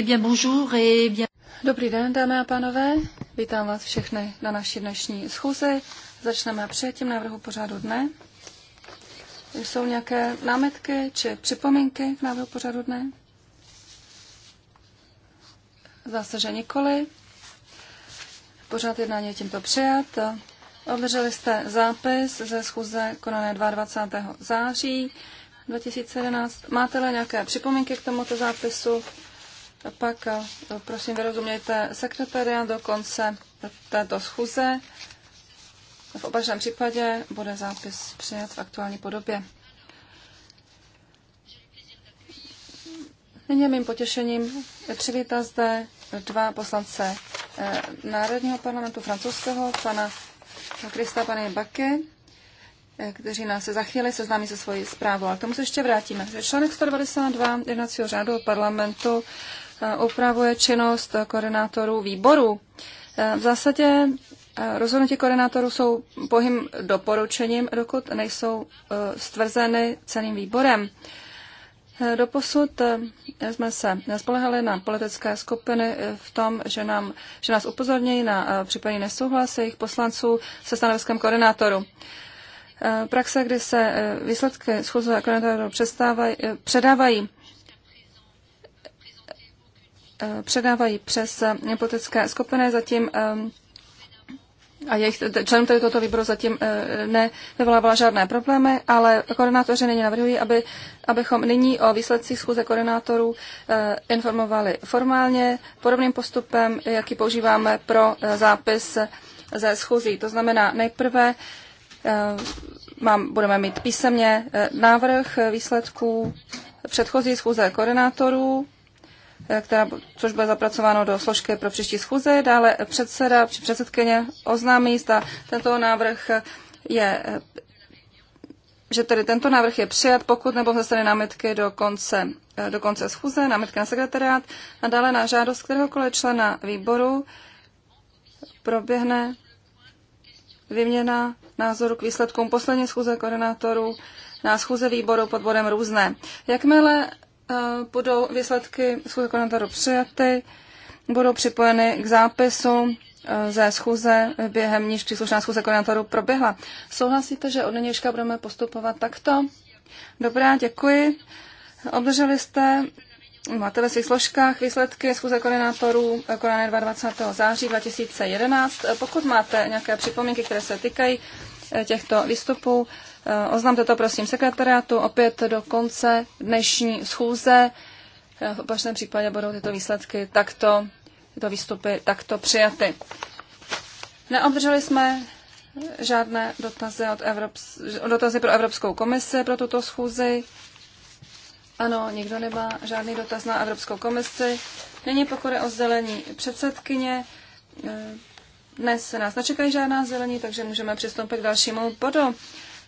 Eh bien, bonjour et bien... Dobrý den, dámy a pánové. Vítám vás všechny na naší dnešní schůzi. Začneme přijetím návrhu pořadu dne. Jsou nějaké námetky či připomínky k návrhu pořadu dne? Zase, že nikoli. Pořád jednání je tímto přijat. Obdrželi jste zápis ze schůze konané 22. září 2011. Máte-li nějaké připomínky k tomuto zápisu? A pak eh, prosím vyrozumějte sekretariat do konce této schůze. V opačném případě bude zápis přijat v aktuální podobě. Nyní je mým potěšením přivítat zde dva poslance eh, Národního parlamentu francouzského, pana Krista, pana Baky, eh, kteří nás za chvíli seznámí se svojí zprávou. Ale k tomu se ještě vrátíme. Článek 192 jednacího řádu parlamentu upravuje činnost koordinátorů výboru. Eh, v zásadě eh, rozhodnutí koordinátorů jsou pohým doporučením, dokud nejsou eh, stvrzeny celým výborem. Doposud jsme se nespolehali na politické skupiny v tom, že, nám, že nás upozornějí na případný nesouhlas jejich poslanců se stanoviskem koordinátoru. Praxe, kdy se výsledky schůze koordinátorů předávají Eh, předávají přes eh, politické skupiny, zatím eh, a jejich členům tady tohoto výboru zatím nevyvolávala žádné problémy, ale koordinátoři nyní navrhují, aby, abychom nyní o výsledcích schůze koordinátorů informovali formálně podobným postupem, jaký používáme pro zápis ze schůzí. To znamená nejprve mám, budeme mít písemně návrh výsledků předchozí schůze koordinátorů, Eh, která, což bude zapracováno do složky pro příští schůze. Dále předseda či předsedkyně oznámí, zda tento návrh je eh, že tedy tento návrh je přijat, pokud nebo ze strany námitky do konce, eh, do konce schůze, námitky na sekretariát a dále na žádost kteréhokoliv člena výboru proběhne vyměna názoru k výsledkům poslední schůze koordinátorů na schůze výboru pod bodem různé. Jakmile Eh, budou výsledky schůze koordinátorů přijaty, budou připojeny k zápisu eh, ze schůze, během níž příslušná schůze koordinátorů proběhla. Souhlasíte, že od nynějška budeme postupovat takto? Dobrá, děkuji. Obdrželi jste, máte ve svých složkách výsledky schůze koordinátorů eh, konané 22. září 2011. Pokud máte nějaké připomínky, které se týkají těchto výstupů, Eh, Oznámte to prosím sekretariátu opět do konce dnešní schůze. Eh, v opačném případě budou tyto výsledky takto, tyto výstupy takto přijaty. Neobdrželi jsme žádné dotazy, od Evrops, dotazy pro Evropskou komisi pro tuto schůzi. Ano, nikdo nemá žádný dotaz na Evropskou komisi. Není pokud je o sdělení předsedkyně, eh, dnes se nás nečekají žádná zelení, takže můžeme přistoupit k dalšímu bodu.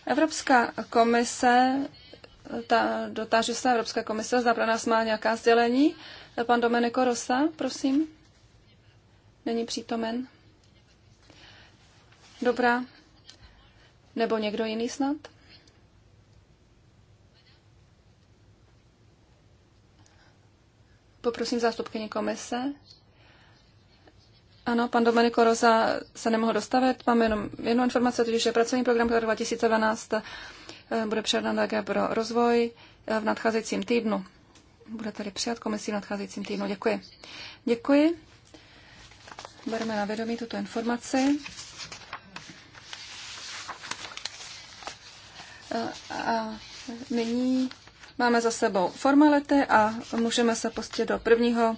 Evropská komise, ta, dotážu se Evropská komise, zda pro nás má nějaká sdělení. Pan Domenico Rosa, prosím. Není přítomen. Dobrá. Nebo někdo jiný snad? Poprosím zástupkyni komise. Ano, pan Domenico Rosa se nemohl dostavit. Mám jenom jednu informaci, totiž že pracovní program pro 2012 eh, bude předán také pro rozvoj eh, v nadcházejícím týdnu. Bude tady přijat komisí v nadcházejícím týdnu. Děkuji. Děkuji. Bereme na vědomí tuto informaci. Eh, a nyní máme za sebou formality a můžeme se pustit do prvního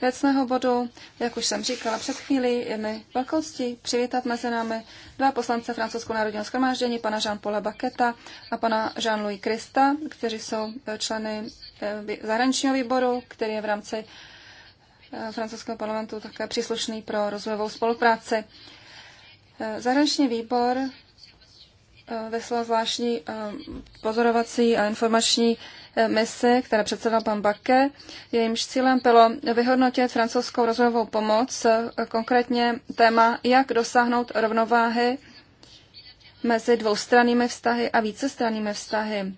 věcného bodu. Jak už jsem říkala před chvílí, je mi velkou ctí přivítat mezi námi dva poslance francouzského národního schromáždění, pana Jean-Paula Baketa a pana Jean-Louis Krista, kteří jsou eh, členy eh, zahraničního výboru, který je v rámci eh, francouzského parlamentu také příslušný pro rozvojovou spolupráci. Zahraniční výbor Eh, vyslal zvláštní eh, pozorovací a informační eh, mise, které předsedal pan Bakke. Jejímž cílem bylo vyhodnotit francouzskou rozvojovou pomoc, konkrétně téma, jak dosáhnout rovnováhy mezi dvoustrannými vztahy a vícestrannými vztahy.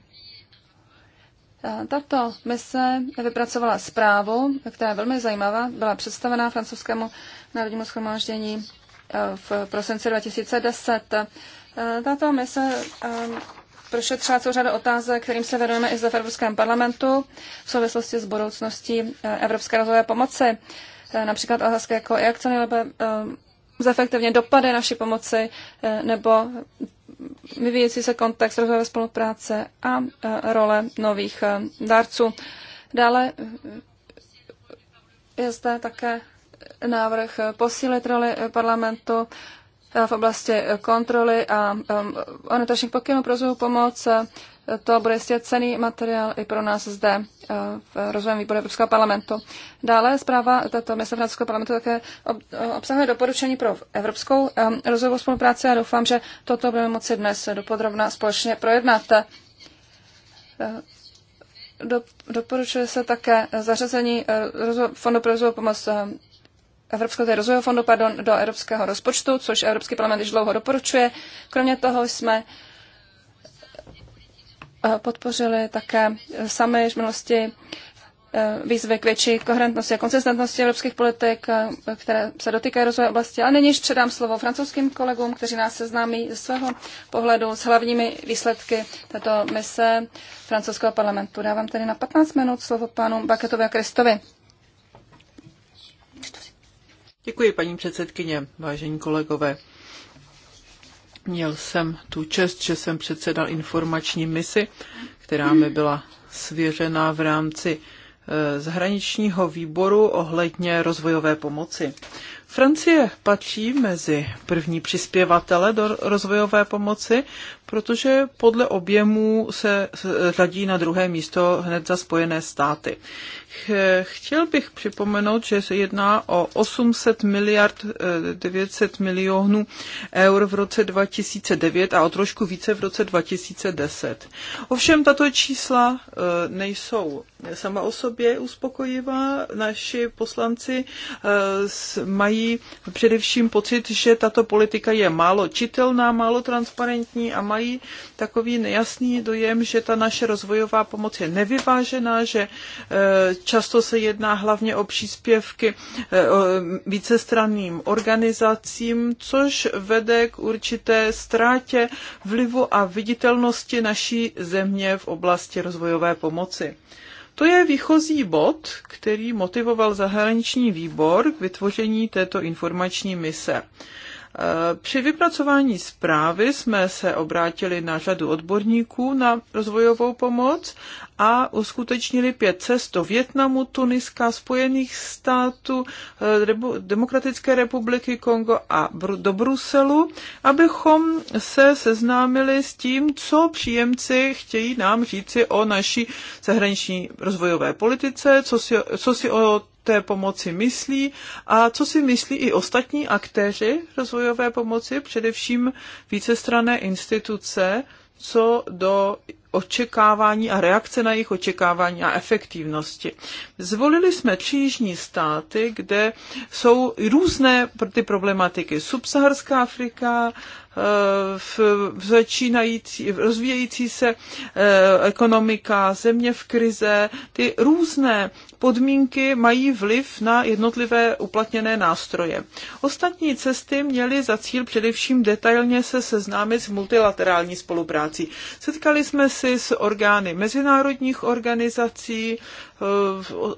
Tato mise vypracovala zprávu, která je velmi zajímavá, byla představená francouzskému národnímu schromáždění v prosinci 2010. Eh, tato mise ehm, prošetřila celou řadu otázek, kterým se věnujeme i zde v Evropském parlamentu v souvislosti s budoucností eh, Evropské rozvojové pomoci. Eh, například otázky jako jak co nejlépe ehm, zefektivně dopady naší pomoci nebo vyvíjící se kontext rozvojové spolupráce a role nových dárců. Dále je zde také návrh posílit roli parlamentu Eh, v oblasti eh, kontroly a eh, orientačních pokynů pro rozvojovou pomoc. To bude jistě cený materiál i pro nás zde v rozvojem výboru Evropského parlamentu. Dále zpráva této města Evropského parlamentu také obsahuje doporučení pro evropskou rozvojovou spolupráci a doufám, že toto budeme moci dnes dopodrobná společně projednat. doporučuje se také zařazení Fondu pro rozvojovou pomoc Evropského rozvojového fondu pardon, do evropského rozpočtu, což Evropský parlament již dlouho doporučuje. Kromě toho jsme eh, podpořili také sami v minulosti eh, výzvy k větší koherentnosti a konsistentnosti evropských politik, eh, které se dotýkají rozvoje oblasti. A nyní již předám slovo francouzským kolegům, kteří nás seznámí ze svého pohledu s hlavními výsledky této mise francouzského parlamentu. Dávám tedy na 15 minut slovo panu Baketovi a Kristovi. Děkuji, paní předsedkyně, vážení kolegové. Měl jsem tu čest, že jsem předsedal informační misi, která mi byla svěřena v rámci eh, zahraničního výboru ohledně rozvojové pomoci. Francie patří mezi první přispěvatele do rozvojové pomoci protože podle objemu se řadí na druhé místo hned za Spojené státy. Chtěl bych připomenout, že se jedná o 800 miliard 900 eh, milionů eur v roce 2009 a o trošku více v roce 2010. Ovšem tato čísla eh, nejsou sama o sobě uspokojivá. Naši poslanci eh, mají především pocit, že tato politika je málo čitelná, málo transparentní a má mají takový nejasný dojem, že ta naše rozvojová pomoc je nevyvážená, že eh, často se jedná hlavně o příspěvky eh, mm, vícestranným organizacím, což vede k určité ztrátě vlivu a viditelnosti naší země v oblasti rozvojové pomoci. To je výchozí bod, který motivoval zahraniční výbor k vytvoření této informační mise. Eh, při vypracování zprávy jsme se obrátili na řadu odborníků na rozvojovou pomoc a uskutečnili pět cest do Větnamu, Tuniska, Spojených států, eh, Demokratické republiky Kongo a do Bruselu, abychom se seznámili s tím, co příjemci chtějí nám říci o naší zahraniční rozvojové politice, co si, co si o té pomoci myslí a co si myslí i ostatní aktéři rozvojové pomoci, především vícestrané instituce, co do očekávání a reakce na jejich očekávání a efektivnosti. Zvolili jsme tři jižní státy, kde jsou různé ty problematiky. Subsaharská Afrika, v začínající, rozvíjející se eh, ekonomika, země v krize, ty různé podmínky mají vliv na jednotlivé uplatněné nástroje. Ostatní cesty měly za cíl především detailně se seznámit s multilaterální spoluprácí. Setkali jsme si s orgány mezinárodních organizací,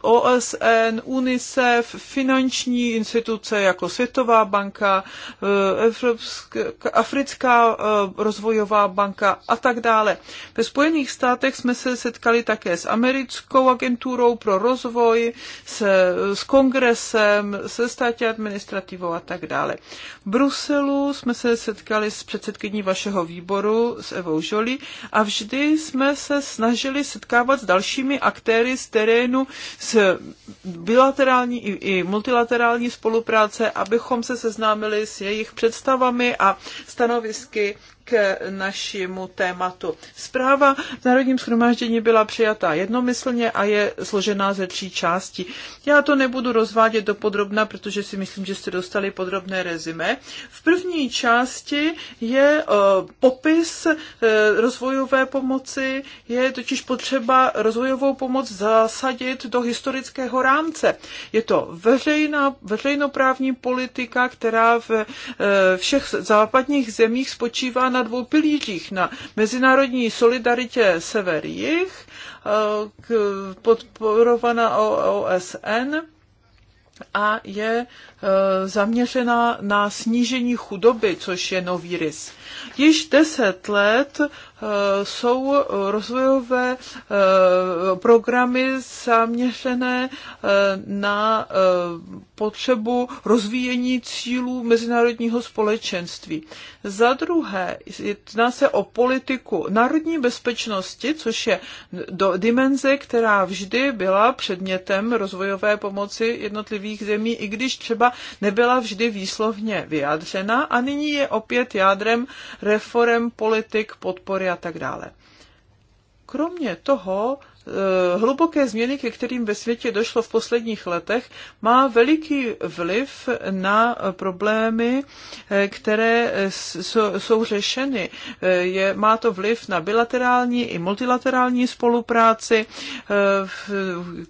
OSN, UNICEF, finanční instituce jako Světová banka, eh, Evropská, Africká eh, rozvojová banka a tak dále. Ve Spojených státech jsme se setkali také s americkou agenturou pro rozvoj, s kongresem, se státní administrativou a tak dále. V Bruselu jsme se setkali s předsedkyní vašeho výboru, s Evou Žolí a vždy jsme se snažili setkávat s dalšími aktéry, s které terénu s bilaterální i, i multilaterální spolupráce, abychom se seznámili s jejich představami a stanovisky k našemu tématu. Zpráva v Národním shromáždění byla přijatá jednomyslně a je složená ze tří částí. Já to nebudu rozvádět do podrobna, protože si myslím, že jste dostali podrobné rezime. V první části je eh, popis eh, rozvojové pomoci, je totiž potřeba rozvojovou pomoc zasadit do historického rámce. Je to veřejná, veřejnoprávní politika, která v eh, všech západních zemích spočívá na dvou pilířích, na mezinárodní solidaritě sever-jih, eh, podporovaná OSN, a je eh, zaměřena na snížení chudoby, což je nový rys. Již deset let Eh, jsou rozvojové eh, programy zaměřené eh, na potřebu rozvíjení cílů mezinárodního společenství. Za druhé, jedná se o politiku národní bezpečnosti, což je do dimenze, která vždy byla předmětem rozvojové pomoci jednotlivých zemí, i když třeba nebyla vždy výslovně vyjádřena a nyní je opět jádrem reform politik podpory a tak dále. Kromě toho, eh, hluboké změny, ke kterým ve světě došlo v posledních letech, má veliký vliv na problémy, eh, které jsou řešeny. Eh, je, má to vliv na bilaterální i multilaterální spolupráci,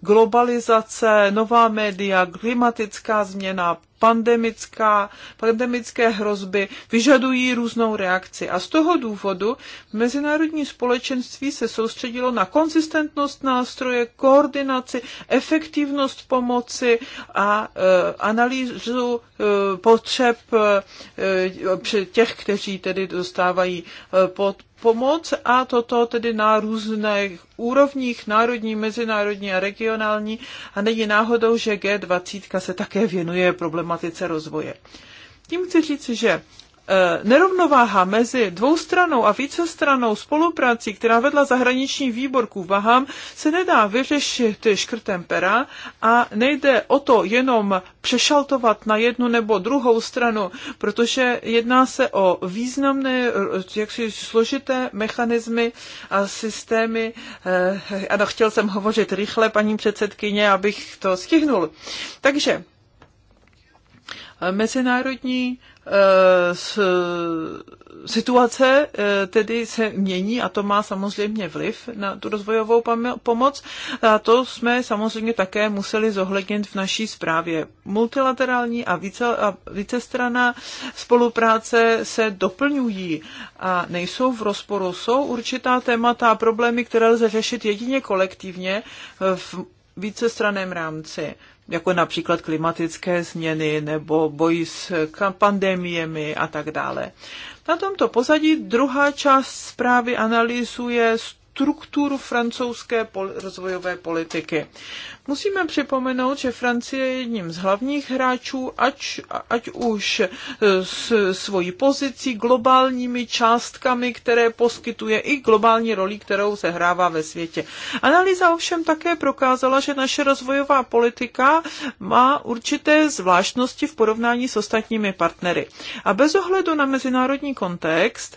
globalizace, nová média, klimatická změna, pandemická, pandemické hrozby vyžadují různou reakci. A z toho důvodu mezinárodní společenství se soustředilo na konzistentnost nástroje, koordinaci, efektivnost pomoci a e, analýzu e, potřeb e, e těch, kteří tedy dostávají e, pod pomoc a toto tedy na různých úrovních, národní, mezinárodní a regionální. A není náhodou, že G20 se také věnuje problematice rozvoje. Tím chci říct, že Eh, nerovnováha mezi dvoustranou a vícestranou spoluprací, která vedla zahraniční výbor k úvahám, se nedá vyřešit škrtem pera a nejde o to jenom přešaltovat na jednu nebo druhou stranu, protože jedná se o významné, jaksi složité mechanismy a systémy. Eh, ano, chtěl jsem hovořit rychle, paní předsedkyně, abych to stihnul. Takže eh, mezinárodní Eh, situace eh, tedy se mění a to má samozřejmě vliv na tu rozvojovou pomoc. A to jsme samozřejmě také museli zohlednit v naší zprávě. Multilaterální a, více, a spolupráce se doplňují a nejsou v rozporu. Jsou určitá témata a problémy, které lze řešit jedině kolektivně v vícestraném rámci jako například klimatické změny nebo boj s pandemiemi a tak dále. Na tomto pozadí druhá část zprávy analýzuje strukturu francouzské pol- rozvojové politiky. Musíme připomenout, že Francie je jedním z hlavních hráčů, ať, ať už e, s svojí pozicí, globálními částkami, které poskytuje i globální roli, kterou se hrává ve světě. Analýza ovšem také prokázala, že naše rozvojová politika má určité zvláštnosti v porovnání s ostatními partnery. A bez ohledu na mezinárodní kontext,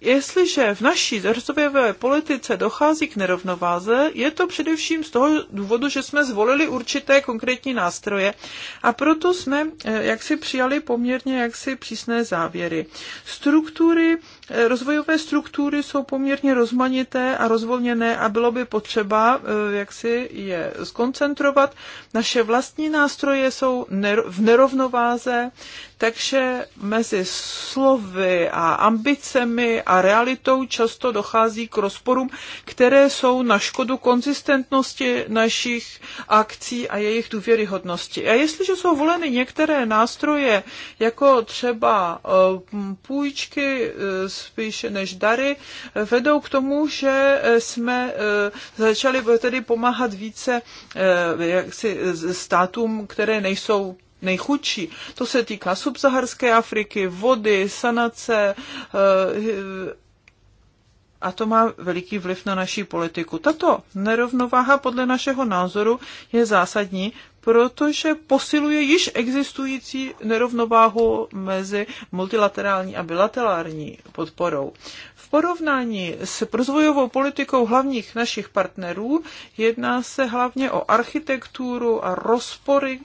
Jestliže v naší rozvojové politice dochází k nerovnováze, je to především z toho důvodu, že jsme zvolili určité konkrétní nástroje a proto jsme eh, jaksi přijali poměrně jaksi přísné závěry. Struktury, eh, rozvojové struktury jsou poměrně rozmanité a rozvolněné a bylo by potřeba eh, jaksi je skoncentrovat. Naše vlastní nástroje jsou v nerovnováze takže mezi slovy a ambicemi a realitou často dochází k rozporům, které jsou na škodu konzistentnosti našich akcí a jejich důvěryhodnosti. A jestliže jsou voleny některé nástroje, jako třeba eh, půjčky eh, spíše než dary, vedou k tomu, že eh, jsme začali tedy pomáhat více jaksi státům, které nejsou nejchudší. To se týká subsaharské Afriky, vody, sanace, eh, a to má veliký vliv na naší politiku. Tato nerovnováha podle našeho názoru je zásadní, protože posiluje již existující nerovnováhu mezi multilaterální a bilaterální podporou. V porovnání s prozvojovou politikou hlavních našich partnerů jedná se hlavně o architekturu a rozpory,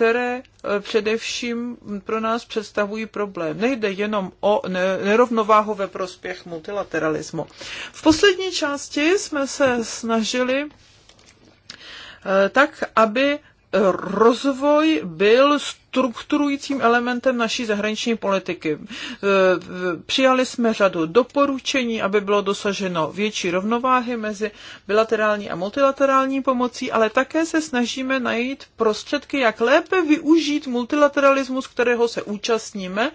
které eh, především pro nás představují problém. Nejde jenom o nerovnováhu ve prospěch multilateralismu. V poslední části jsme se snažili eh, tak, aby rozvoj byl strukturujícím elementem naší zahraniční politiky. E, přijali jsme řadu doporučení, aby bylo dosaženo větší rovnováhy mezi bilaterální a multilaterální pomocí, ale také se snažíme najít prostředky, jak lépe využít multilateralismus, kterého se účastníme,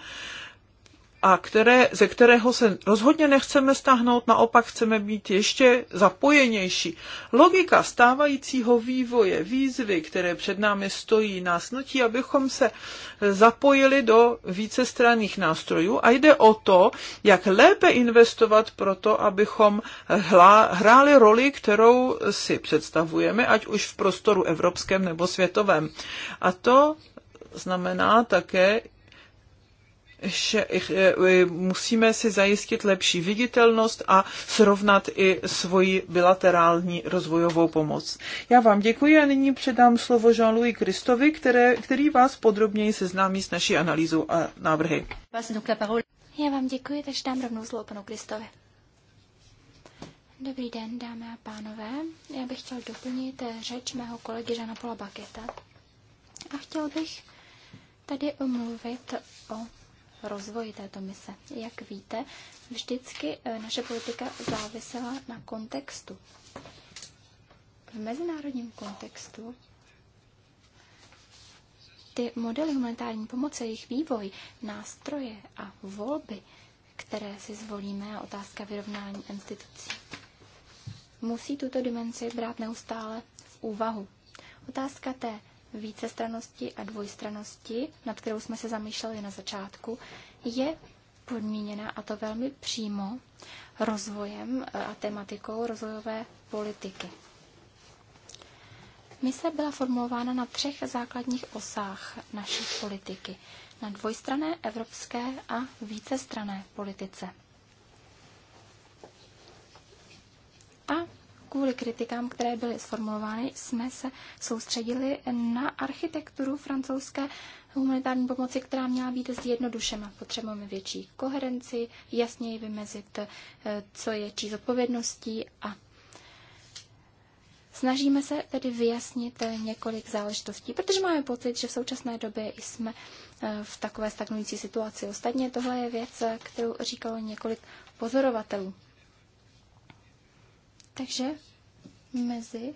a které, ze kterého se rozhodně nechceme stáhnout, naopak chceme být ještě zapojenější. Logika stávajícího vývoje, výzvy, které před námi stojí, nás nutí, abychom se zapojili do vícestranných nástrojů a jde o to, jak lépe investovat pro to, abychom hla, hráli roli, kterou si představujeme, ať už v prostoru evropském nebo světovém. A to znamená také že eh, eh, musíme si zajistit lepší viditelnost a srovnat i svoji bilaterální rozvojovou pomoc. Já vám děkuji a nyní předám slovo Jean-Louis Kristovi, které, který vás podrobněji seznámí s naší analýzou a návrhy. Já vám děkuji, takže dám rovnou slovo panu Kristovi. Dobrý den, dámy a pánové. Já bych chtěl doplnit eh, řeč mého kolegy Žana Pola Baketa. A chtěl bych tady omluvit o rozvoji této mise. Jak víte, vždycky eh, naše politika závisela na kontextu. V mezinárodním kontextu ty modely humanitární pomoci, jejich vývoj, nástroje a volby, které si zvolíme a otázka vyrovnání institucí, musí tuto dimenzi brát neustále v úvahu. Otázka té vícestranosti a dvojstranosti, nad kterou jsme se zamýšleli na začátku, je podmíněna, a to velmi přímo, rozvojem e, a tematikou rozvojové politiky. Mise byla formulována na třech základních osách naší politiky. Na dvojstrané evropské a vícestrané politice. A kvůli kritikám, které byly sformulovány, jsme se soustředili na architekturu francouzské humanitární pomoci, která měla být zjednodušena. Potřebujeme větší koherenci, jasněji vymezit, eh, co je čí zodpovědností a Snažíme se tedy vyjasnit eh, několik záležitostí, protože máme pocit, že v současné době jsme eh, v takové stagnující situaci. Ostatně tohle je věc, kterou říkalo několik pozorovatelů. Takže mezi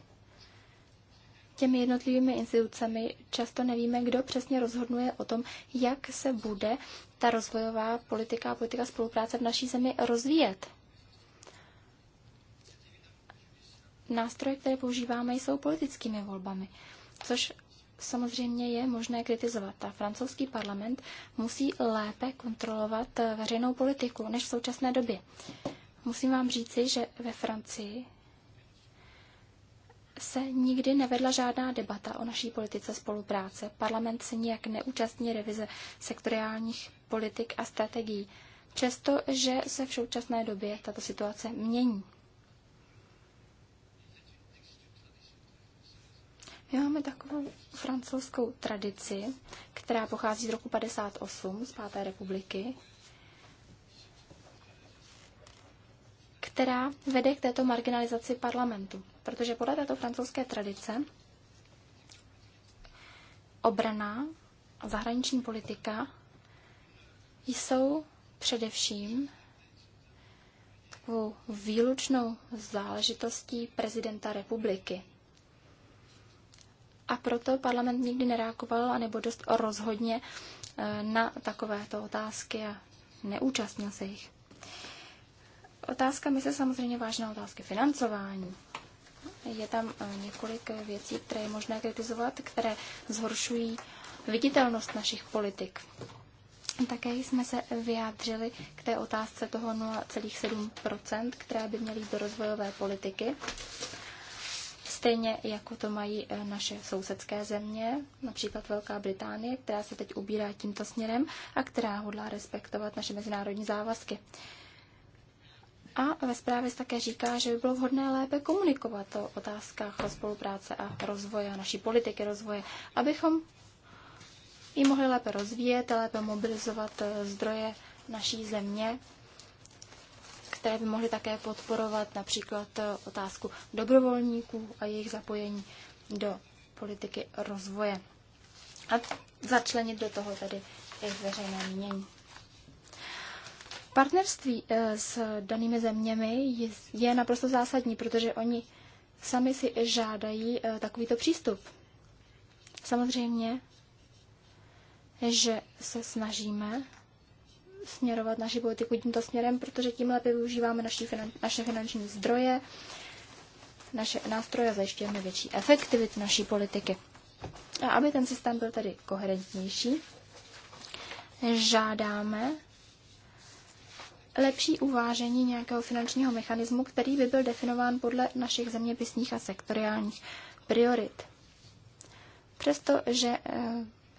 těmi jednotlivými institucemi často nevíme, kdo přesně rozhoduje o tom, jak se bude ta rozvojová politika a politika spolupráce v naší zemi rozvíjet. Nástroje, které používáme, jsou politickými volbami, což samozřejmě je možné kritizovat. A francouzský parlament musí lépe kontrolovat eh, veřejnou politiku než v současné době. Musím vám říci, že ve Francii se nikdy nevedla žádná debata o naší politice spolupráce. Parlament se nijak neúčastní revize sektoriálních politik a strategií, přestože se v současné době tato situace mění. My máme takovou francouzskou tradici, která pochází z roku 58 z páté republiky, která vede k této marginalizaci parlamentu. Protože podle této francouzské tradice obrana a zahraniční politika jsou především takovou výlučnou záležitostí prezidenta republiky. A proto parlament nikdy nereagoval, anebo dost rozhodně eh, na takovéto otázky a neúčastnil se jich. Otázka mi se samozřejmě vážná otázky financování. Je tam eh, několik věcí, které je možné kritizovat, které zhoršují viditelnost našich politik. Také jsme se vyjádřili k té otázce toho 0,7%, které by měly do rozvojové politiky. Stejně jako to mají eh, naše sousedské země, například Velká Británie, která se teď ubírá tímto směrem a která hodlá respektovat naše mezinárodní závazky. A ve zprávě se také říká, že by bylo vhodné lépe komunikovat o otázkách o spolupráce a rozvoje, a naší politiky rozvoje, abychom ji mohli lépe rozvíjet a lépe mobilizovat eh, zdroje naší země, které by mohly také podporovat například eh, otázku dobrovolníků a jejich zapojení do politiky rozvoje. A začlenit do toho tedy i veřejné mínění. Partnerství eh, s danými zeměmi je naprosto zásadní, protože oni sami si žádají eh, takovýto přístup. Samozřejmě, že se snažíme směrovat naši politiku tímto směrem, protože tím lépe využíváme naši finan- naše finanční zdroje, naše nástroje a zajišťujeme větší efektivitu naší politiky. A aby ten systém byl tedy koherentnější, žádáme lepší uvážení nějakého finančního mechanismu, který by byl definován podle našich zeměpisních a sektoriálních priorit. Přestože eh,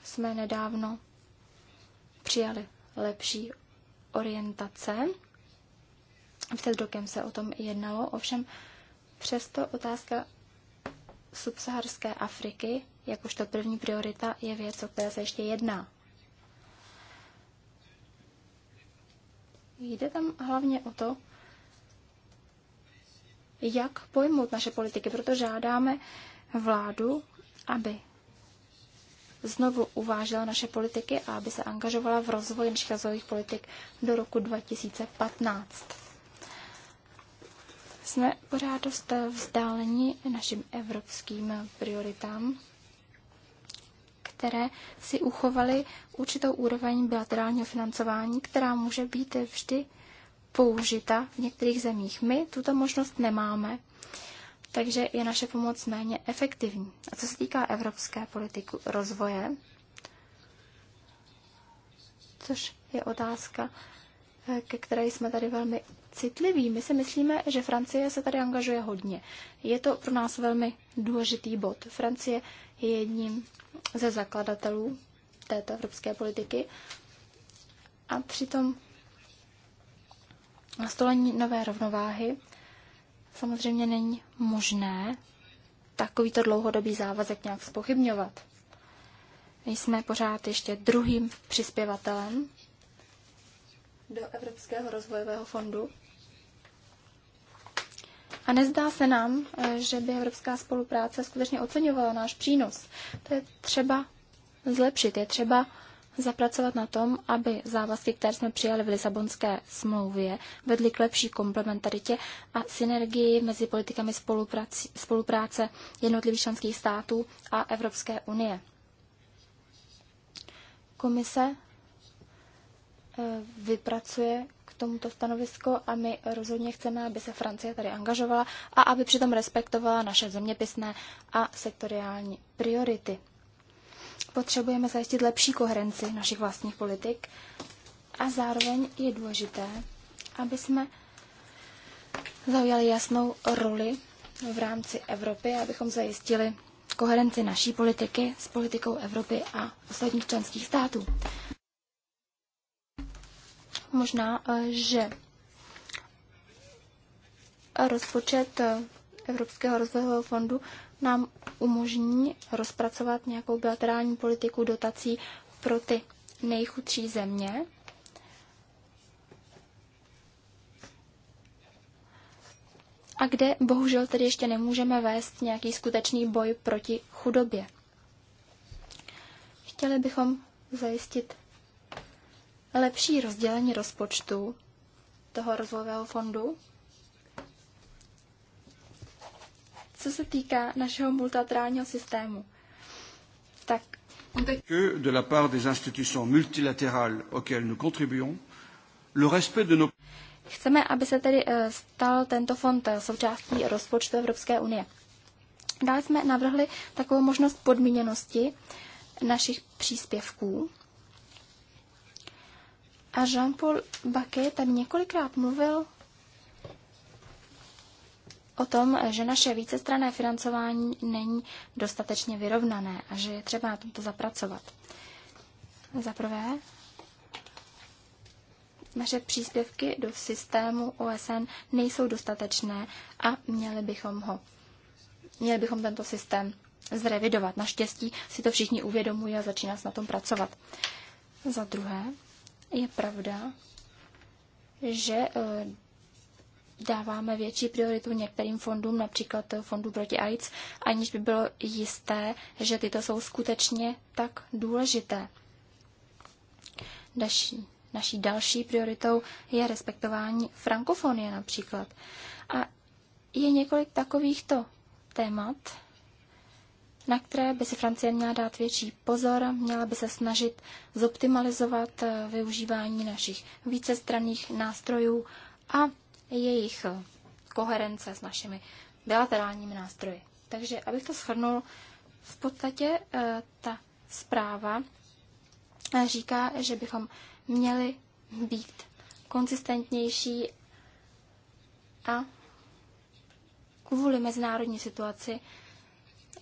jsme nedávno přijali lepší orientace, před rokem se o tom jednalo, ovšem přesto otázka subsaharské Afriky jakožto první priorita je věc, o které se ještě jedná. Jde tam hlavně o to, jak pojmout naše politiky. Proto žádáme vládu, aby znovu uvážila naše politiky a aby se angažovala v rozvoji našich rozvojových politik do roku 2015. Jsme pořád dost vzdálení našim evropským prioritám které si uchovaly určitou úroveň bilaterálního financování, která může být vždy použita v některých zemích. My tuto možnost nemáme, takže je naše pomoc méně efektivní. A co se týká evropské politiky rozvoje, což je otázka, ke které jsme tady velmi citliví. My si myslíme, že Francie se tady angažuje hodně. Je to pro nás velmi důležitý bod. Francie je jedním ze zakladatelů této evropské politiky. A přitom nastolení nové rovnováhy samozřejmě není možné takovýto dlouhodobý závazek nějak spochybňovat. My jsme pořád ještě druhým přispěvatelem do Evropského rozvojového fondu a nezdá se nám, eh, že by evropská spolupráce skutečně oceňovala náš přínos. To je třeba zlepšit, je třeba zapracovat na tom, aby závazky, které jsme přijali v Lisabonské smlouvě, vedly k lepší komplementaritě a synergii mezi politikami spolupráce jednotlivých členských států a Evropské unie. Komise eh, vypracuje tomuto stanovisko a my rozhodně chceme, aby se Francie tady angažovala a aby přitom respektovala naše zeměpisné a sektoriální priority. Potřebujeme zajistit lepší koherenci našich vlastních politik a zároveň je důležité, aby jsme zaujali jasnou roli v rámci Evropy, abychom zajistili koherenci naší politiky s politikou Evropy a ostatních členských států. Možná, eh, že rozpočet eh, Evropského rozvojového fondu nám umožní rozpracovat nějakou bilaterální politiku dotací pro ty nejchudší země. A kde bohužel tedy ještě nemůžeme vést nějaký skutečný boj proti chudobě. Chtěli bychom zajistit lepší rozdělení rozpočtu toho rozvojového fondu. Co se týká našeho multilaterálního systému, tak que de la part des institutions multilatérales auxquelles nous contribuons, le respect de nos Chceme, aby se tedy eh, stal tento fond eh, součástí rozpočtu Evropské unie. Dále jsme navrhli takovou možnost podmíněnosti našich příspěvků a Jean-Paul Baquet tady několikrát mluvil o tom, že naše vícestrané financování není dostatečně vyrovnané a že je třeba na tomto zapracovat. Za prvé, naše příspěvky do systému OSN nejsou dostatečné a měli bychom ho. Měli bychom tento systém zrevidovat. Naštěstí si to všichni uvědomují a začíná se na tom pracovat. Za druhé, je pravda, že eh, dáváme větší prioritu některým fondům, například eh, fondu proti AIDS, aniž by bylo jisté, že tyto jsou skutečně tak důležité. Naší, naší další prioritou je respektování frankofonie například. A je několik takovýchto témat, na které by si Francie měla dát větší pozor, měla by se snažit zoptimalizovat eh, využívání našich vícestranných nástrojů a jejich eh, koherence s našimi bilaterálními nástroji. Takže, abych to shrnul, v podstatě eh, ta zpráva říká, že bychom měli být konzistentnější a kvůli mezinárodní situaci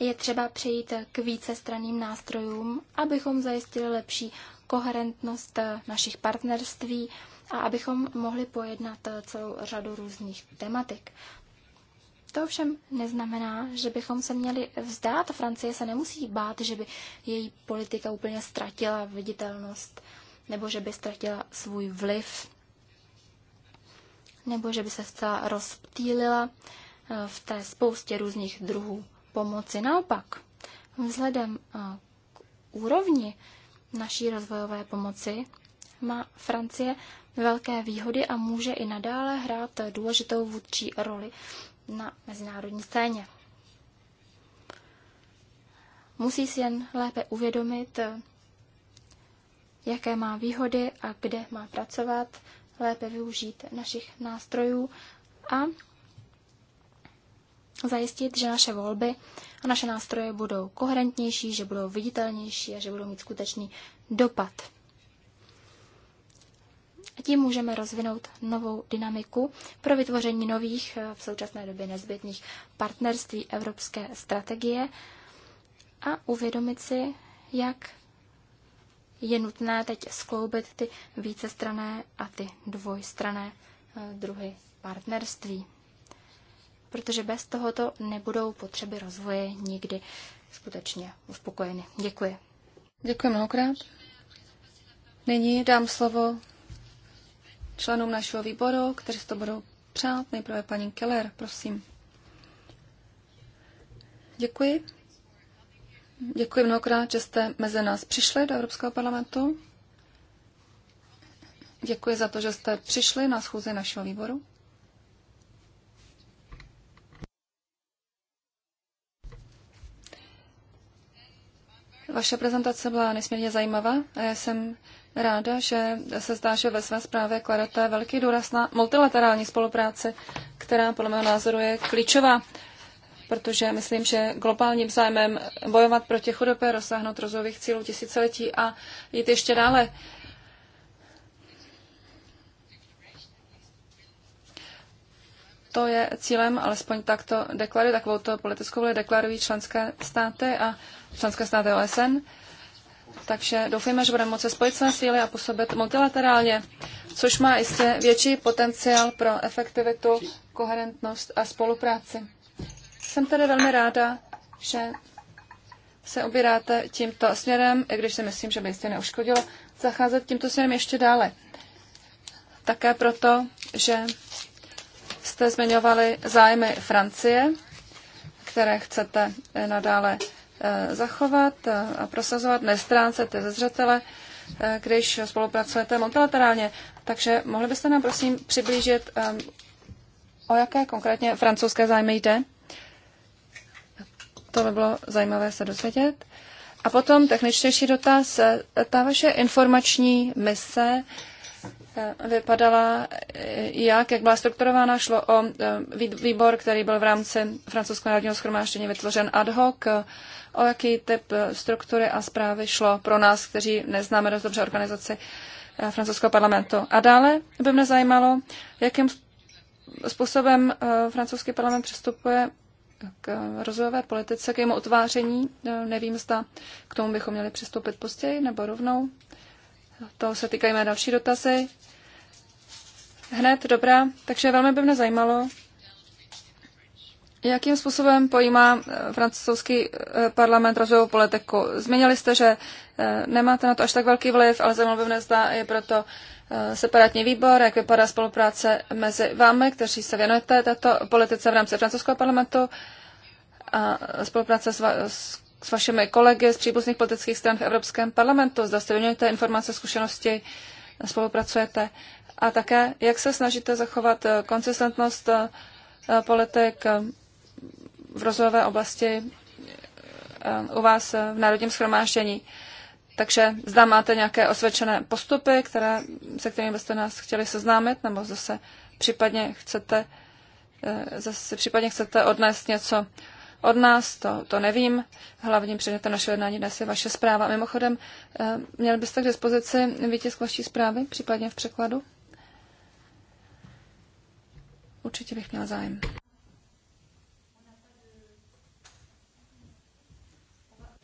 je třeba přejít k vícestranným nástrojům, abychom zajistili lepší koherentnost našich partnerství a abychom mohli pojednat celou řadu různých tematik. To ovšem neznamená, že bychom se měli vzdát. Francie se nemusí bát, že by její politika úplně ztratila viditelnost, nebo že by ztratila svůj vliv, nebo že by se zcela rozptýlila eh, v té spoustě různých druhů pomoci. Naopak, vzhledem eh, k úrovni naší rozvojové pomoci má Francie velké výhody a může i nadále hrát důležitou vůdčí roli na mezinárodní scéně. Musí si jen lépe uvědomit, eh, jaké má výhody a kde má pracovat, lépe využít našich nástrojů a zajistit, že naše volby a naše nástroje budou koherentnější, že budou viditelnější a že budou mít skutečný dopad. A tím můžeme rozvinout novou dynamiku pro vytvoření nových, eh, v současné době nezbytných partnerství evropské strategie a uvědomit si, jak je nutné teď skloubit ty vícestrané a ty dvojstrané eh, druhy partnerství protože bez tohoto nebudou potřeby rozvoje nikdy skutečně uspokojeny. Děkuji. Děkuji mnohokrát. Nyní dám slovo členům našeho výboru, kteří to budou přát. Nejprve paní Keller, prosím. Děkuji. Děkuji mnohokrát, že jste mezi nás přišli do Evropského parlamentu. Děkuji za to, že jste přišli na schůzi našeho výboru. Vaše prezentace byla nesmírně zajímavá a já jsem ráda, že se zdá, že ve své zprávě kladete velký důraz na multilaterální spolupráci, která podle mého názoru je klíčová, protože myslím, že globálním zájmem bojovat proti chudobě, rozsáhnout rozvojových cílů tisíciletí a jít ještě dále to je cílem, alespoň takto deklaruje, takovou to politickou vůli deklarují členské státy a členské státy OSN. Takže doufejme, že budeme moci spojit své síly a působit multilaterálně, což má jistě větší potenciál pro efektivitu, koherentnost a spolupráci. Jsem tedy velmi ráda, že se obíráte tímto směrem, i když si myslím, že by jistě neuškodilo zacházet tímto směrem ještě dále. Také proto, že jste zmiňovali zájmy Francie, které chcete eh, nadále eh, zachovat eh, a prosazovat, nestrácete ze zřetele, když spolupracujete multilaterálně. Takže mohli byste nám prosím přiblížit, o jaké konkrétně francouzské zájmy jde? To by bylo zajímavé se dozvědět. A potom techničtější dotaz. Ta vaše informační mise, Eh, vypadala, eh, jak, jak byla strukturována. Šlo o eh, výbor, který byl v rámci francouzského národního schromáždění vytvořen ad hoc. O jaký typ struktury a zprávy šlo pro nás, kteří neznáme dost dobře organizaci francouzského parlamentu. A dále by mě zajímalo, jakým způsobem francouzský parlament přistupuje k rozvojové politice, k jeho utváření. Nevím, zda k tomu bychom měli přistoupit později nebo rovnou. To se týkají mé další dotazy. Hned, dobrá. Takže velmi by mě zajímalo, jakým způsobem pojímá eh, francouzský eh, parlament rozvojovou politiku. Změnili jste, že eh, nemáte na to až tak velký vliv, ale zajímalo by mě zda je proto separátní výbor, jak vypadá spolupráce mezi vámi, kteří se věnujete této politice v rámci francouzského parlamentu a spolupráce s, s s vašimi kolegy z příbuzných politických stran v Evropském parlamentu, zda se vyměňujete informace, zkušenosti, spolupracujete a také jak se snažíte zachovat eh, konsistentnost eh, politik eh, v rozvojové oblasti u vás v Národním schromáždění. Takže zda máte nějaké osvědčené postupy, které, se kterými byste nás chtěli seznámit, nebo zase případně chcete, zase případně chcete odnést něco od nás, to, to nevím. Hlavním předmětem našeho jednání dnes je vaše zpráva. Mimochodem, eh, měl byste k dispozici výtisk vaší zprávy, případně v překladu? Určitě bych měl zájem.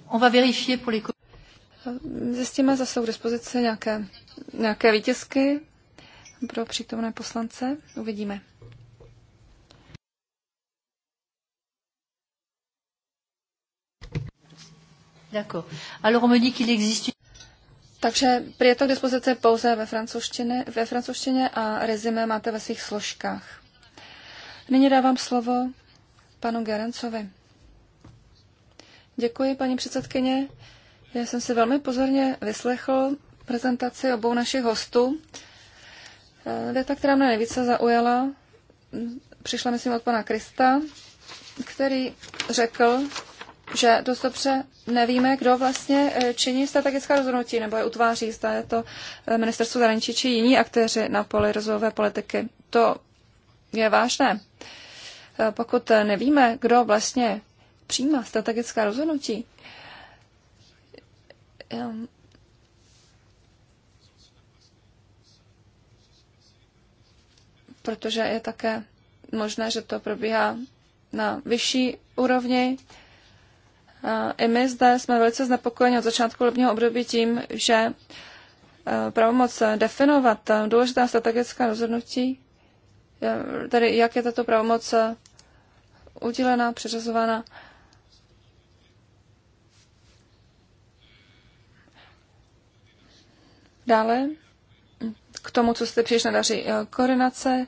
On va eh, Zjistíme, zase jsou k dispozici nějaké, nějaké výtisky pro přítomné poslance. Uvidíme. D'accord. Alors on me dit qu'il existe takže je to k dispozici pouze ve francouzštině, ve francouzštině a rezime máte ve svých složkách. Nyní dávám slovo panu Gerencovi. Děkuji, paní předsedkyně. Já jsem si velmi pozorně vyslechl prezentaci obou našich hostů. Eh, věta, která mě nejvíce zaujala, přišla myslím od pana Krista, který řekl, že dost dobře nevíme, kdo vlastně eh, činí strategická rozhodnutí nebo je utváří. Zda je to eh, ministerstvo zahraničí či jiní aktéři na poli rozvojové politiky. To je vážné. Eh, pokud nevíme, kdo vlastně přijímá strategická rozhodnutí, ehm, protože je také možné, že to probíhá na vyšší úrovni, Eh, I my zde jsme velice znepokojeni od začátku volebního období tím, že eh, pravomoc eh, definovat důležitá strategická rozhodnutí, tedy jak je tato pravomoc udělená, přeřazována, Dále hm, k tomu, co se příliš daří koordinace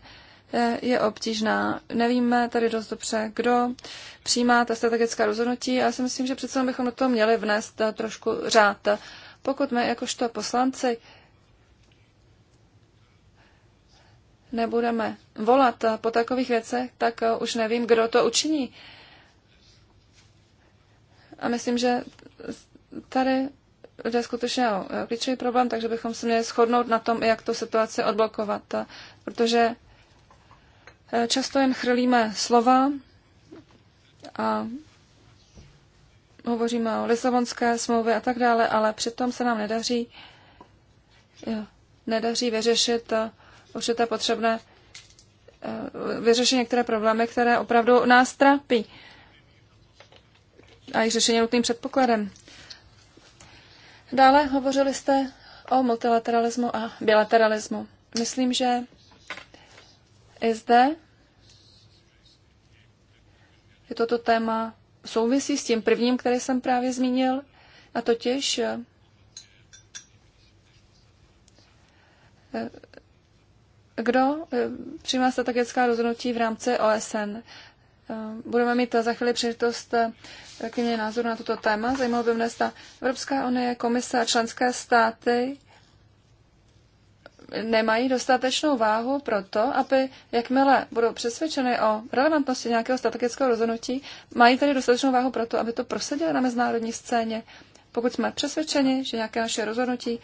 Eh, je obtížná. Nevíme tady dost dobře, kdo přijímá ta strategická rozhodnutí ale já si myslím, že přece bychom do toho měli vnést eh, trošku řád. Pokud my jakožto poslanci nebudeme volat eh, po takových věcech, tak už nevím, kdo to učiní. A myslím, že tady jde skutečně o klíčový problém, takže bychom se měli shodnout na tom, jak tu situaci odblokovat, protože Eh, často jen chrlíme slova a hovoříme o Lisabonské smlouvě a tak dále, ale přitom se nám nedaří, nedaří vyřešit eh, určité potřebné, eh, vyřešit některé problémy, které opravdu nás trápí. A jejich řešení nutným předpokladem. Dále hovořili jste o multilateralismu a bilateralismu. Myslím, že i zde je toto téma souvisí s tím prvním, který jsem právě zmínil, a totiž eh, kdo eh, přijímá strategická rozhodnutí v rámci OSN. Eh, budeme mít za chvíli příležitost k mě názoru na toto téma. Zajímalo by mě, zda Evropská unie, komise a členské státy nemají dostatečnou váhu pro to, aby jakmile budou přesvědčeny o relevantnosti nějakého strategického rozhodnutí, mají tedy dostatečnou váhu pro to, aby to prosadili na mezinárodní scéně. Pokud jsme přesvědčeni, že nějaké naše rozhodnutí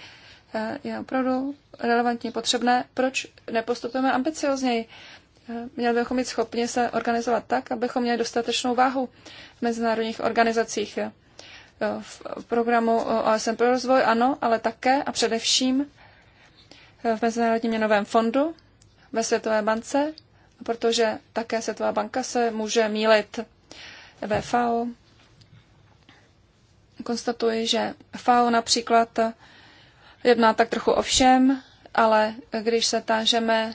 eh, je opravdu relevantně potřebné, proč nepostupujeme ambiciozněji? Eh, měli bychom být schopni se organizovat tak, abychom měli dostatečnou váhu v mezinárodních organizacích eh, v programu OSN pro rozvoj, ano, ale také a především v Mezinárodním měnovém fondu, ve Světové bance, protože také Světová banka se může mílit ve FAO. Konstatuji, že FAO například jedná tak trochu o všem, ale když se tážeme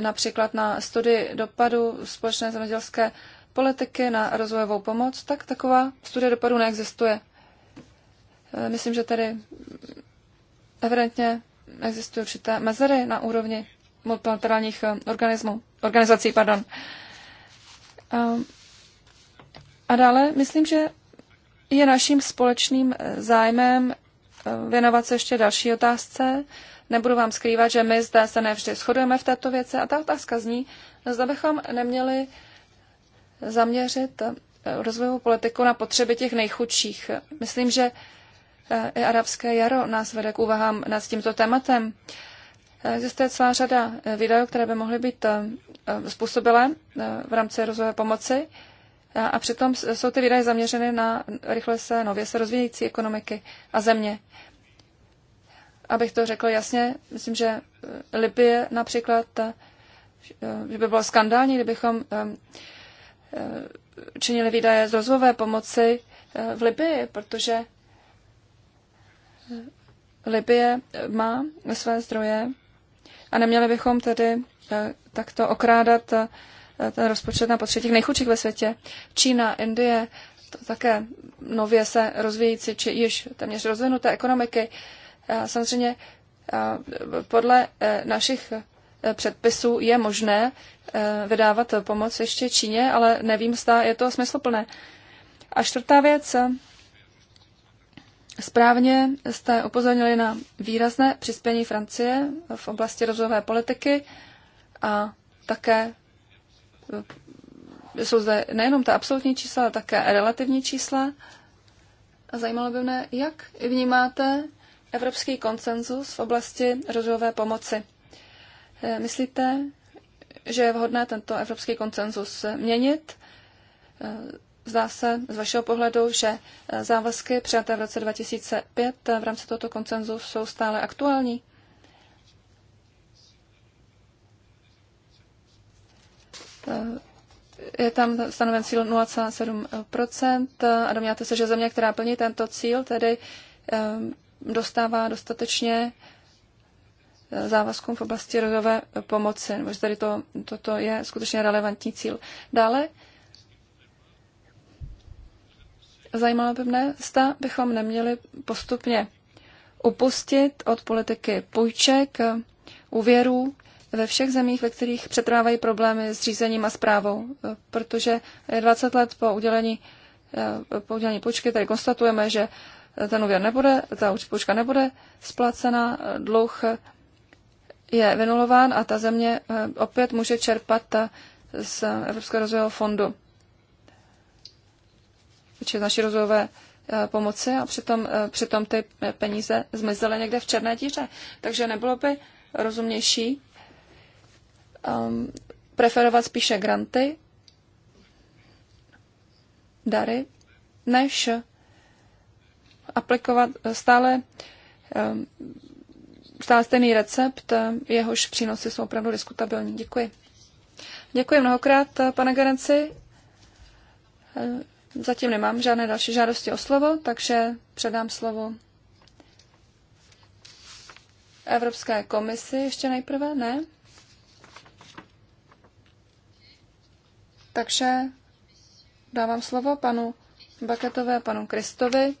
například na studii dopadu společné zemědělské politiky na rozvojovou pomoc, tak taková studie dopadu neexistuje. Myslím, že tedy evidentně existují určité mezery na úrovni multilaterálních eh, organismů, organizací. Pardon. Ehm, a dále myslím, že je naším společným eh, zájmem eh, věnovat se ještě další otázce. Nebudu vám skrývat, že my zde se nevždy shodujeme v této věci a ta otázka zní, zda bychom neměli zaměřit rozvojovou politiku na potřeby těch nejchudších. Myslím, že Eh, i arabské jaro nás vede k úvahám nad tímto tématem. Eh, existuje celá řada eh, videí, které by mohly být způsobilé v rámci rozvoje pomoci a přitom jsou ty výdaje zaměřeny na rychle se nově se rozvíjející ekonomiky a země. Abych to řekl jasně, myslím, že Libie například, že by bylo skandální, kdybychom činili výdaje z rozvojové pomoci v Libii, protože Libie má své zdroje a neměli bychom tedy eh, takto okrádat eh, ten rozpočet na těch nejchudších ve světě. Čína, Indie, to také nově se rozvíjící či již téměř rozvinuté ekonomiky. Samozřejmě eh, podle našich předpisů je možné vydávat pomoc ještě Číně, ale nevím, zda je to smysluplné. A čtvrtá věc, Správně jste upozornili na výrazné přispění Francie v oblasti rozvojové politiky a také eh, jsou zde nejenom ta absolutní čísla, ale také relativní čísla. A zajímalo by mne, jak vnímáte evropský konsenzus v oblasti rozvojové pomoci. Eh, myslíte, že je vhodné tento evropský konsenzus měnit, eh, Zdá se z vašeho pohledu, že eh, závazky přijaté v roce 2005 eh, v rámci tohoto koncenzu jsou stále aktuální? Eh, je tam stanoven cíl 0,7 a domníváte se, že země, která plní tento cíl, tedy dostává dostatečně závazkům v oblasti rozové pomoci, nebo že tady to, toto je skutečně relevantní cíl. Dále zajímalo by mne, zda bychom neměli postupně upustit od politiky půjček, úvěrů ve všech zemích, ve kterých přetrvávají problémy s řízením a zprávou, eh, protože 20 let po udělení, eh, po udělení půjčky tady konstatujeme, že ten úvěr nebude, ta půjčka nebude splacena, eh, dluh je vynulován a ta země opět může čerpat z Evropského rozvojového fondu či z naší rozvojové eh, pomoci a přitom, eh, přitom ty peníze zmizely někde v černé díře. Takže nebylo by rozumnější um, preferovat spíše granty, dary, než aplikovat stále, ehm, stále stejný recept, jehož přínosy jsou opravdu diskutabilní. Děkuji. Děkuji mnohokrát, pane Garenci. Zatím nemám žádné další žádosti o slovo, takže předám slovo Evropské komisi ještě nejprve, ne? Takže dávám slovo panu Baketové a panu Kristovi,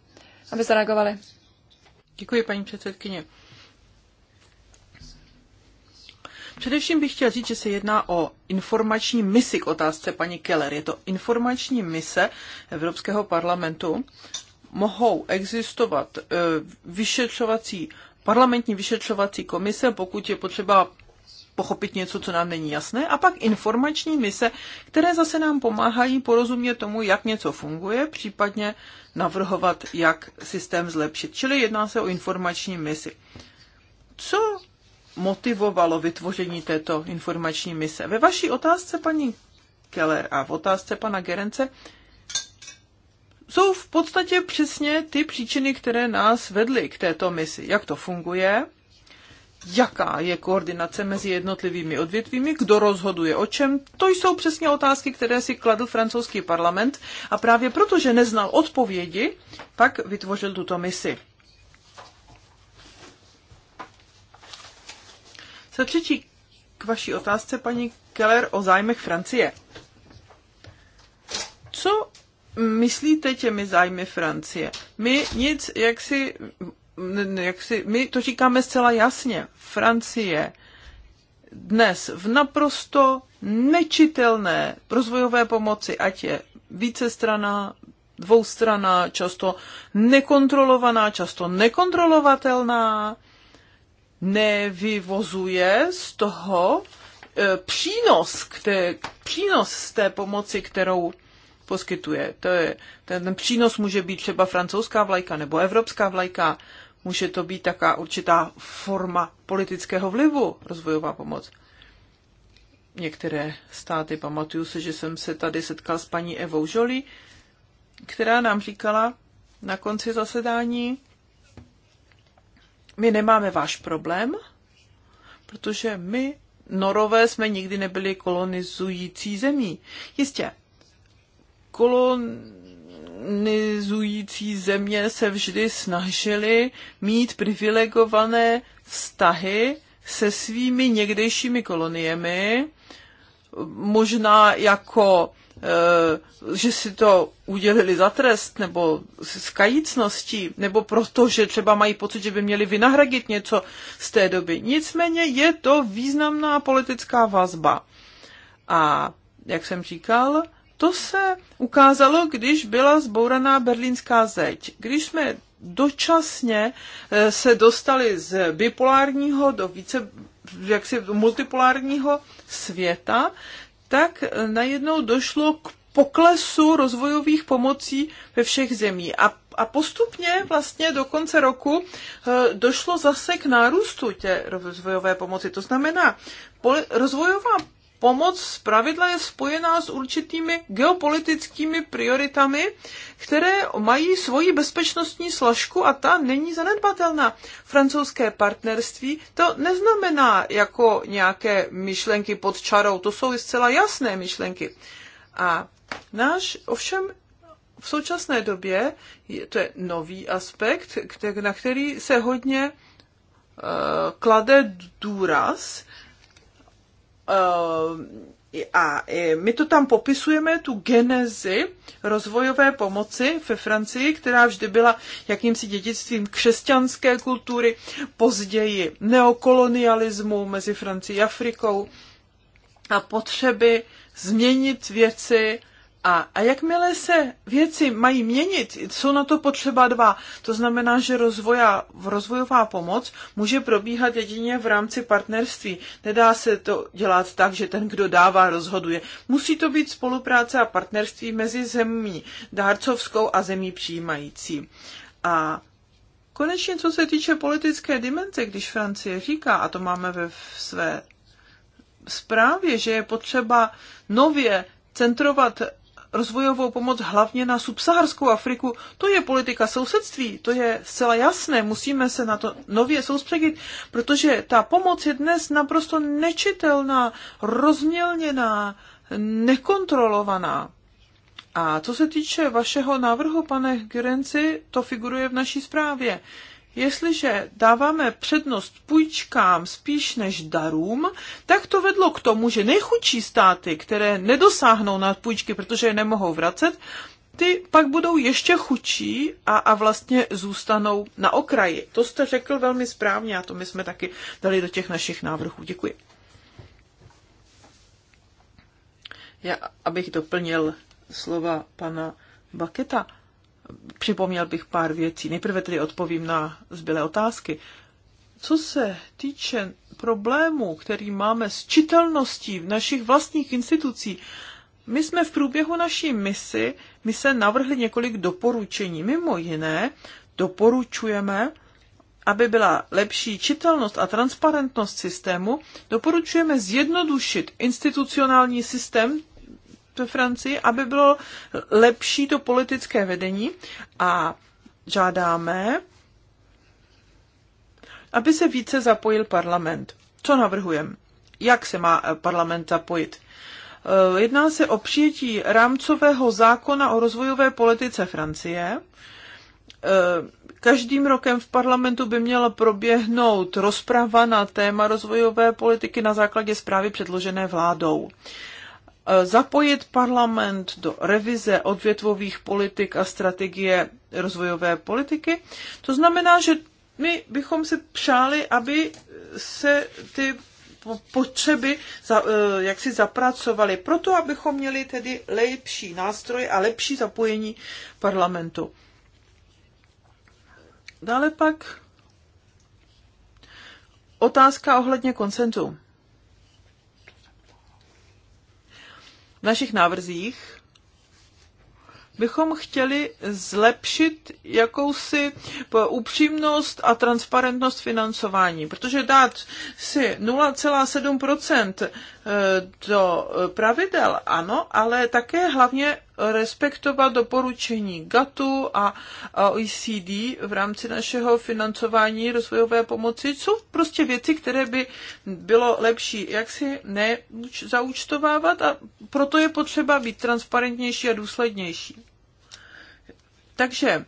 aby zareagovali. Děkuji, paní předsedkyně. Především bych chtěl říct, že se jedná o informační misi k otázce paní Keller. Je to informační mise Evropského parlamentu. Mohou existovat eh, vyšetřovací, parlamentní vyšetřovací komise, pokud je potřeba pochopit něco, co nám není jasné, a pak informační mise, které zase nám pomáhají porozumět tomu, jak něco funguje, případně navrhovat, jak systém zlepšit. Čili jedná se o informační misi. Co motivovalo vytvoření této informační mise. Ve vaší otázce, paní Keller, a v otázce pana Gerence, jsou v podstatě přesně ty příčiny, které nás vedly k této misi. Jak to funguje, jaká je koordinace mezi jednotlivými odvětvími, kdo rozhoduje o čem, to jsou přesně otázky, které si kladl francouzský parlament a právě protože neznal odpovědi, pak vytvořil tuto misi. Za třetí, k vaší otázce, paní Keller, o zájmech Francie. Co myslíte těmi zájmy Francie? My nic, jak si, jak si, my to říkáme zcela jasně. Francie dnes v naprosto nečitelné rozvojové pomoci, ať je strana, dvoustrana často nekontrolovaná, často nekontrolovatelná, nevyvozuje z toho e, přínos, který přínos z té pomoci, kterou poskytuje. To je, ten, ten přínos může být třeba francouzská vlajka nebo evropská vlajka, může to být taká určitá forma politického vlivu, rozvojová pomoc. Některé státy, pamatuju se, že jsem se tady setkal s paní Evou Žolí, která nám říkala na konci zasedání, my nemáme váš problém, protože my, Norové, jsme nikdy nebyli kolonizující zemí. Jistě, kolonizující země se vždy snažily mít privilegované vztahy se svými někdejšími koloniemi, možná jako Eh, že si to udělili za trest nebo s kajícností, nebo proto, že třeba mají pocit, že by měli vynahradit něco z té doby. Nicméně je to významná politická vazba. A jak jsem říkal, to se ukázalo, když byla zbouraná berlínská zeď. Když jsme dočasně eh, se dostali z bipolárního do více jaksi multipolárního světa, tak najednou došlo k poklesu rozvojových pomocí ve všech zemí. A, a postupně vlastně do konce roku eh, došlo zase k nárůstu tě rozvojové pomoci. To znamená, rozvojová pomoc zpravidla je spojená s určitými geopolitickými prioritami, které mají svoji bezpečnostní složku a ta není zanedbatelná. Francouzské partnerství to neznamená jako nějaké myšlenky pod čarou, to jsou zcela jasné myšlenky. A náš ovšem v současné době, je, to je nový aspekt, na který se hodně eh, klade důraz, Eh, a my to tam popisujeme, tu genezi rozvojové pomoci ve Francii, která vždy byla jakýmsi dědictvím křesťanské kultury, později neokolonialismu mezi Francií a Afrikou a potřeby změnit věci, a, a jakmile se věci mají měnit, jsou na to potřeba dva. To znamená, že rozvoja, rozvojová pomoc může probíhat jedině v rámci partnerství. Nedá se to dělat tak, že ten, kdo dává, rozhoduje. Musí to být spolupráce a partnerství mezi zemí dárcovskou a zemí přijímající. A konečně, co se týče politické dimenze, když Francie říká, a to máme ve své zprávě, že je potřeba nově centrovat rozvojovou pomoc hlavně na subsaharskou Afriku. To je politika sousedství, to je zcela jasné, musíme se na to nově soustředit, protože ta pomoc je dnes naprosto nečitelná, rozmělněná, nekontrolovaná. A co se týče vašeho návrhu, pane Gerenci, to figuruje v naší zprávě. Uh, Jestliže dáváme přednost půjčkám spíš než darům, tak to vedlo k tomu, že nejchudší státy, které nedosáhnou na půjčky, protože je nemohou vracet, ty pak budou ještě chudší a, a vlastně zůstanou na okraji. To jste řekl velmi správně a to my jsme taky dali do těch našich návrhů. Děkuji. Já, abych doplnil slova pana Baketa Připomněl bych pár věcí. Nejprve tedy odpovím na zbylé otázky. Co se týče problému, který máme s čitelností v našich vlastních institucích, my jsme v průběhu naší misi, my se navrhli několik doporučení. Mimo jiné doporučujeme, aby byla lepší čitelnost a transparentnost systému, doporučujeme zjednodušit institucionální systém Francii, aby bylo lepší to politické vedení a žádáme, aby se více zapojil parlament. Co navrhujeme? Jak se má eh, parlament zapojit? Eh, jedná se o přijetí rámcového zákona o rozvojové politice Francie. Eh, každým rokem v parlamentu by měla proběhnout rozprava na téma rozvojové politiky na základě zprávy předložené vládou. Eh, zapojit parlament do revize odvětvových politik a strategie rozvojové politiky. To znamená, že my bychom si přáli, aby se ty potřeby za, eh, jak si zapracovaly, proto abychom měli tedy lepší nástroje a lepší zapojení parlamentu. Dále pak otázka ohledně koncentu. našich návrzích bychom chtěli zlepšit jakousi upřímnost a transparentnost financování, protože dát si 0,7% eh, do eh, pravidel, ano, ale také hlavně respektovat doporučení GATU a OECD v rámci našeho financování rozvojové pomoci. Jsou prostě věci, které by bylo lepší jak si nezaučtovávat a proto je potřeba být transparentnější a důslednější. Takže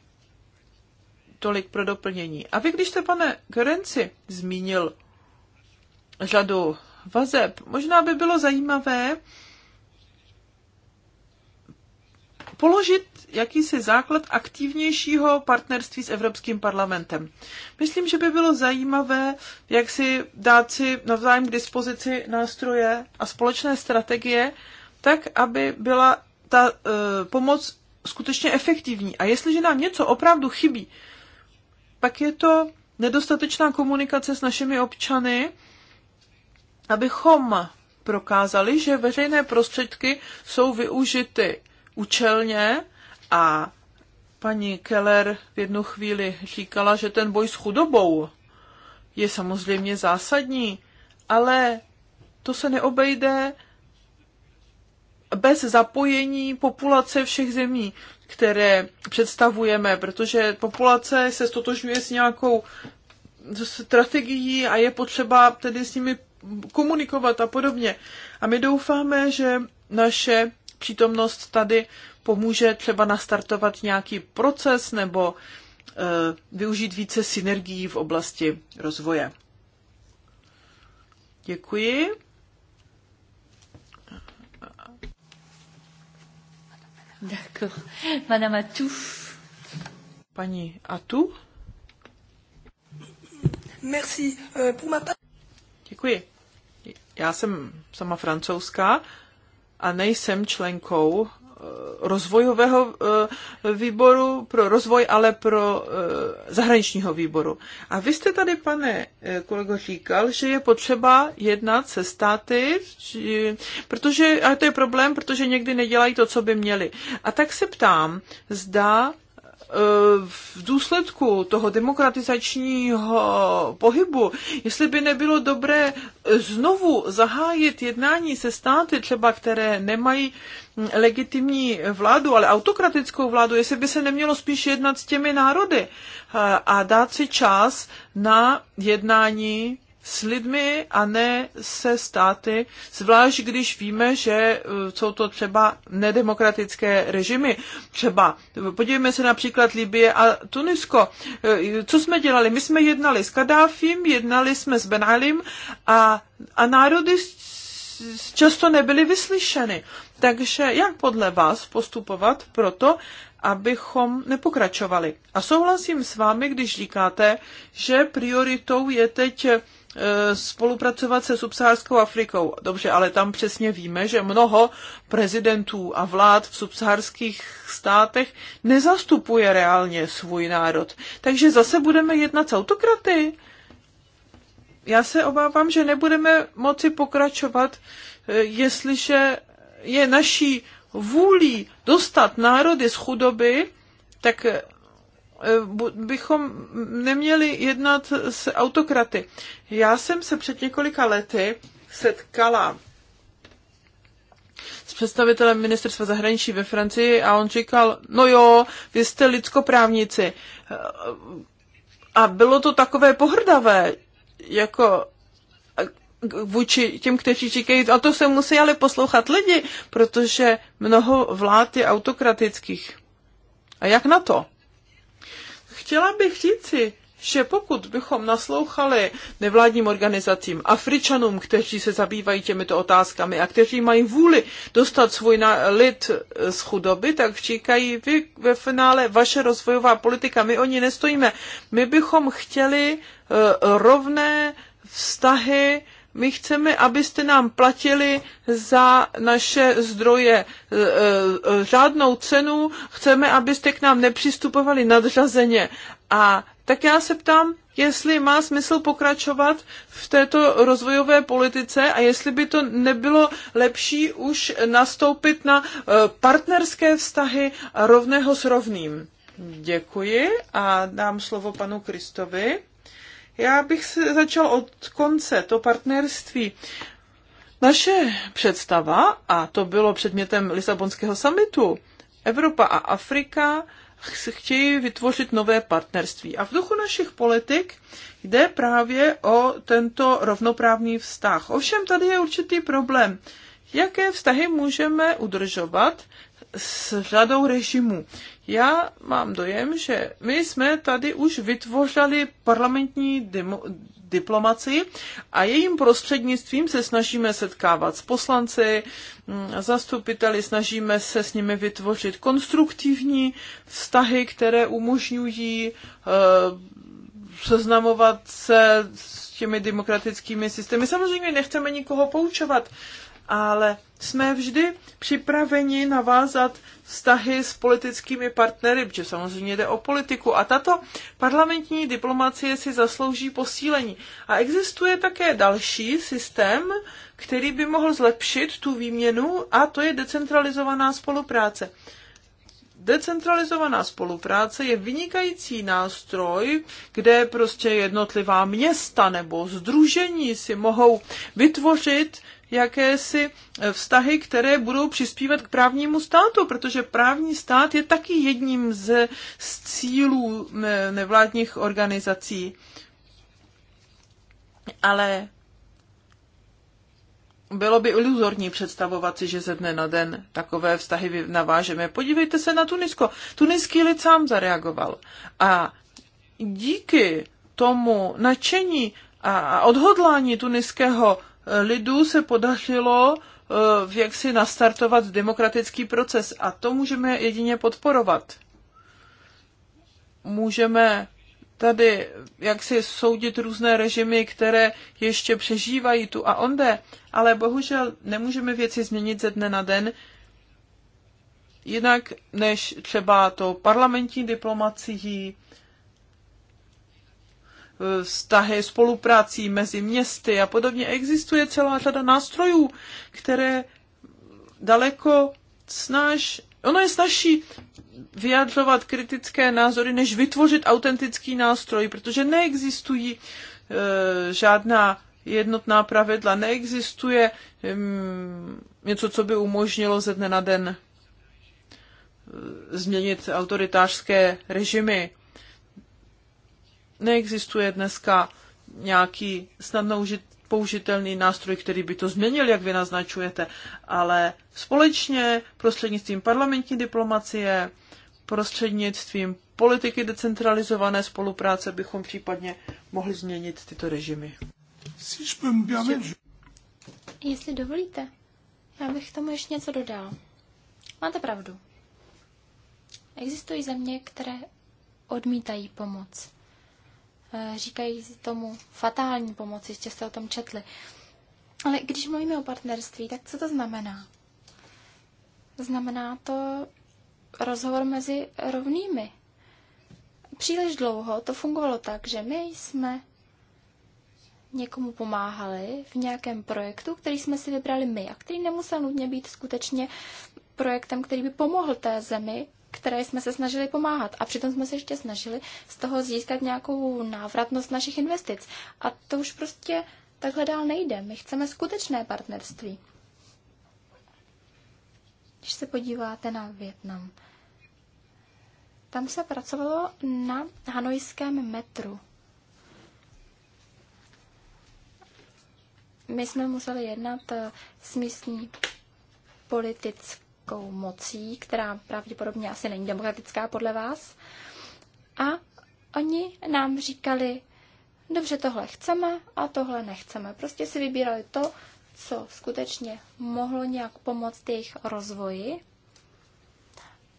tolik pro doplnění. A vy, když jste, pane Gerenci, zmínil řadu vazeb, možná by bylo zajímavé, položit jakýsi základ aktivnějšího partnerství s Evropským parlamentem. Myslím, že by bylo zajímavé, jak si dát si navzájem k dispozici nástroje a společné strategie, tak, aby byla ta e, pomoc skutečně efektivní. A jestliže nám něco opravdu chybí, pak je to nedostatečná komunikace s našimi občany, abychom prokázali, že veřejné prostředky jsou využity účelně a paní Keller v jednu chvíli říkala, že ten boj s chudobou je samozřejmě zásadní, ale to se neobejde bez zapojení populace všech zemí, které představujeme, protože populace se stotožňuje s nějakou strategií a je potřeba tedy s nimi komunikovat a podobně. A my doufáme, že naše přítomnost tady pomůže třeba nastartovat nějaký proces nebo e, využít více synergií v oblasti rozvoje. Děkuji. D'accord. Madame Atou. Paní Atu. Merci. Euh, Děkuji. Já jsem sama francouzská a nejsem členkou eh, rozvojového eh, výboru pro rozvoj, ale pro eh, zahraničního výboru. A vy jste tady, pane kolego, říkal, že je potřeba jednat se státy, protože, a to je problém, protože někdy nedělají to, co by měli. A tak se ptám, zda Eh, v důsledku toho demokratizačního pohybu, jestli by nebylo dobré znovu zahájit jednání se státy, třeba které nemají legitimní vládu, ale autokratickou vládu, jestli by se nemělo spíš jednat s těmi národy eh, a dát si čas na jednání s lidmi a ne se státy, zvlášť když víme, že eh, jsou to třeba nedemokratické režimy. Třeba eh, podívejme se například Libie a Tunisko. Eh, co jsme dělali? My jsme jednali s Kadáfím, jednali jsme s Benalim a, a národy často nebyly vyslyšeny. Takže jak podle vás postupovat proto, abychom nepokračovali? A souhlasím s vámi, když říkáte, že prioritou je teď Eh, spolupracovat se subsaharskou Afrikou. Dobře, ale tam přesně víme, že mnoho prezidentů a vlád v subsaharských státech nezastupuje reálně svůj národ. Takže zase budeme jednat s autokraty. Já se obávám, že nebudeme moci pokračovat, eh, jestliže je naší vůlí dostat národy z chudoby, tak Eh, bychom neměli jednat s autokraty. Já jsem se před několika lety setkala s představitelem ministerstva zahraničí ve Francii a on říkal, no jo, vy jste lidskoprávníci. Eh, a bylo to takové pohrdavé, jako eh, vůči těm, kteří říkají, a to se musí ale poslouchat lidi, protože mnoho vlád je autokratických. A jak na to? Chtěla bych říci, že pokud bychom naslouchali nevládním organizacím, Afričanům, kteří se zabývají těmito otázkami a kteří mají vůli dostat svůj lid eh, z chudoby, tak říkají vy ve finále vaše rozvojová politika, my o ní nestojíme. My bychom chtěli eh, rovné vztahy my chceme, abyste nám platili za naše zdroje e, e, řádnou cenu, chceme, abyste k nám nepřistupovali nadřazeně. A tak já se ptám, jestli má smysl pokračovat v této rozvojové politice a jestli by to nebylo lepší už nastoupit na e, partnerské vztahy rovného s rovným. Děkuji a dám slovo panu Kristovi. Já bych se začal od konce, to partnerství. Naše představa, a to bylo předmětem Lisabonského samitu, Evropa a Afrika chtějí vytvořit nové partnerství. A v duchu našich politik jde právě o tento rovnoprávný vztah. Ovšem tady je určitý problém. Jaké vztahy můžeme udržovat s řadou režimů? já mám dojem, že my jsme tady už vytvořili parlamentní demo, diplomaci a jejím prostřednictvím se snažíme setkávat s poslanci, mm, zastupiteli, snažíme se s nimi vytvořit konstruktivní vztahy, které umožňují eh, seznamovat se s těmi demokratickými systémy. Samozřejmě nechceme nikoho poučovat, ale jsme vždy připraveni navázat vztahy s politickými partnery, protože samozřejmě jde o politiku. A tato parlamentní diplomacie si zaslouží posílení. A existuje také další systém, který by mohl zlepšit tu výměnu, a to je decentralizovaná spolupráce. Decentralizovaná spolupráce je vynikající nástroj, kde prostě jednotlivá města nebo združení si mohou vytvořit jakési eh, vztahy, které budou přispívat k právnímu státu, protože právní stát je taky jedním z, z cílů mm, nevládních organizací. Ale bylo by iluzorní představovat si, že ze dne na den takové vztahy navážeme. Podívejte se na Tunisko. Tuniský lid sám zareagoval. A díky tomu nadšení a odhodlání tuniského lidu se podařilo eh, jak si nastartovat demokratický proces a to můžeme jedině podporovat. Můžeme tady jak si soudit různé režimy, které ještě přežívají tu a onde, ale bohužel nemůžeme věci změnit ze dne na den, jinak než třeba to parlamentní diplomacií, vztahy, spoluprácí mezi městy a podobně. Existuje celá řada nástrojů, které daleko snaž, ono je snažší vyjadřovat kritické názory, než vytvořit autentický nástroj, protože neexistují e, žádná jednotná pravidla, neexistuje e, něco, co by umožnilo ze dne na den e, změnit autoritářské režimy neexistuje dneska nějaký snadno použitelný nástroj, který by to změnil, jak vy naznačujete, ale společně prostřednictvím parlamentní diplomacie, prostřednictvím politiky decentralizované spolupráce bychom případně mohli změnit tyto režimy. Jestli dovolíte, já bych tomu ještě něco dodal. Máte pravdu. Existují země, které odmítají pomoc. Eh, říkají tomu fatální pomoci, ještě jste o tom četli. Ale když mluvíme o partnerství, tak co to znamená? Znamená to rozhovor mezi rovnými. Příliš dlouho to fungovalo tak, že my jsme někomu pomáhali v nějakém projektu, který jsme si vybrali my a který nemusel nutně být skutečně projektem, který by pomohl té zemi které jsme se snažili pomáhat. A přitom jsme se ještě snažili z toho získat nějakou návratnost našich investic. A to už prostě takhle dál nejde. My chceme skutečné partnerství. Když se podíváte na Větnam, tam se pracovalo na hanojském metru. My jsme museli jednat eh, s místní politickou nějakou mocí, která pravděpodobně asi není demokratická podle vás. A oni nám říkali, dobře, tohle chceme a tohle nechceme. Prostě si vybírali to, co skutečně mohlo nějak pomoct jejich rozvoji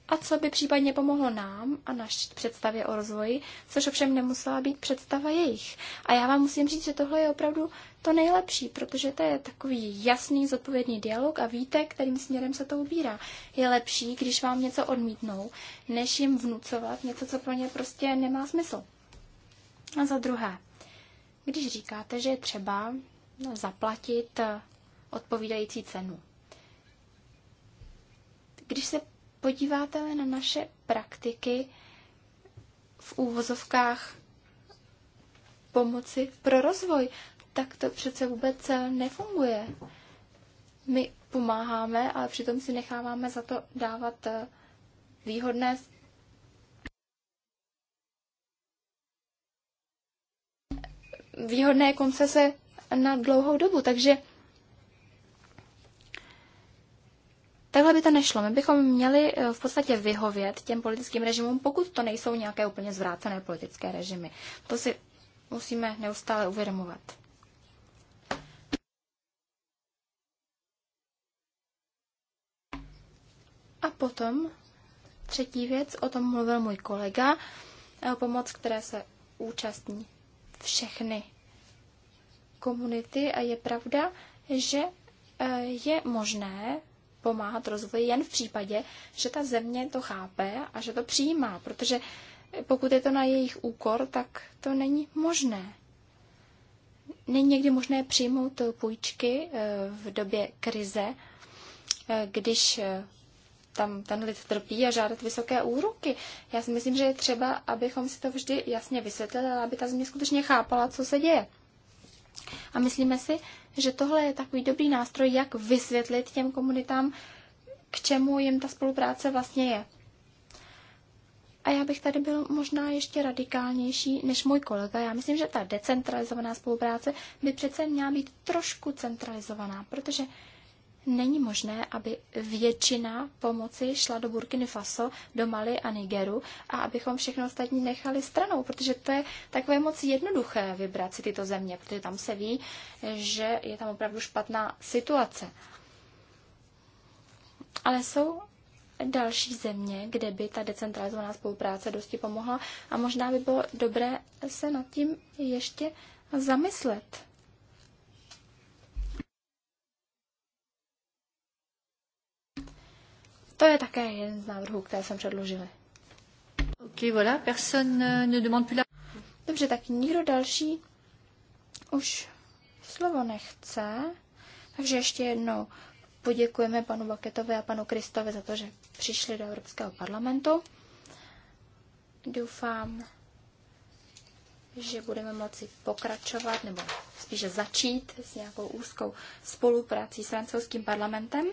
a co by případně pomohlo nám a naší představě o rozvoji, což ovšem nemusela být představa jejich. A já vám musím říct, že tohle je opravdu to nejlepší, protože to je takový jasný, zodpovědný dialog a víte, kterým směrem se to ubírá. Je lepší, když vám něco odmítnou, než jim vnucovat něco, co pro ně prostě nemá smysl. A za druhé, když říkáte, že je třeba no, zaplatit eh, odpovídající cenu. Když se podíváte-li na naše praktiky v úvozovkách pomoci pro rozvoj, tak to přece vůbec nefunguje. My pomáháme, ale přitom si necháváme za to dávat eh, výhodné výhodné koncese na dlouhou dobu. Takže Takhle by to nešlo. My bychom měli eh, v podstatě vyhovět těm politickým režimům, pokud to nejsou nějaké úplně zvrácené politické režimy. To si musíme neustále uvědomovat. A potom třetí věc, o tom mluvil můj kolega, eh, pomoc, které se účastní všechny komunity a je pravda, že eh, je možné pomáhat rozvoji jen v případě, že ta země to chápe a že to přijímá, protože pokud je to na jejich úkor, tak to není možné. Není někdy možné přijmout půjčky eh, v době krize, eh, když eh, tam ten lid trpí a žádat vysoké úroky. Já si myslím, že je třeba, abychom si to vždy jasně vysvětlili, aby ta země skutečně chápala, co se děje. A myslíme si, že tohle je takový dobrý nástroj, jak vysvětlit těm komunitám, k čemu jim ta spolupráce vlastně je. A já bych tady byl možná ještě radikálnější než můj kolega. Já myslím, že ta decentralizovaná spolupráce by přece měla být trošku centralizovaná, protože Není možné, aby většina pomoci šla do Burkiny Faso, do Mali a Nigeru a abychom všechno ostatní nechali stranou, protože to je takové moc jednoduché vybrat si tyto země, protože tam se ví, že je tam opravdu špatná situace. Ale jsou další země, kde by ta decentralizovaná spolupráce dosti pomohla a možná by bylo dobré se nad tím ještě zamyslet. To je také jeden z návrhů, které jsem předložila. Ok, voilà, personne euh, ne demande plus la... Dobře, tak nikdo další už slovo nechce. Takže ještě jednou poděkujeme panu Baketovi a panu Kristovi za to, že přišli do Evropského parlamentu. Doufám, že budeme moci pokračovat, nebo spíše začít s nějakou úzkou spoluprací s francouzským parlamentem.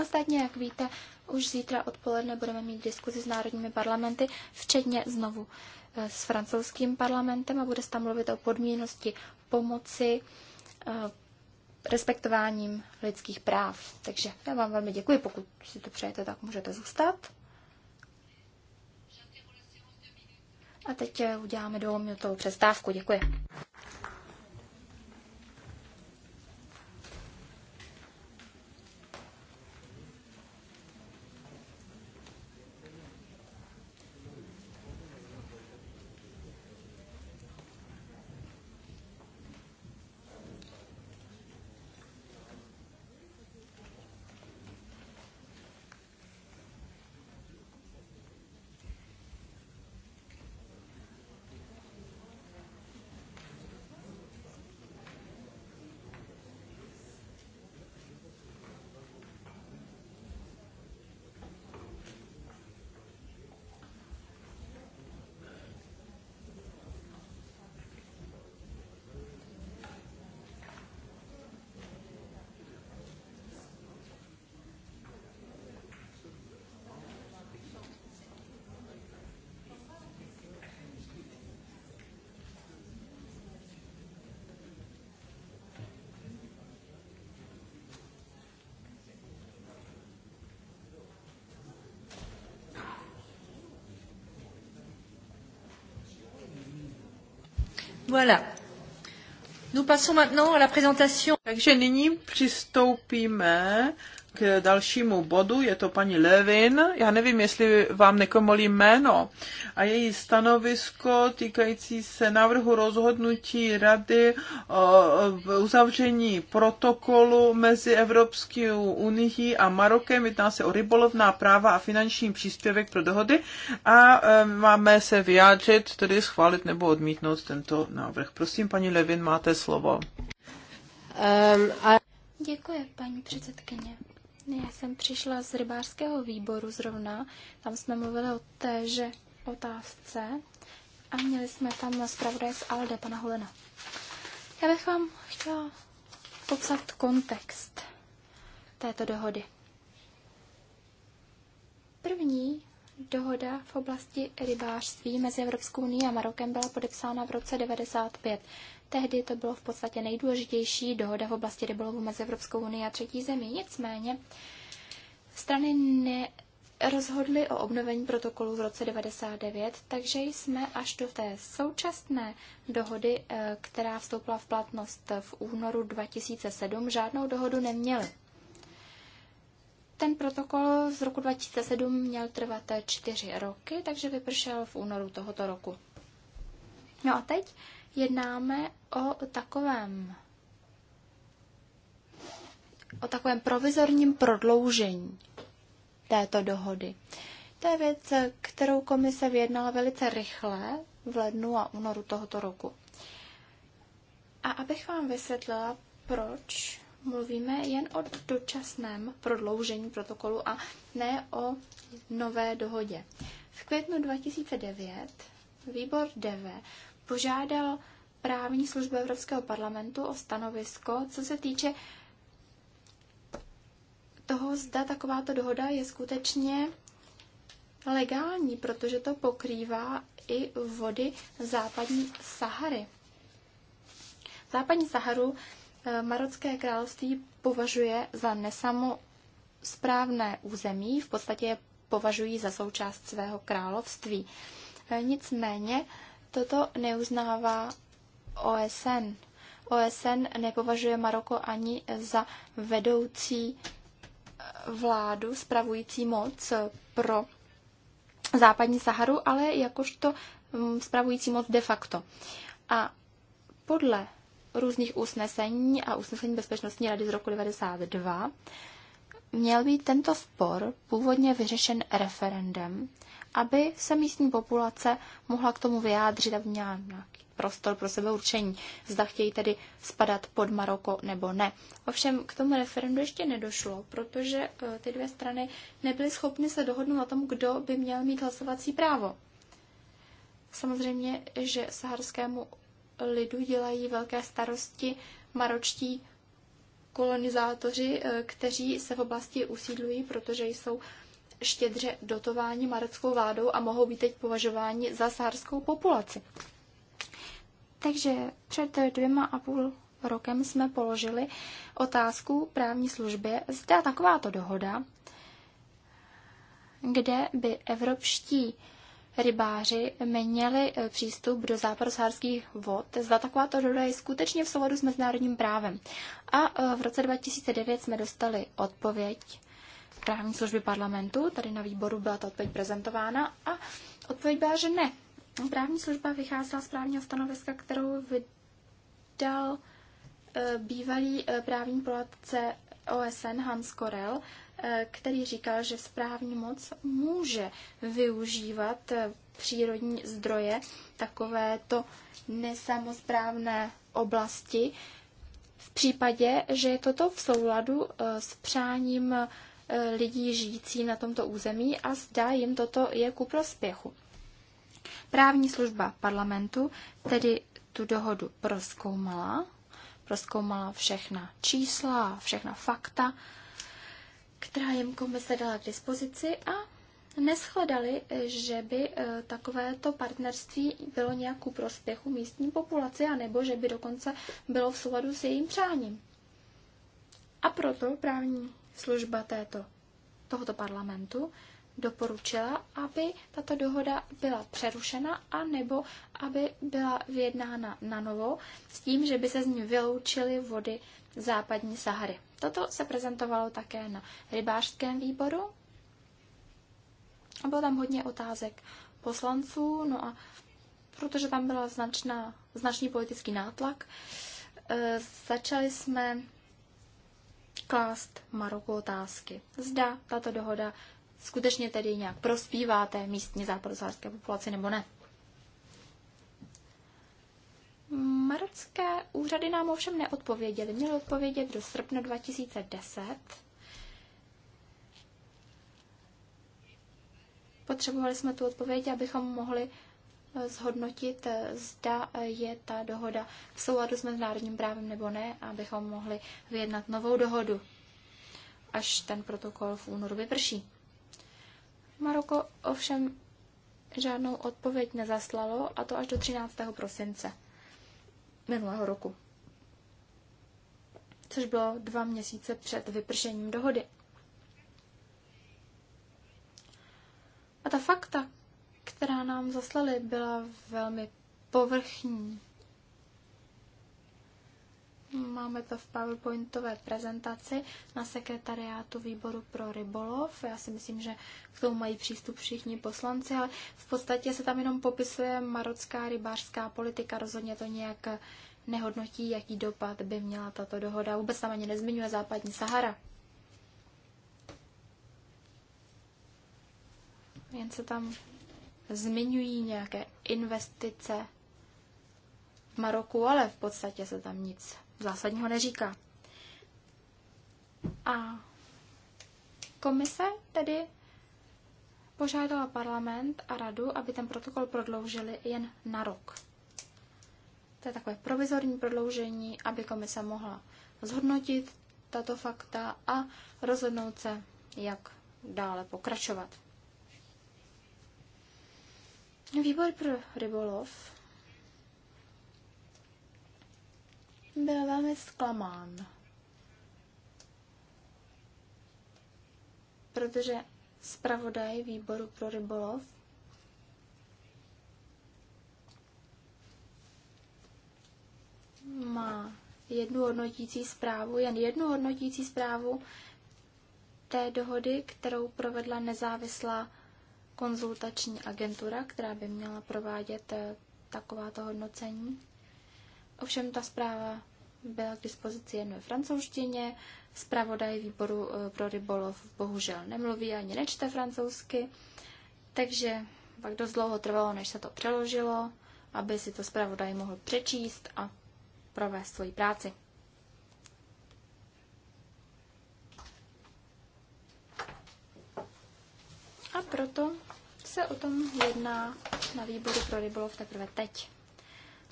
Ostatně, jak víte, už zítra odpoledne budeme mít diskuzi s národními parlamenty, včetně znovu eh, s francouzským parlamentem a bude se tam mluvit o podmínosti pomoci eh, respektováním lidských práv. Takže já vám velmi děkuji, pokud si to přejete, tak můžete zůstat. A teď eh, uděláme dvouminutovou přestávku. Děkuji. Voilà. Nous passons maintenant à la présentation. Takže nyní přistoupíme k dalšímu bodu, je to paní Levin, já nevím, jestli vám nekomolí jméno, a její stanovisko týkající se návrhu rozhodnutí Rady o uzavření protokolu mezi Evropskou unii a Marokem, jedná se o rybolovná práva a finanční příspěvek pro dohody a e, máme se vyjádřit, tedy schválit nebo odmítnout tento návrh. Prosím, paní Levin, máte slovo. Um, a... Děkuji, paní předsedkyně. Já jsem přišla z rybářského výboru zrovna, tam jsme mluvili o téže otázce a měli jsme tam na zpravodaj z Alde, pana Holena. Já bych vám chtěla popsat kontext této dohody. První dohoda v oblasti rybářství mezi Evropskou unii a Marokem byla podepsána v roce 95. Tehdy to bylo v podstatě nejdůležitější dohoda v oblasti rybolovu mezi Evropskou unii a třetí zemí. Nicméně strany ne, rozhodli o obnovení protokolu v roce 99, takže jsme až do té současné dohody, eh, která vstoupila v platnost v únoru 2007, žádnou dohodu neměli. Ten protokol z roku 2007 měl trvat čtyři roky, takže vypršel v únoru tohoto roku. No a teď jednáme o takovém o takovém provizorním prodloužení této dohody. To je věc, kterou komise vyjednala velice rychle v lednu a únoru tohoto roku. A abych vám vysvětlila, proč mluvíme jen o dočasném prodloužení protokolu a ne o nové dohodě. V květnu 2009 výbor DEVE požádal právní službu Evropského parlamentu o stanovisko, co se týče toho, zda takováto dohoda je skutečně legální, protože to pokrývá i vody západní Sahary. Západní Saharu eh, Marocké království považuje za nesamosprávné území, v podstatě je považují za součást svého království. Eh, nicméně Toto neuznává OSN. OSN nepovažuje Maroko ani za vedoucí eh, vládu, spravující moc eh, pro západní Saharu, ale jakožto mm, spravující moc de facto. A podle různých usnesení a usnesení Bezpečnostní rady z roku 1992 měl být tento spor původně vyřešen referendem aby se místní populace mohla k tomu vyjádřit, aby měla nějaký prostor pro sebe určení, zda chtějí tedy spadat pod Maroko nebo ne. Ovšem k tomu referendu ještě nedošlo, protože eh, ty dvě strany nebyly schopny se dohodnout na tom, kdo by měl mít hlasovací právo. Samozřejmě, že saharskému lidu dělají velké starosti maročtí kolonizátoři, eh, kteří se v oblasti usídlují, protože jsou štědře dotováni mareckou vládou a mohou být teď považováni za sárskou populaci. Takže před dvěma a půl rokem jsme položili otázku právní službě, zda takováto dohoda, kde by evropští rybáři měli eh, přístup do západosárských vod. Zda takováto dohoda je skutečně v souladu s mezinárodním právem. A eh, v roce 2009 jsme dostali odpověď, právní služby parlamentu, tady na výboru byla ta odpověď prezentována a odpověď byla, že ne. Právní služba vycházela z právního stanoviska, kterou vydal eh, bývalý eh, právní poradce OSN Hans Korel, eh, který říkal, že správní moc může využívat přírodní zdroje takovéto nesamozprávné oblasti v případě, že je toto v souladu s přáním Eh, lidí žijící na tomto území a zda jim toto je ku prospěchu. Právní služba parlamentu tedy tu dohodu proskoumala, proskoumala všechna čísla, všechna fakta, která jim komise dala k dispozici a neschledali, že by eh, takovéto partnerství bylo nějak prospěchu místní populaci, anebo že by dokonce bylo v souladu s jejím přáním. A proto právní služba této, tohoto parlamentu doporučila, aby tato dohoda byla přerušena a nebo aby byla vyjednána na novo s tím, že by se z ní vyloučily vody západní Sahary. Toto se prezentovalo také na rybářském výboru. A bylo tam hodně otázek poslanců, no a protože tam byla značná, značný politický nátlak, e, začali jsme klást Maroku otázky. Zda tato dohoda skutečně tedy nějak prospívá té místní západozářské populaci nebo ne. Marocké úřady nám ovšem neodpověděly. Měly odpovědět do srpna 2010. Potřebovali jsme tu odpověď, abychom mohli zhodnotit, eh, zda eh, je ta dohoda v souladu s mezinárodním právem nebo ne, abychom mohli vyjednat novou dohodu, až ten protokol v únoru vyprší. Maroko ovšem žádnou odpověď nezaslalo, a to až do 13. prosince minulého roku, což bylo dva měsíce před vypršením dohody. A ta fakta, která nám zaslali, byla velmi povrchní. Máme to v PowerPointové prezentaci na sekretariátu výboru pro rybolov. Já si myslím, že k tomu mají přístup všichni poslanci, ale v podstatě se tam jenom popisuje marocká rybářská politika. Rozhodně to nějak nehodnotí, jaký dopad by měla tato dohoda. Vůbec tam ani nezmiňuje západní Sahara. Jen se tam zmiňují nějaké investice v Maroku, ale v podstatě se tam nic zásadního neříká. A komise tedy požádala parlament a radu, aby ten protokol prodloužili jen na rok. To je takové provizorní prodloužení, aby komise mohla zhodnotit tato fakta a rozhodnout se, jak dále pokračovat. Výbor pro rybolov byl velmi zklamán, protože zpravodaj výboru pro rybolov má jednu hodnotící zprávu, jen jednu hodnotící zprávu té dohody, kterou provedla nezávislá konzultační agentura, která by měla provádět eh, takováto hodnocení. Ovšem ta zpráva byla k dispozici jen ve francouzštině. Zpravodaj výboru eh, pro rybolov bohužel nemluví ani nečte francouzsky, takže pak dost dlouho trvalo, než se to přeložilo, aby si to zpravodaj mohl přečíst a provést svoji práci. A proto se o tom jedná na výboru pro rybolov teprve teď.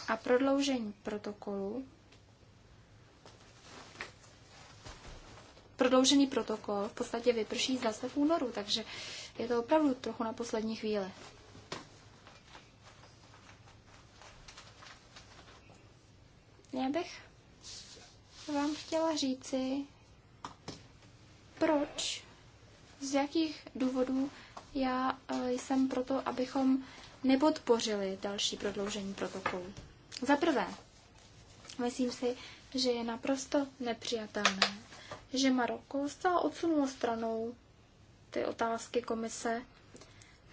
A prodloužení protokolu prodloužený protokol v podstatě vyprší zase v únoru, takže je to opravdu trochu na poslední chvíli. Já bych vám chtěla říci, proč, z jakých důvodů já e, jsem proto, abychom nepodpořili další prodloužení protokolu. Za prvé, myslím si, že je naprosto nepřijatelné, že Maroko zcela odsunulo stranou ty otázky komise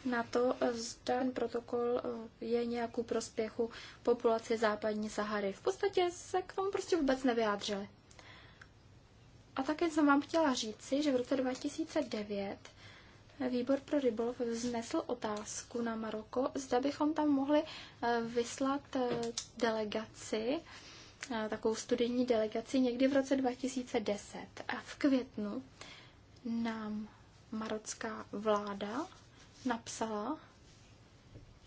na to, e, zda ten protokol e, je nějakou prospěchu populaci západní Sahary. V podstatě se k tomu prostě vůbec nevyjádřili. A také jsem vám chtěla říci, že v roce 2009 výbor pro rybolov vznesl otázku na Maroko, zda bychom tam mohli eh, vyslat eh, delegaci, eh, takovou studijní delegaci někdy v roce 2010. A v květnu nám marocká vláda napsala,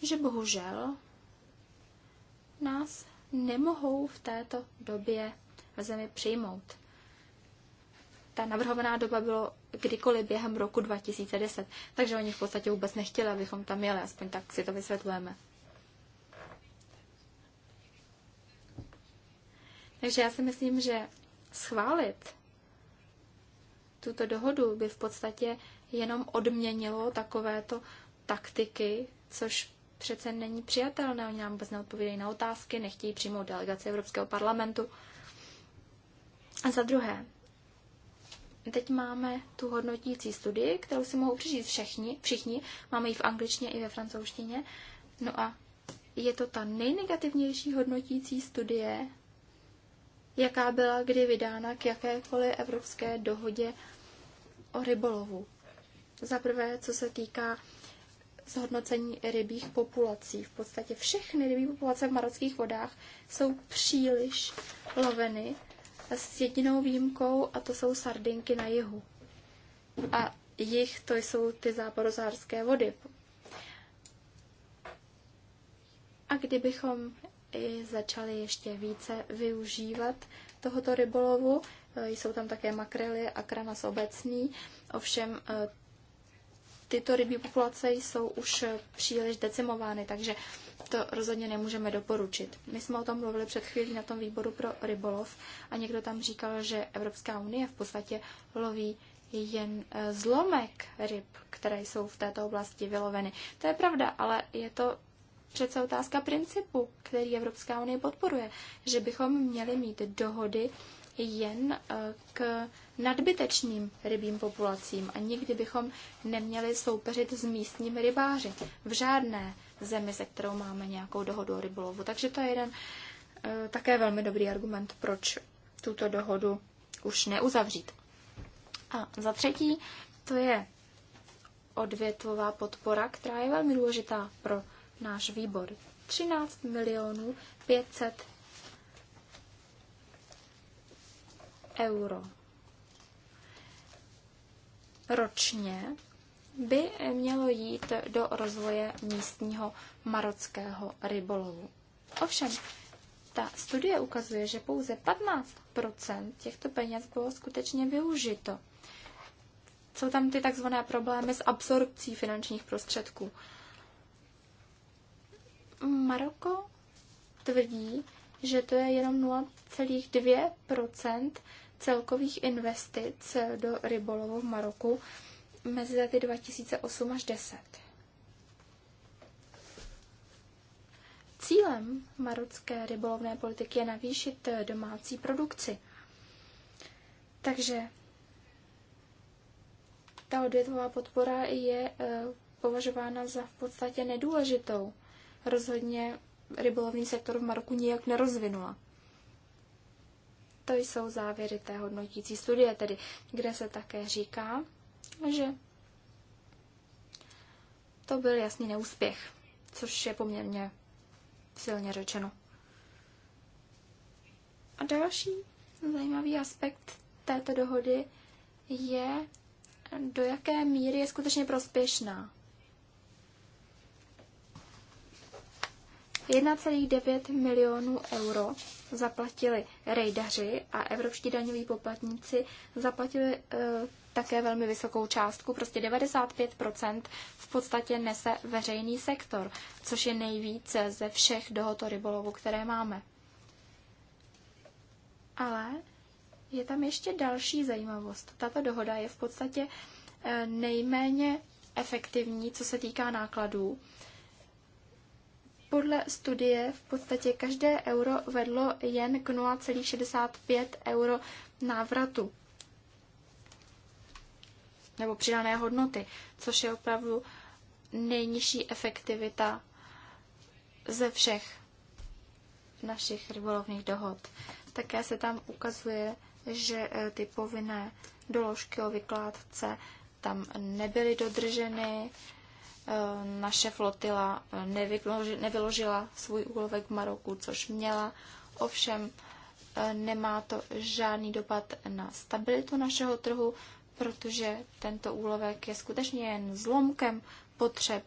že bohužel nás nemohou v této době v zemi přijmout ta navrhovaná doba bylo kdykoliv během roku 2010. Takže oni v podstatě vůbec nechtěli, abychom tam jeli, aspoň tak si to vysvětlujeme. Takže já si myslím, že schválit tuto dohodu by v podstatě jenom odměnilo takovéto taktiky, což přece není přijatelné. Oni nám vůbec neodpovídají na otázky, nechtějí přijmout delegaci Evropského parlamentu. A za druhé, Teď máme tu hodnotící studii, kterou si mohou přečíst všichni, všichni. Máme ji v angličtině i ve francouzštině. No a je to ta nejnegativnější hodnotící studie, jaká byla kdy vydána k jakékoliv evropské dohodě o rybolovu. Za prvé, co se týká zhodnocení rybích populací. V podstatě všechny rybí populace v marockých vodách jsou příliš loveny s jedinou výjimkou a to jsou sardinky na jihu. A jich to jsou ty záporozářské vody. A kdybychom i začali ještě více využívat tohoto rybolovu, e, jsou tam také makrely a kranas obecný, ovšem e, tyto rybí populace jsou už příliš decimovány, takže to rozhodně nemůžeme doporučit. My jsme o tom mluvili před chvílí na tom výboru pro rybolov a někdo tam říkal, že Evropská unie v podstatě loví jen eh, zlomek ryb, které jsou v této oblasti vyloveny. To je pravda, ale je to přece otázka principu, který Evropská unie podporuje, že bychom měli mít dohody jen eh, k nadbytečným rybím populacím a nikdy bychom neměli soupeřit s místními rybáři v žádné zemi, se kterou máme nějakou dohodu o rybolovu. Takže to je jeden eh, také velmi dobrý argument, proč tuto dohodu už neuzavřít. A za třetí, to je odvětvová podpora, která je velmi důležitá pro náš výbor. 13 milionů 500 euro ročně by mělo jít do rozvoje místního marockého rybolovu. Ovšem, ta studie ukazuje, že pouze 15 těchto peněz bylo skutečně využito. Jsou tam ty takzvané problémy s absorpcí finančních prostředků. Maroko tvrdí, že to je jenom 0,2 celkových investic do rybolovu v Maroku mezi lety 2008 až 10. Cílem marocké rybolovné politiky je navýšit domácí produkci. Takže ta odvětvová podpora je eh, považována za v podstatě nedůležitou. Rozhodně rybolovný sektor v Maroku nijak nerozvinula. To jsou závěry té hodnotící studie, tedy kde se také říká, že to byl jasný neúspěch, což je poměrně silně řečeno. A další zajímavý aspekt této dohody je, do jaké míry je skutečně prospěšná. 1,9 milionů euro zaplatili rejdaři a evropští daňoví poplatníci zaplatili e, také velmi vysokou částku. Prostě 95% v podstatě nese veřejný sektor, což je nejvíce ze všech dohod rybolovu, které máme. Ale je tam ještě další zajímavost. Tato dohoda je v podstatě eh, nejméně efektivní, co se týká nákladů. E, podle studie v podstatě každé euro vedlo jen k 0,65 euro návratu nebo přidané hodnoty, což je opravdu nejnižší efektivita ze všech našich rybolovných dohod. Také se tam ukazuje, že eh, ty povinné doložky o vykládce tam nebyly dodrženy, Eh, naše flotila eh, nevyložila svůj úlovek v Maroku, což měla. Ovšem eh, nemá to žádný dopad na stabilitu našeho trhu, protože tento úlovek je skutečně jen zlomkem potřeb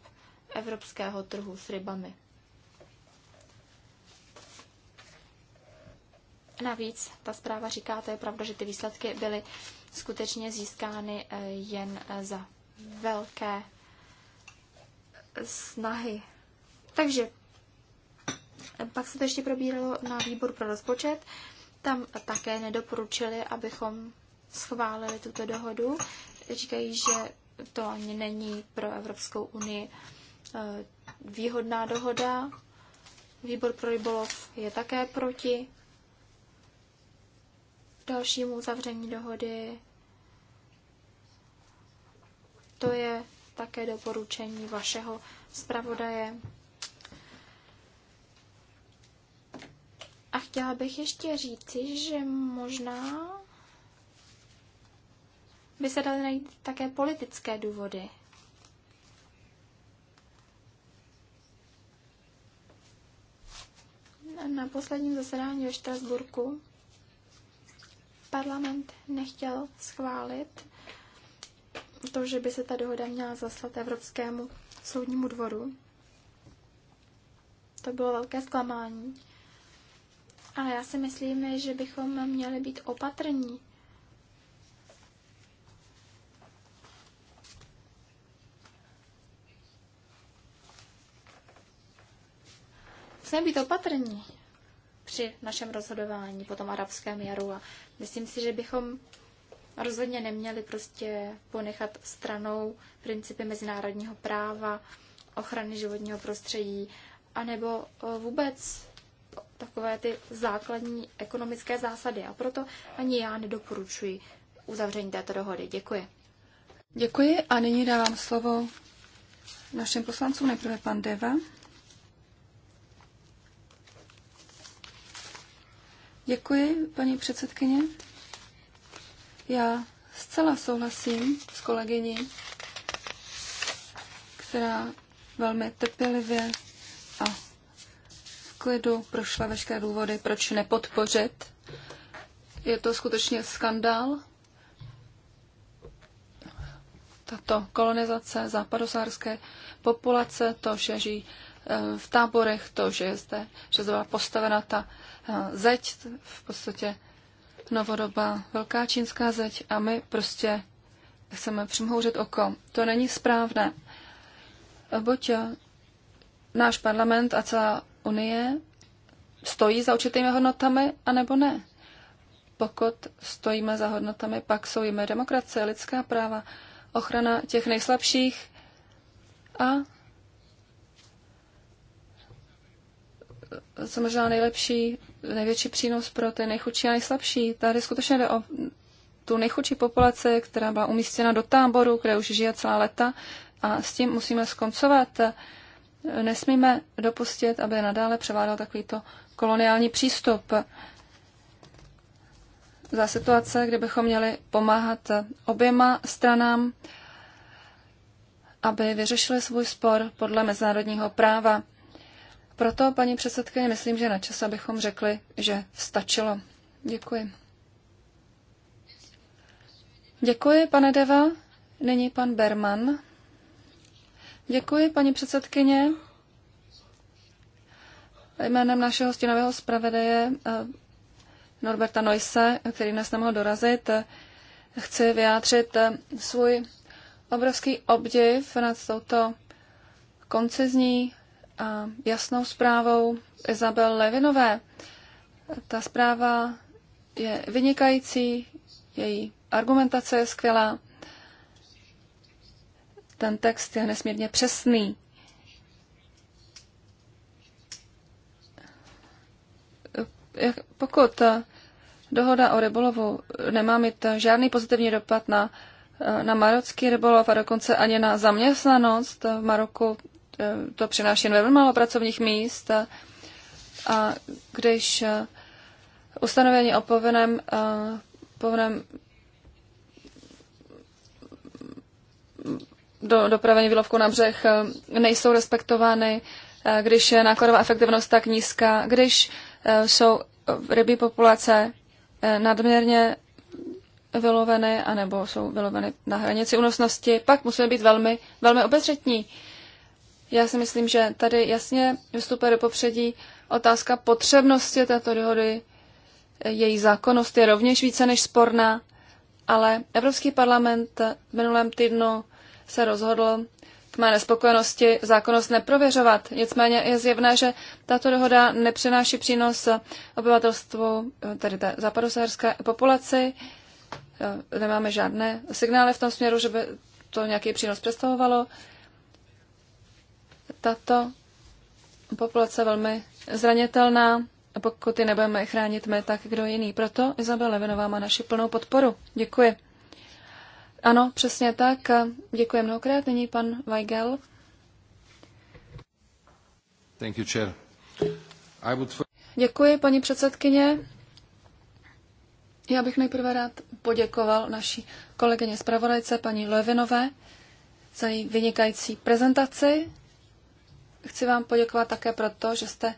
evropského trhu s rybami. Navíc ta zpráva říká, to je pravda, že ty výsledky byly skutečně získány jen za velké snahy. Takže eh, pak se to ještě probíralo na výbor pro rozpočet. Tam také nedoporučili, abychom schválili tuto dohodu. Říkají, že to ani není pro Evropskou unii eh, výhodná dohoda. Výbor pro rybolov je také proti dalšímu uzavření dohody. To je také doporučení vašeho zpravodaje. A chtěla bych ještě říci, že možná by se daly najít také politické důvody. Na posledním zasedání ve Štrasburku parlament nechtěl schválit to, že by se ta dohoda měla zaslat Evropskému soudnímu dvoru. To bylo velké zklamání. Ale já si myslím, že bychom měli být opatrní. Musíme být opatrní při našem rozhodování po tom arabském jaru a myslím si, že bychom rozhodně neměli prostě ponechat stranou principy mezinárodního práva, ochrany životního prostředí, anebo eh, vůbec takové ty základní ekonomické zásady. A proto ani já nedoporučuji uzavření této dohody. Děkuji. Děkuji a nyní dávám slovo našim poslancům, nejprve pan Deva. Děkuji, paní předsedkyně. Já zcela souhlasím s kolegyní, která velmi trpělivě a v klidu prošla veškeré důvody, proč nepodpořit. Je to skutečně skandál. Tato kolonizace západosárské populace, to, že žijí eh, v táborech, to, že je zde, že zde byla postavena ta eh, zeď, v podstatě novodobá velká čínská zeď a my prostě chceme přimhouřit oko. To není správné. Buď náš parlament a celá Unie stojí za určitými hodnotami, anebo ne. Pokud stojíme za hodnotami, pak jsou jimi demokracie, lidská práva, ochrana těch nejslabších a Samozřejmě možná nejlepší, největší přínos pro ty nejchudší a nejslabší. Tady skutečně jde o tu nejchudší populace, která byla umístěna do táboru, kde už žije celá leta a s tím musíme skoncovat. Nesmíme dopustit, aby nadále převádal takovýto koloniální přístup. Za situace, kde bychom měli pomáhat oběma stranám, aby vyřešili svůj spor podle mezinárodního práva. Proto, paní předsedkyně, myslím, že na čas, abychom řekli, že stačilo. Děkuji. Děkuji, pane Deva. Nyní pan Berman. Děkuji, paní předsedkyně. Jménem našeho stínového zpravedeje eh, Norberta Noise, který dnes nemohl dorazit, chci vyjádřit eh, svůj obrovský obdiv nad touto koncizní a jasnou zprávou Izabel Levinové. Ta zpráva je vynikající, její argumentace je skvělá. Ten text je nesmírně přesný. Pokud dohoda o rybolovu nemá mít žádný pozitivní dopad na, na marocký rybolov a dokonce ani na zaměstnanost v Maroku, Eh, to přináší velmi málo pracovních míst a, a když eh, ustanovení o povinném, eh, povinném do, dopravení výlovku na břeh nejsou respektovány, když je nákladová efektivnost tak nízká, když jsou rybí populace nadměrně vyloveny, anebo jsou vyloveny na hranici únosnosti, pak musíme být velmi, velmi obezřetní. Já si myslím, že tady jasně vystupuje do popředí otázka potřebnosti této dohody. Její zákonnost je rovněž více než sporná, ale Evropský parlament v minulém týdnu se rozhodl k mé nespokojenosti zákonnost neprověřovat. Nicméně je zjevné, že tato dohoda nepřináší přínos obyvatelstvu, tedy té západosaharské populaci. Nemáme žádné signály v tom směru, že by to nějaký přínos představovalo tato populace velmi zranitelná a pokud ji nebudeme chránit my, tak kdo jiný. Proto Izabel Levinová má naši plnou podporu. Děkuji. Ano, přesně tak. Děkuji mnohokrát. Nyní pan Weigel. Thank you, chair. I would... Děkuji, paní předsedkyně. Já bych nejprve rád poděkoval naší kolegyně zpravodajce paní Levinové za její vynikající prezentaci Chci vám poděkovat také proto, že jste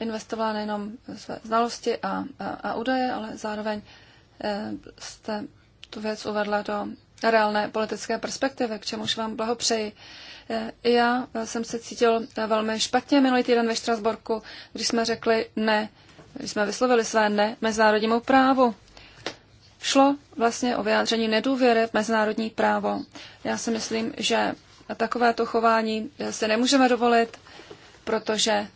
investovala nejenom své znalosti a, a, a údaje, ale zároveň eh, jste tu věc uvedla do reálné politické perspektivy, k čemuž vám blahopřeji. Eh, já eh, jsem se cítil velmi špatně minulý týden ve Štrasborku, když jsme řekli ne, když jsme vyslovili své ne mezinárodnímu právu. Šlo vlastně o vyjádření nedůvěry v mezinárodní právo. Já si myslím, že na takovéto chování se nemůžeme dovolit, protože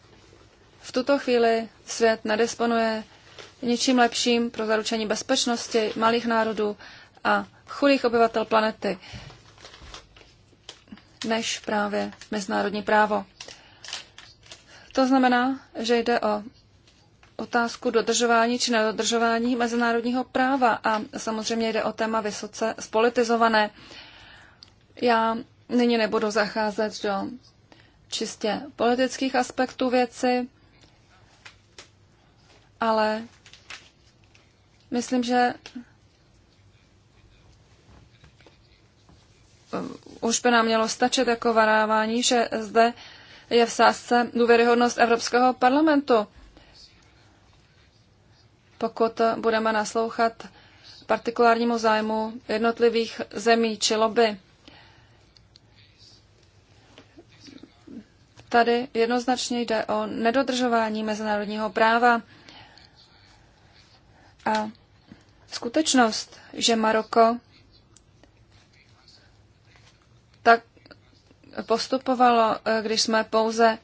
v tuto chvíli svět nedisponuje ničím lepším pro zaručení bezpečnosti malých národů a chudých obyvatel planety než právě mezinárodní právo. To znamená, že jde o otázku dodržování či nedodržování mezinárodního práva a samozřejmě jde o téma vysoce spolitizované. Já Nyní nebudu zacházet do čistě politických aspektů věci, ale myslím, že eh, už by nám mělo stačit jako varávání, že zde je v sázce důvěryhodnost Evropského parlamentu. Pokud budeme naslouchat partikulárnímu zájmu jednotlivých zemí či lobby. Tady jednoznačně jde o nedodržování mezinárodního práva a skutečnost, že Maroko tak postupovalo, eh, když jsme pouze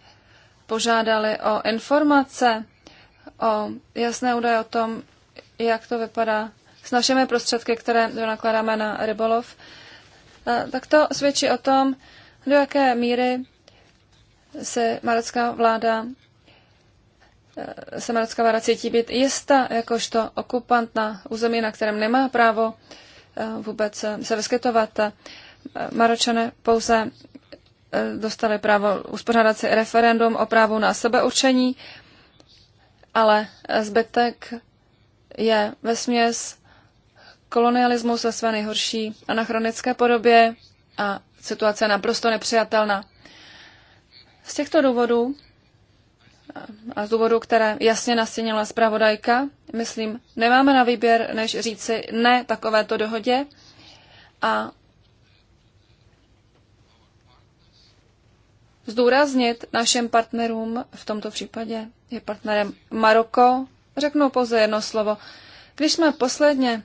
požádali o informace, o jasné údaje o tom, jak to vypadá s našimi prostředky, které nakládáme na rybolov, eh, tak to svědčí o tom, do jaké míry se marocká vláda eh, se marocká vláda cítí být jista jakožto okupant na území, na kterém nemá právo eh, vůbec eh, se vyskytovat. Maročané pouze dostali právo uspořádat si referendum o právu na sebeurčení, ale zbytek je ve směs kolonialismus ve své nejhorší anachronické podobě a situace je naprosto nepřijatelná. Z těchto důvodů a z důvodů, které jasně nastínila zpravodajka, myslím, nemáme na výběr, než říci ne takovéto dohodě a zdůraznit našem partnerům, v tomto případě je partnerem Maroko, řeknu pouze jedno slovo. Když jsme posledně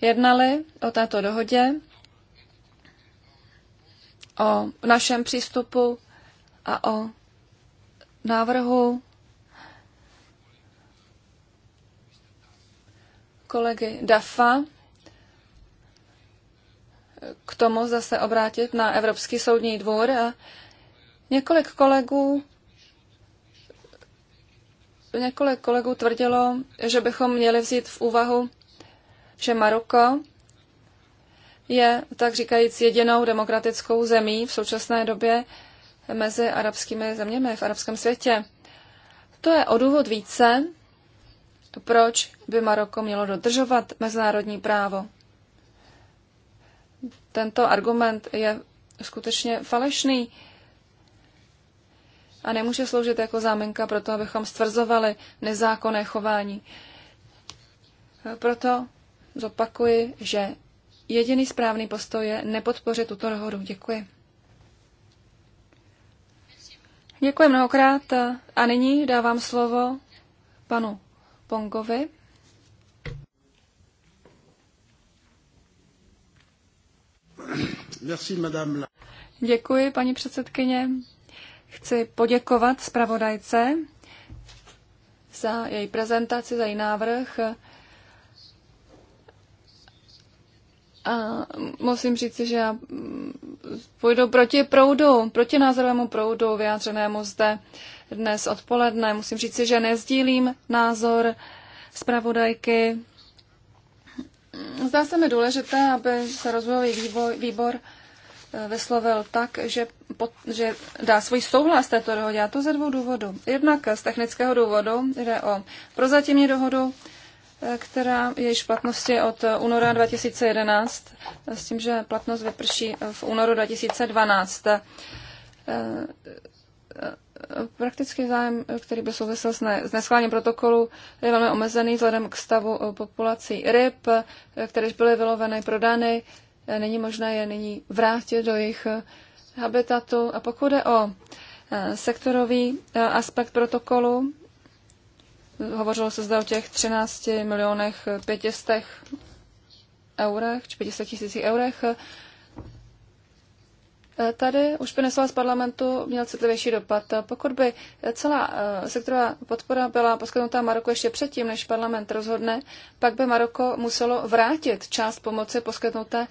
jednali o této dohodě, o našem přístupu a o návrhu kolegy Dafa k tomu zase obrátit na Evropský soudní dvůr. A několik kolegů několik kolegů tvrdilo, že bychom měli vzít v úvahu, že Maroko je tak říkajíc jedinou demokratickou zemí v současné době, mezi arabskými zeměmi v arabském světě. To je o důvod více, proč by Maroko mělo dodržovat mezinárodní právo. Tento argument je skutečně falešný a nemůže sloužit jako záminka pro to, abychom stvrzovali nezákonné chování. Proto zopakuji, že jediný správný postoj je nepodpořit tuto dohodu. Děkuji. Děkuji mnohokrát a nyní dávám slovo panu Pongovi. Merci, madame. Děkuji, paní předsedkyně. Chci poděkovat zpravodajce za její prezentaci, za její návrh. A musím říct, že já mm, půjdu proti proudu, proti názorovému proudu vyjádřenému zde dnes odpoledne. Musím říct, že nezdílím názor zpravodajky. Zdá se mi důležité, aby se rozvojový výbor, výbor e, vyslovil tak, že, pod, že dá svůj souhlas této dohodě. A to ze dvou důvodů. Jednak z technického důvodu jde o prozatímní dohodu která je již v platnosti od února 2011, s tím, že platnost vyprší v únoru 2012. Eh, eh, Praktický zájem, který by souvisel s, ne, s neschválením protokolu, je velmi omezený vzhledem k stavu eh, populací ryb, které byly vyloveny, prodány. Není možné je nyní vrátit do jejich habitatu. A pokud je o sektorový aspekt protokolu, Hovořilo se zde o těch 13 milionech 500 eurech, či 500 tisících eurech. E, tady už by nesla z parlamentu měl citlivější dopad. Pokud by celá e, sektorová podpora byla poskytnuta Maroku ještě předtím, než parlament rozhodne, pak by Maroko muselo vrátit část pomoci poskytnuté,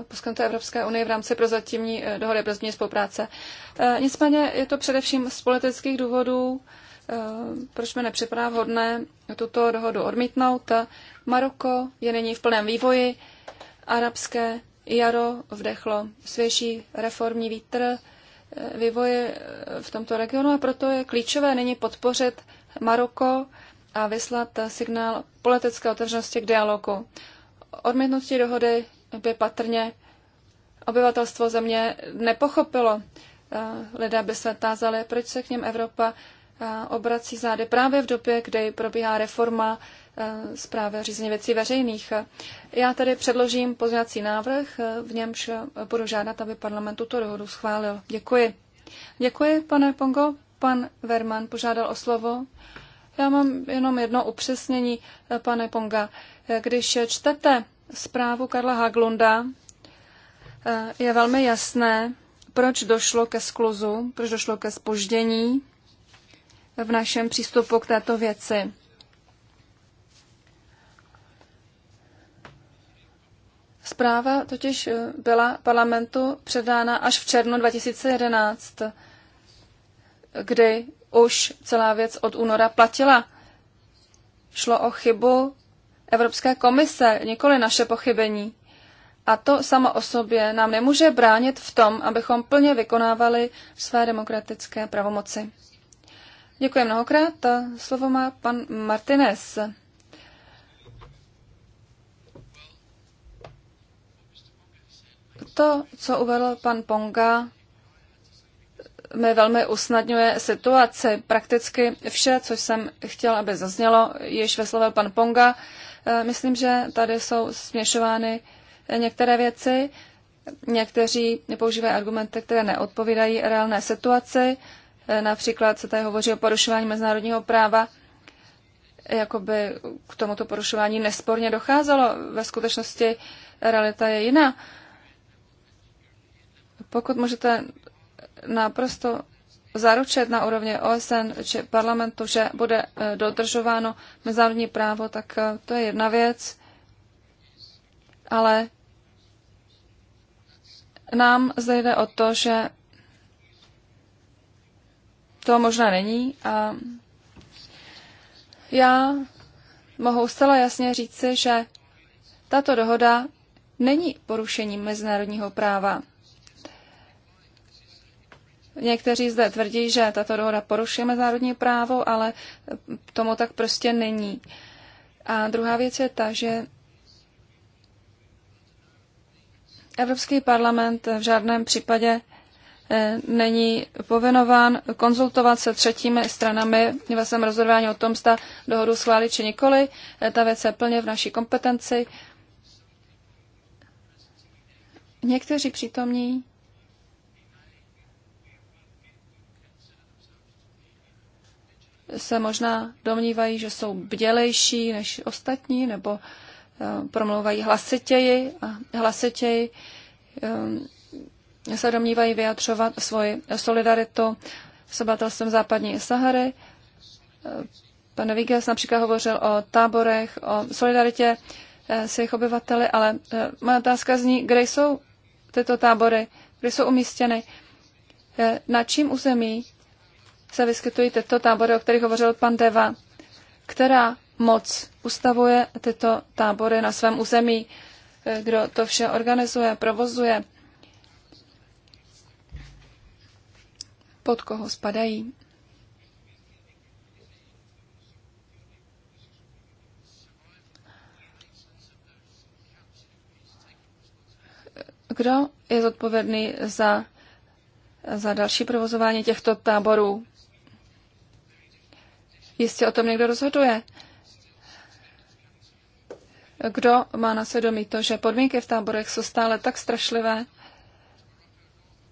e, poskytnuté Evropské unii v rámci prozatímní dohody pro spolupráce. Nicméně je to především z politických důvodů, Eh, proč mi nepřipadá vhodné tuto dohodu odmítnout. Maroko je nyní v plném vývoji, arabské jaro vdechlo svěží reformní vítr eh, vývoje eh, v tomto regionu a proto je klíčové nyní podpořit Maroko a vyslat signál politické otevřenosti k dialogu. Odmítnutí dohody by patrně obyvatelstvo země nepochopilo. Lidé by se tázali, proč se k něm Evropa obrací zády právě v době, kdy probíhá reforma e, zprávy řízení věcí veřejných. Já tady předložím pozvací návrh, e, v němž budu žádat, aby parlament tuto dohodu schválil. Děkuji. Děkuji, pane Pongo. Pan Verman požádal o slovo. Já mám jenom jedno upřesnění, e, pane Ponga. Když čtete zprávu Karla Haglunda, je velmi jasné, proč došlo ke skluzu, proč došlo ke spoždění v našem přístupu k této věci. Zpráva totiž eh, byla parlamentu předána až v červnu 2011, kdy už celá věc od února platila. Šlo o chybu Evropské komise, nikoli naše pochybení. A to samo o sobě nám nemůže bránit v tom, abychom plně vykonávali své demokratické pravomoci. Děkuji mnohokrát. Slovo má pan Martinez. To, co uvedl pan Ponga, mi velmi usnadňuje situaci. Prakticky vše, co jsem chtěl, aby zaznělo, již veslovil pan Ponga. E, myslím, že tady jsou směšovány některé věci. Někteří používají argumenty, které neodpovídají reálné situaci. Eh, například se tady hovoří o porušování mezinárodního práva, jakoby k tomuto porušování nesporně docházelo. Ve skutečnosti realita je jiná. Pokud můžete naprosto zaručit na úrovni OSN či parlamentu, že bude eh, dodržováno mezinárodní právo, tak eh, to je jedna věc. Ale nám zde jde o to, že to možná není. A já mohu zcela jasně říci, že tato dohoda není porušením mezinárodního práva. Někteří zde tvrdí, že tato dohoda porušuje mezinárodní právo, ale tomu tak prostě není. A druhá věc je ta, že Evropský parlament v žádném případě E, není povinován konzultovat se třetími stranami ve svém rozhodování o tom, zda dohodu schválit či nikoli. E, ta věc je plně v naší kompetenci. Někteří přítomní se možná domnívají, že jsou bdělejší než ostatní, nebo e, promlouvají hlasitěji a hlasitěji se domnívají vyjadřovat svoji solidaritu s obyvatelstvem západní Sahary. Pan Viges například hovořil o táborech, o solidaritě eh, s jejich obyvateli, ale eh, moje otázka zní, kde jsou tyto tábory, kde jsou umístěny, eh, na čím území se vyskytují tyto tábory, o kterých hovořil pan Deva, která moc ustavuje tyto tábory na svém území, kdo to vše organizuje, provozuje. pod koho spadají. Kdo je zodpovědný za, za další provozování těchto táborů? Jistě o tom někdo rozhoduje. Kdo má na svědomí to, že podmínky v táborech jsou stále tak strašlivé,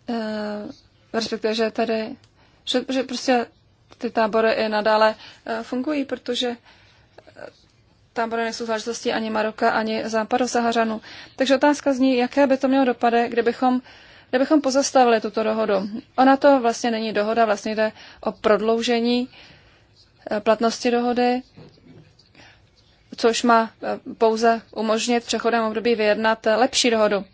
eh, respektive, že tady, že, že prostě ty tábory i nadále eh, fungují, protože eh, tábory nejsou záležitostí ani Maroka, ani západu Saharanu. Takže otázka zní, jaké by to mělo dopady, kdybychom, kdybychom pozastavili tuto dohodu. Ona to vlastně není dohoda, vlastně jde o prodloužení eh, platnosti dohody, což má pouze umožnit v přechodném období vyjednat lepší dohodu.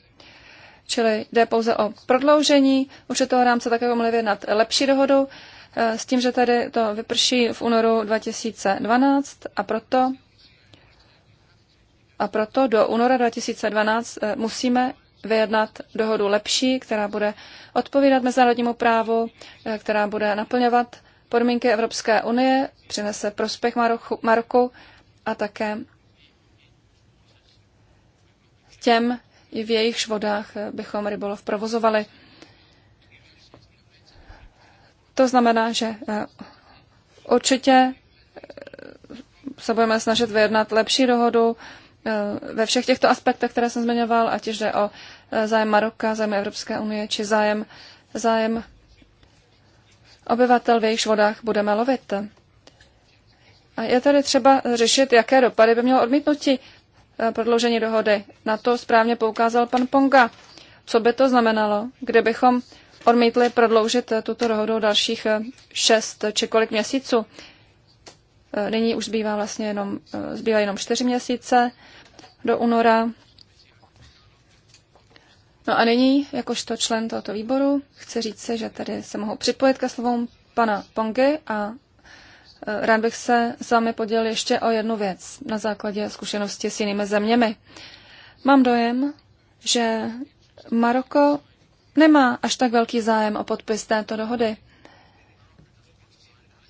Čili jde pouze o prodloužení určitého rámce, takového mluvě nad lepší dohodu, eh, s tím, že tady to vyprší v únoru 2012 a proto, a proto do února 2012 eh, musíme vyjednat dohodu lepší, která bude odpovídat mezinárodnímu právu, eh, která bude naplňovat podmínky Evropské unie, přinese prospěch Maroku, Maroku a také těm i v jejichž vodách eh, bychom rybolov provozovali. To znamená, že eh, určitě eh, se budeme snažit vyjednat lepší dohodu ve všech těchto aspektech, které jsem zmiňoval, ať už jde o zájem Maroka, zájem Evropské unie, či zájem, zájem obyvatel v jejichž vodách budeme lovit. A je tady třeba řešit, jaké dopady by mělo odmítnutí Eh, prodloužení dohody. Na to správně poukázal pan Ponga. Co by to znamenalo, kdybychom odmítli prodloužit eh, tuto dohodu dalších eh, šest či kolik měsíců? Nyní už zbývá vlastně jenom, zbývá jenom čtyři měsíce do února. No a nyní, jakožto člen tohoto výboru, chci říct si, že tady se mohu připojit ke slovům pana Pongy a Eh, rád bych se s vámi podělil ještě o jednu věc na základě zkušenosti s jinými zeměmi. Mám dojem, že Maroko nemá až tak velký zájem o podpis této dohody.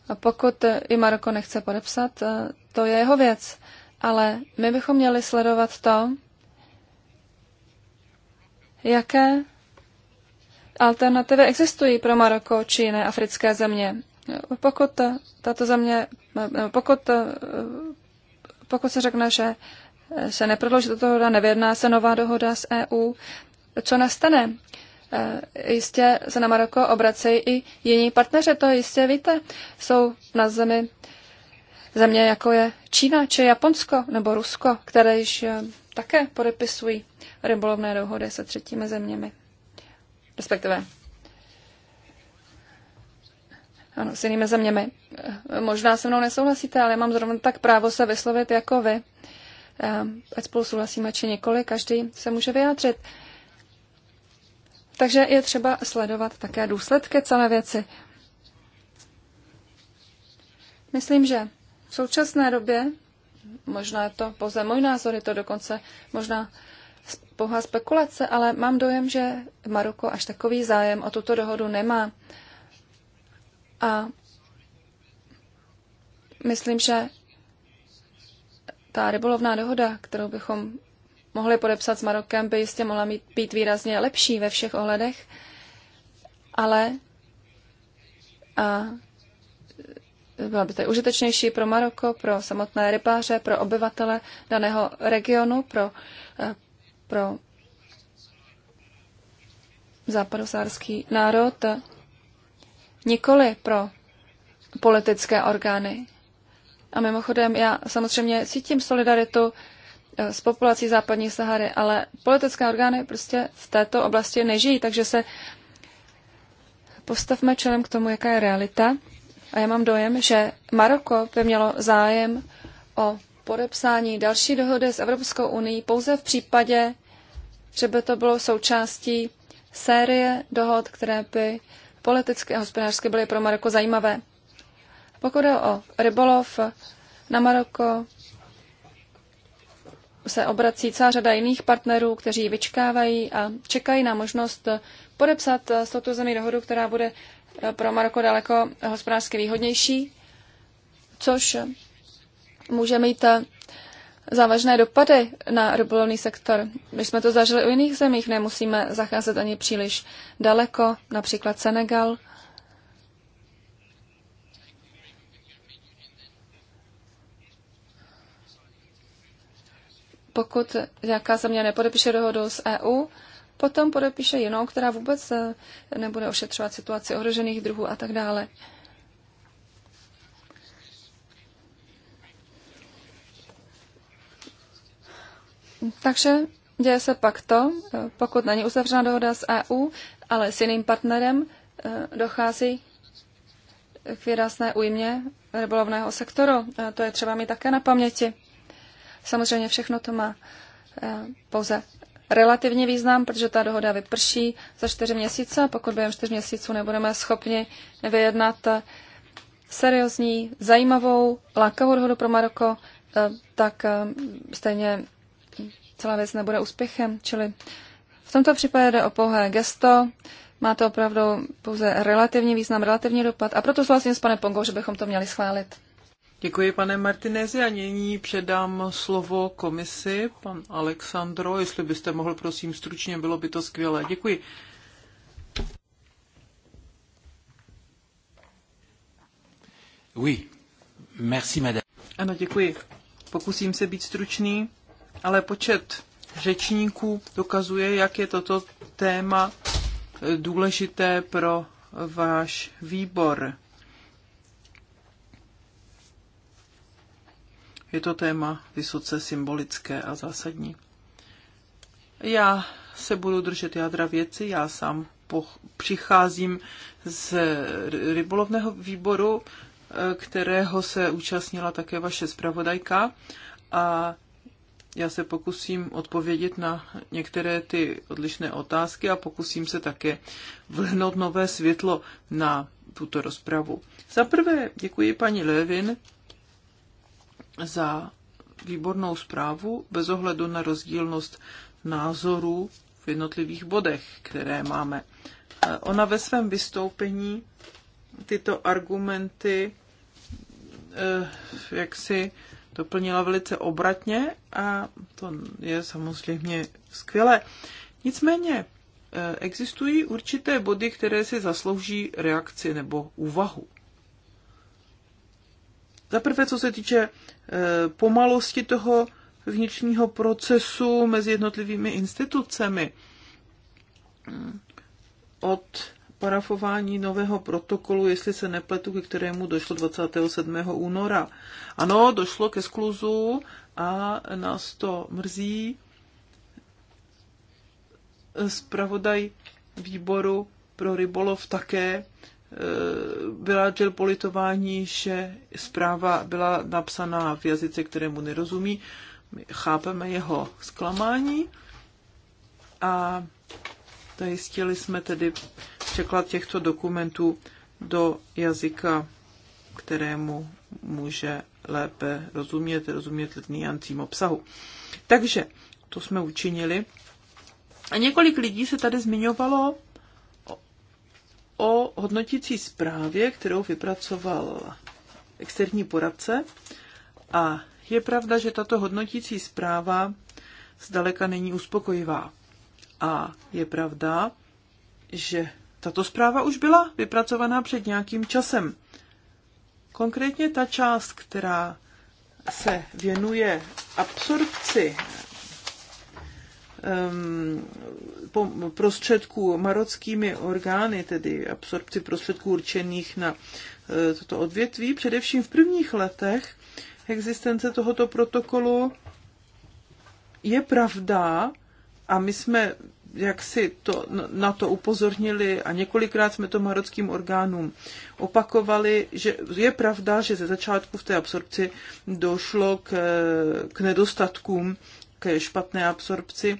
A pokud i Maroko nechce podepsat, eh, to je jeho věc. Ale my bychom měli sledovat to, jaké alternativy existují pro Maroko či jiné africké země. Pokud eh, tato země, eh, pokud, eh, pokud se řekne, že se neprodlouží tato dohoda, nevyjedná se nová dohoda s EU, co nastane? Jistě se na Maroko obracejí i jiní partneři, to jistě víte. Jsou na zemi země, jako je Čína, či Japonsko, nebo Rusko, které již také podepisují rybolovné dohody se třetími zeměmi. Respektive ano, s jinými zeměmi. Eh, možná se mnou nesouhlasíte, ale mám zrovna tak právo se vyslovit jako vy. Eh, ať spolu souhlasíme či nikoli, každý se může vyjádřit. Takže je třeba sledovat také důsledky celé věci. Myslím, že v současné době, možná je to pouze můj názor, je to dokonce možná pouhá spekulace, ale mám dojem, že Maroko až takový zájem o tuto dohodu nemá. A myslím, že ta rybolovná dohoda, kterou bychom mohli podepsat s Marokem, by jistě mohla mít, být výrazně lepší ve všech ohledech, ale a byla by to užitečnější pro Maroko, pro samotné rybáře, pro obyvatele daného regionu, pro, pro západosárský národ nikoli pro politické orgány. A mimochodem, já samozřejmě cítím solidaritu eh, s populací západní Sahary, ale politické orgány prostě v této oblasti nežijí, takže se postavme čelem k tomu, jaká je realita. A já mám dojem, že Maroko by mělo zájem o podepsání další dohody s Evropskou unii pouze v případě, že by to bylo součástí série dohod, které by politicky a hospodářsky byly pro Maroko zajímavé. Pokud jde o rybolov, na Maroko se obrací celá řada jiných partnerů, kteří vyčkávají a čekají na možnost podepsat s touto zemí dohodu, která bude pro Maroko daleko hospodářsky výhodnější, což může mít závažné dopady na rybolovný sektor. My jsme to zažili u jiných zemích, nemusíme zacházet ani příliš daleko, například Senegal. Pokud nějaká země nepodepíše dohodu s EU, potom podepíše jinou, která vůbec eh, nebude ošetřovat situaci ohrožených druhů a tak dále. Takže děje se pak to, pokud není uzavřena dohoda s EU, ale s jiným partnerem eh, dochází k výrazné újmě rybolovného sektoru. Eh, to je třeba mít také na paměti. Samozřejmě všechno to má eh, pouze relativní význam, protože ta dohoda vyprší za čtyři měsíce pokud během čtyř měsíců nebudeme schopni vyjednat seriózní, zajímavou, lákavou dohodu pro Maroko, tak stejně celá věc nebude úspěchem. Čili v tomto případě jde o pouhé gesto, má to opravdu pouze relativní význam, relativní dopad a proto souhlasím s panem Pongou, že bychom to měli schválit. Děkuji, pane Martinezi, a nyní předám slovo komisi, pan Alexandro, jestli byste mohl, prosím, stručně, bylo by to skvělé. Děkuji. Oui. Merci, madame. Ano, děkuji. Pokusím se být stručný ale počet řečníků dokazuje, jak je toto téma eh, důležité pro váš výbor. Je to téma vysoce symbolické a zásadní. Já se budu držet jádra věci, já sám přicházím z rybolovného výboru, eh, kterého se účastnila také vaše zpravodajka a já se pokusím odpovědět na některé ty odlišné otázky a pokusím se také vlhnout nové světlo na tuto rozpravu. Za prvé děkuji paní Levin za výbornou zprávu bez ohledu na rozdílnost názorů v jednotlivých bodech, které máme. Ona ve svém vystoupení tyto argumenty eh, jak si to plnila velice obratně a to je samozřejmě skvělé. Nicméně e, existují určité body, které si zaslouží reakci nebo úvahu. Za prvé, co se týče e, pomalosti toho vnitřního procesu mezi jednotlivými institucemi. Od parafování nového protokolu, jestli se nepletu, ke kterému došlo 27. února. Ano, došlo ke skluzu a nás to mrzí. Spravodaj výboru pro rybolov také e, vyjádřil politování, že zpráva byla napsaná v jazyce, kterému nerozumí. My chápeme jeho zklamání a zajistili jsme tedy překlad těchto dokumentů do jazyka, kterému může lépe rozumět, rozumět niancím obsahu. Takže to jsme učinili. A několik lidí se tady zmiňovalo o, o hodnotící zprávě, kterou vypracoval externí poradce. A je pravda, že tato hodnotící zpráva zdaleka není uspokojivá. A je pravda, že tato zpráva už byla vypracovaná před nějakým časem. Konkrétně ta část, která se věnuje absorpci um, prostředků marockými orgány, tedy absorpci prostředků určených na uh, toto odvětví, především v prvních letech existence tohoto protokolu, je pravda, a my jsme jak si to, na to upozornili a několikrát jsme to marockým orgánům opakovali, že je pravda, že ze začátku v té absorpci došlo k, k nedostatkům, k špatné absorpci.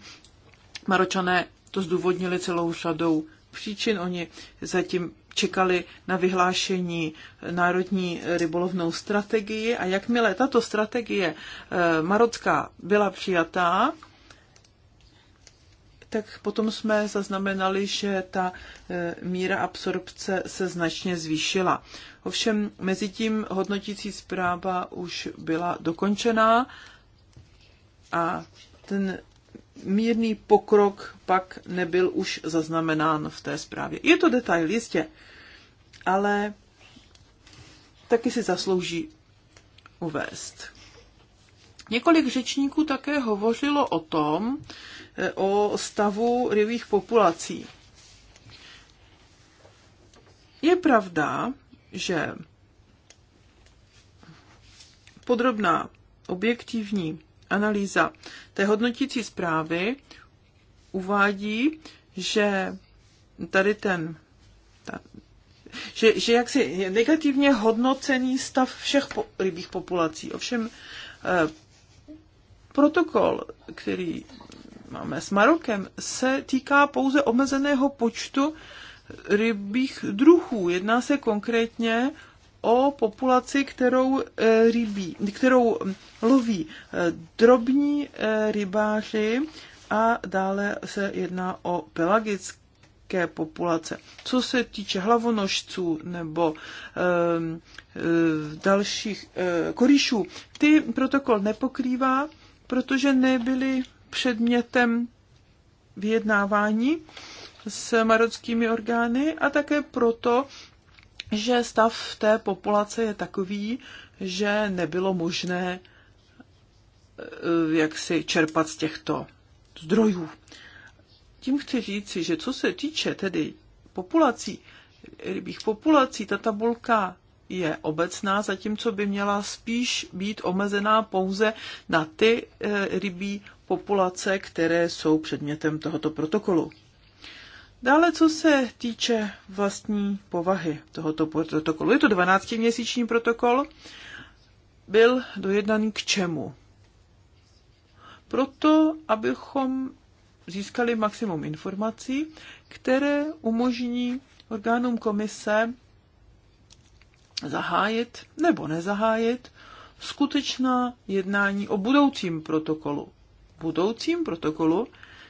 Maročané to zdůvodnili celou řadou příčin. Oni zatím čekali na vyhlášení národní rybolovnou strategii a jakmile tato strategie eh, marocká byla přijatá, tak potom jsme zaznamenali, že ta e, míra absorpce se značně zvýšila. Ovšem, mezi tím hodnotící zpráva už byla dokončená a ten mírný pokrok pak nebyl už zaznamenán v té zprávě. Je to detail, jistě, ale taky si zaslouží uvést. Několik řečníků také hovořilo o tom, e, o stavu rybích populací. Je pravda, že podrobná objektivní analýza té hodnotící zprávy uvádí, že tady ten, ta, že, že jaksi je negativně hodnocený stav všech po, rybích populací. Ovšem e, protokol, který máme s Marokem, se týká pouze omezeného počtu rybích druhů. Jedná se konkrétně o populaci, kterou, eh, rybí, kterou loví eh, drobní eh, rybáři a dále se jedná o pelagické populace. Co se týče hlavonožců nebo dalších korišů, ty protokol nepokrývá protože nebyly předmětem vyjednávání s marockými orgány a také proto, že stav té populace je takový, že nebylo možné eh, jak si čerpat z těchto zdrojů. Tím chci říci, že co se týče tedy populací, rybích populací, ta tabulka je obecná, zatímco by měla spíš být omezená pouze na ty e, rybí populace, které jsou předmětem tohoto protokolu. Dále, co se týče vlastní povahy tohoto protokolu, je to 12-měsíční protokol, byl dojednaný k čemu? Proto, abychom získali maximum informací, které umožní orgánům komise zahájit nebo nezahájit skutečná jednání o budoucím protokolu. Budoucím protokolu,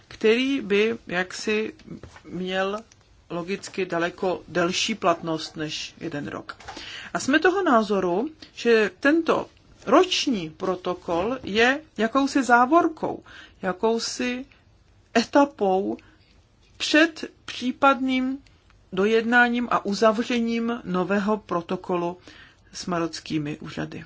který by jaksi měl logicky daleko delší platnost než jeden rok. A jsme toho názoru, že tento roční protokol je jakousi závorkou, jakousi etapou před případným dojednáním a uzavřením nového protokolu s marockými úřady.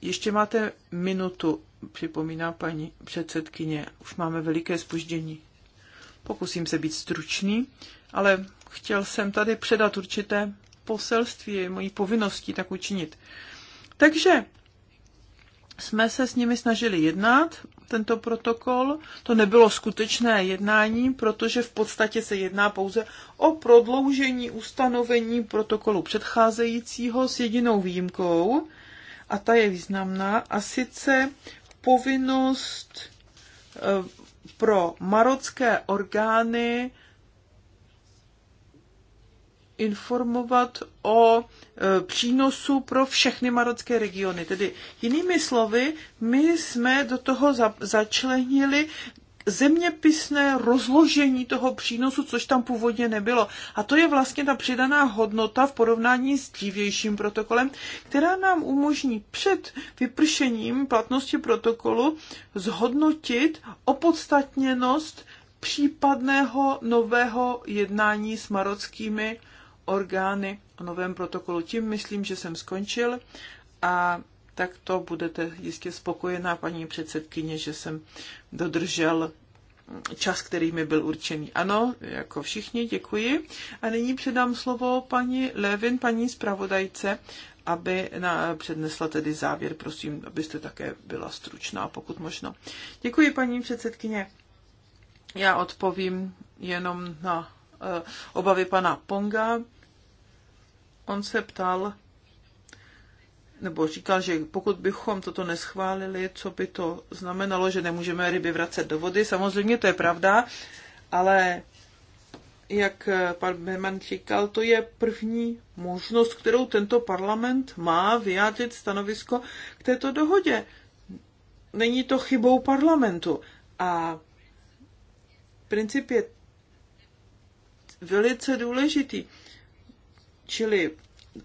Ještě máte minutu, připomíná paní předsedkyně. Už máme veliké spoždění. Pokusím se být stručný, ale chtěl jsem tady předat určité poselství, je mojí povinností tak učinit. Takže jsme se s nimi snažili jednat tento protokol. To nebylo skutečné jednání, protože v podstatě se jedná pouze o prodloužení ustanovení protokolu předcházejícího s jedinou výjimkou, a ta je významná, a sice povinnost eh, pro marocké orgány informovat o e, přínosu pro všechny marocké regiony. Tedy jinými slovy, my jsme do toho za, začlenili zeměpisné rozložení toho přínosu, což tam původně nebylo. A to je vlastně ta přidaná hodnota v porovnání s dřívějším protokolem, která nám umožní před vypršením platnosti protokolu zhodnotit opodstatněnost případného nového jednání s marockými orgány o novém protokolu. Tím myslím, že jsem skončil a tak to budete jistě spokojená, paní předsedkyně, že jsem dodržel čas, který mi byl určený. Ano, jako všichni, děkuji. A nyní předám slovo paní Levin, paní zpravodajce, aby na, přednesla tedy závěr. Prosím, abyste také byla stručná, pokud možno. Děkuji, paní předsedkyně. Já odpovím jenom na eh, obavy pana Ponga on se ptal, nebo říkal, že pokud bychom toto neschválili, co by to znamenalo, že nemůžeme ryby vracet do vody. Samozřejmě to je pravda, ale jak pan Beman říkal, to je první možnost, kterou tento parlament má vyjádřit stanovisko k této dohodě. Není to chybou parlamentu. A princip je velice důležitý. Čili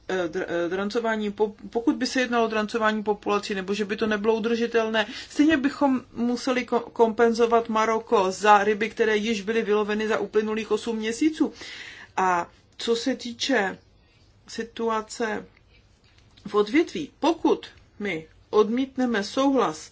eh, eh, drancování, pokud by se jednalo o drancování populací, nebo že by to nebylo udržitelné, stejně bychom museli kompenzovat Maroko za ryby, které již byly vyloveny za uplynulých 8 měsíců. A co se týče situace v odvětví, pokud my odmítneme souhlas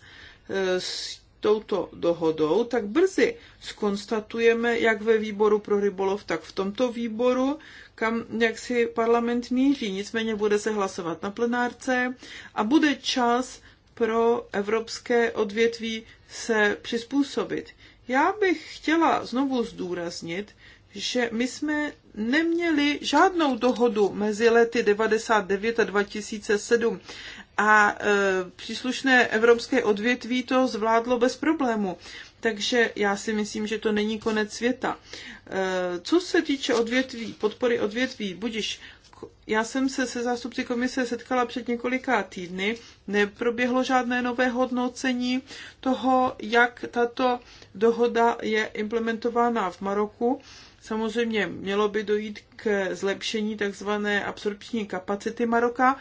eh, s touto dohodou, tak brzy skonstatujeme, jak ve výboru pro rybolov, tak v tomto výboru, kam jak si parlament míří. Nicméně bude se hlasovat na plenárce a bude čas pro evropské odvětví se přizpůsobit. Já bych chtěla znovu zdůraznit, že my jsme neměli žádnou dohodu mezi lety 99 a 2007 a e, příslušné evropské odvětví to zvládlo bez problému. Takže já si myslím, že to není konec světa. E, co se týče odvětví, podpory odvětví, budiš, já jsem se se zástupci komise setkala před několika týdny, neproběhlo žádné nové hodnocení toho, jak tato dohoda je implementována v Maroku. Samozřejmě mělo by dojít k zlepšení takzvané absorpční kapacity Maroka,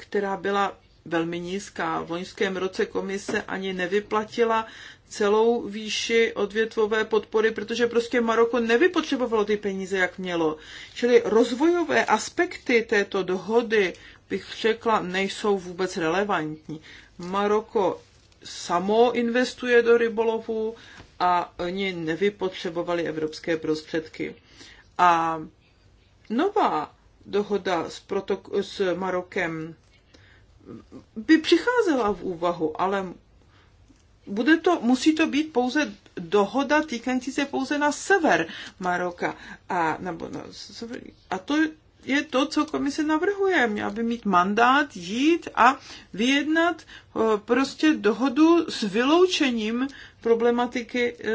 která byla velmi nízká. V loňském roce komise ani nevyplatila celou výši odvětvové podpory, protože prostě Maroko nevypotřebovalo ty peníze, jak mělo. Čili rozvojové aspekty této dohody, bych řekla, nejsou vůbec relevantní. Maroko samo investuje do rybolovu a oni nevypotřebovali evropské prostředky. A nová dohoda s, protok- s Marokem by přicházela v úvahu, ale bude to, musí to být pouze dohoda týkající se pouze na sever Maroka. A, nebo na sever, a to je to, co komise navrhuje. Měla by mít mandát jít a vyjednat eh, prostě dohodu s vyloučením problematiky e,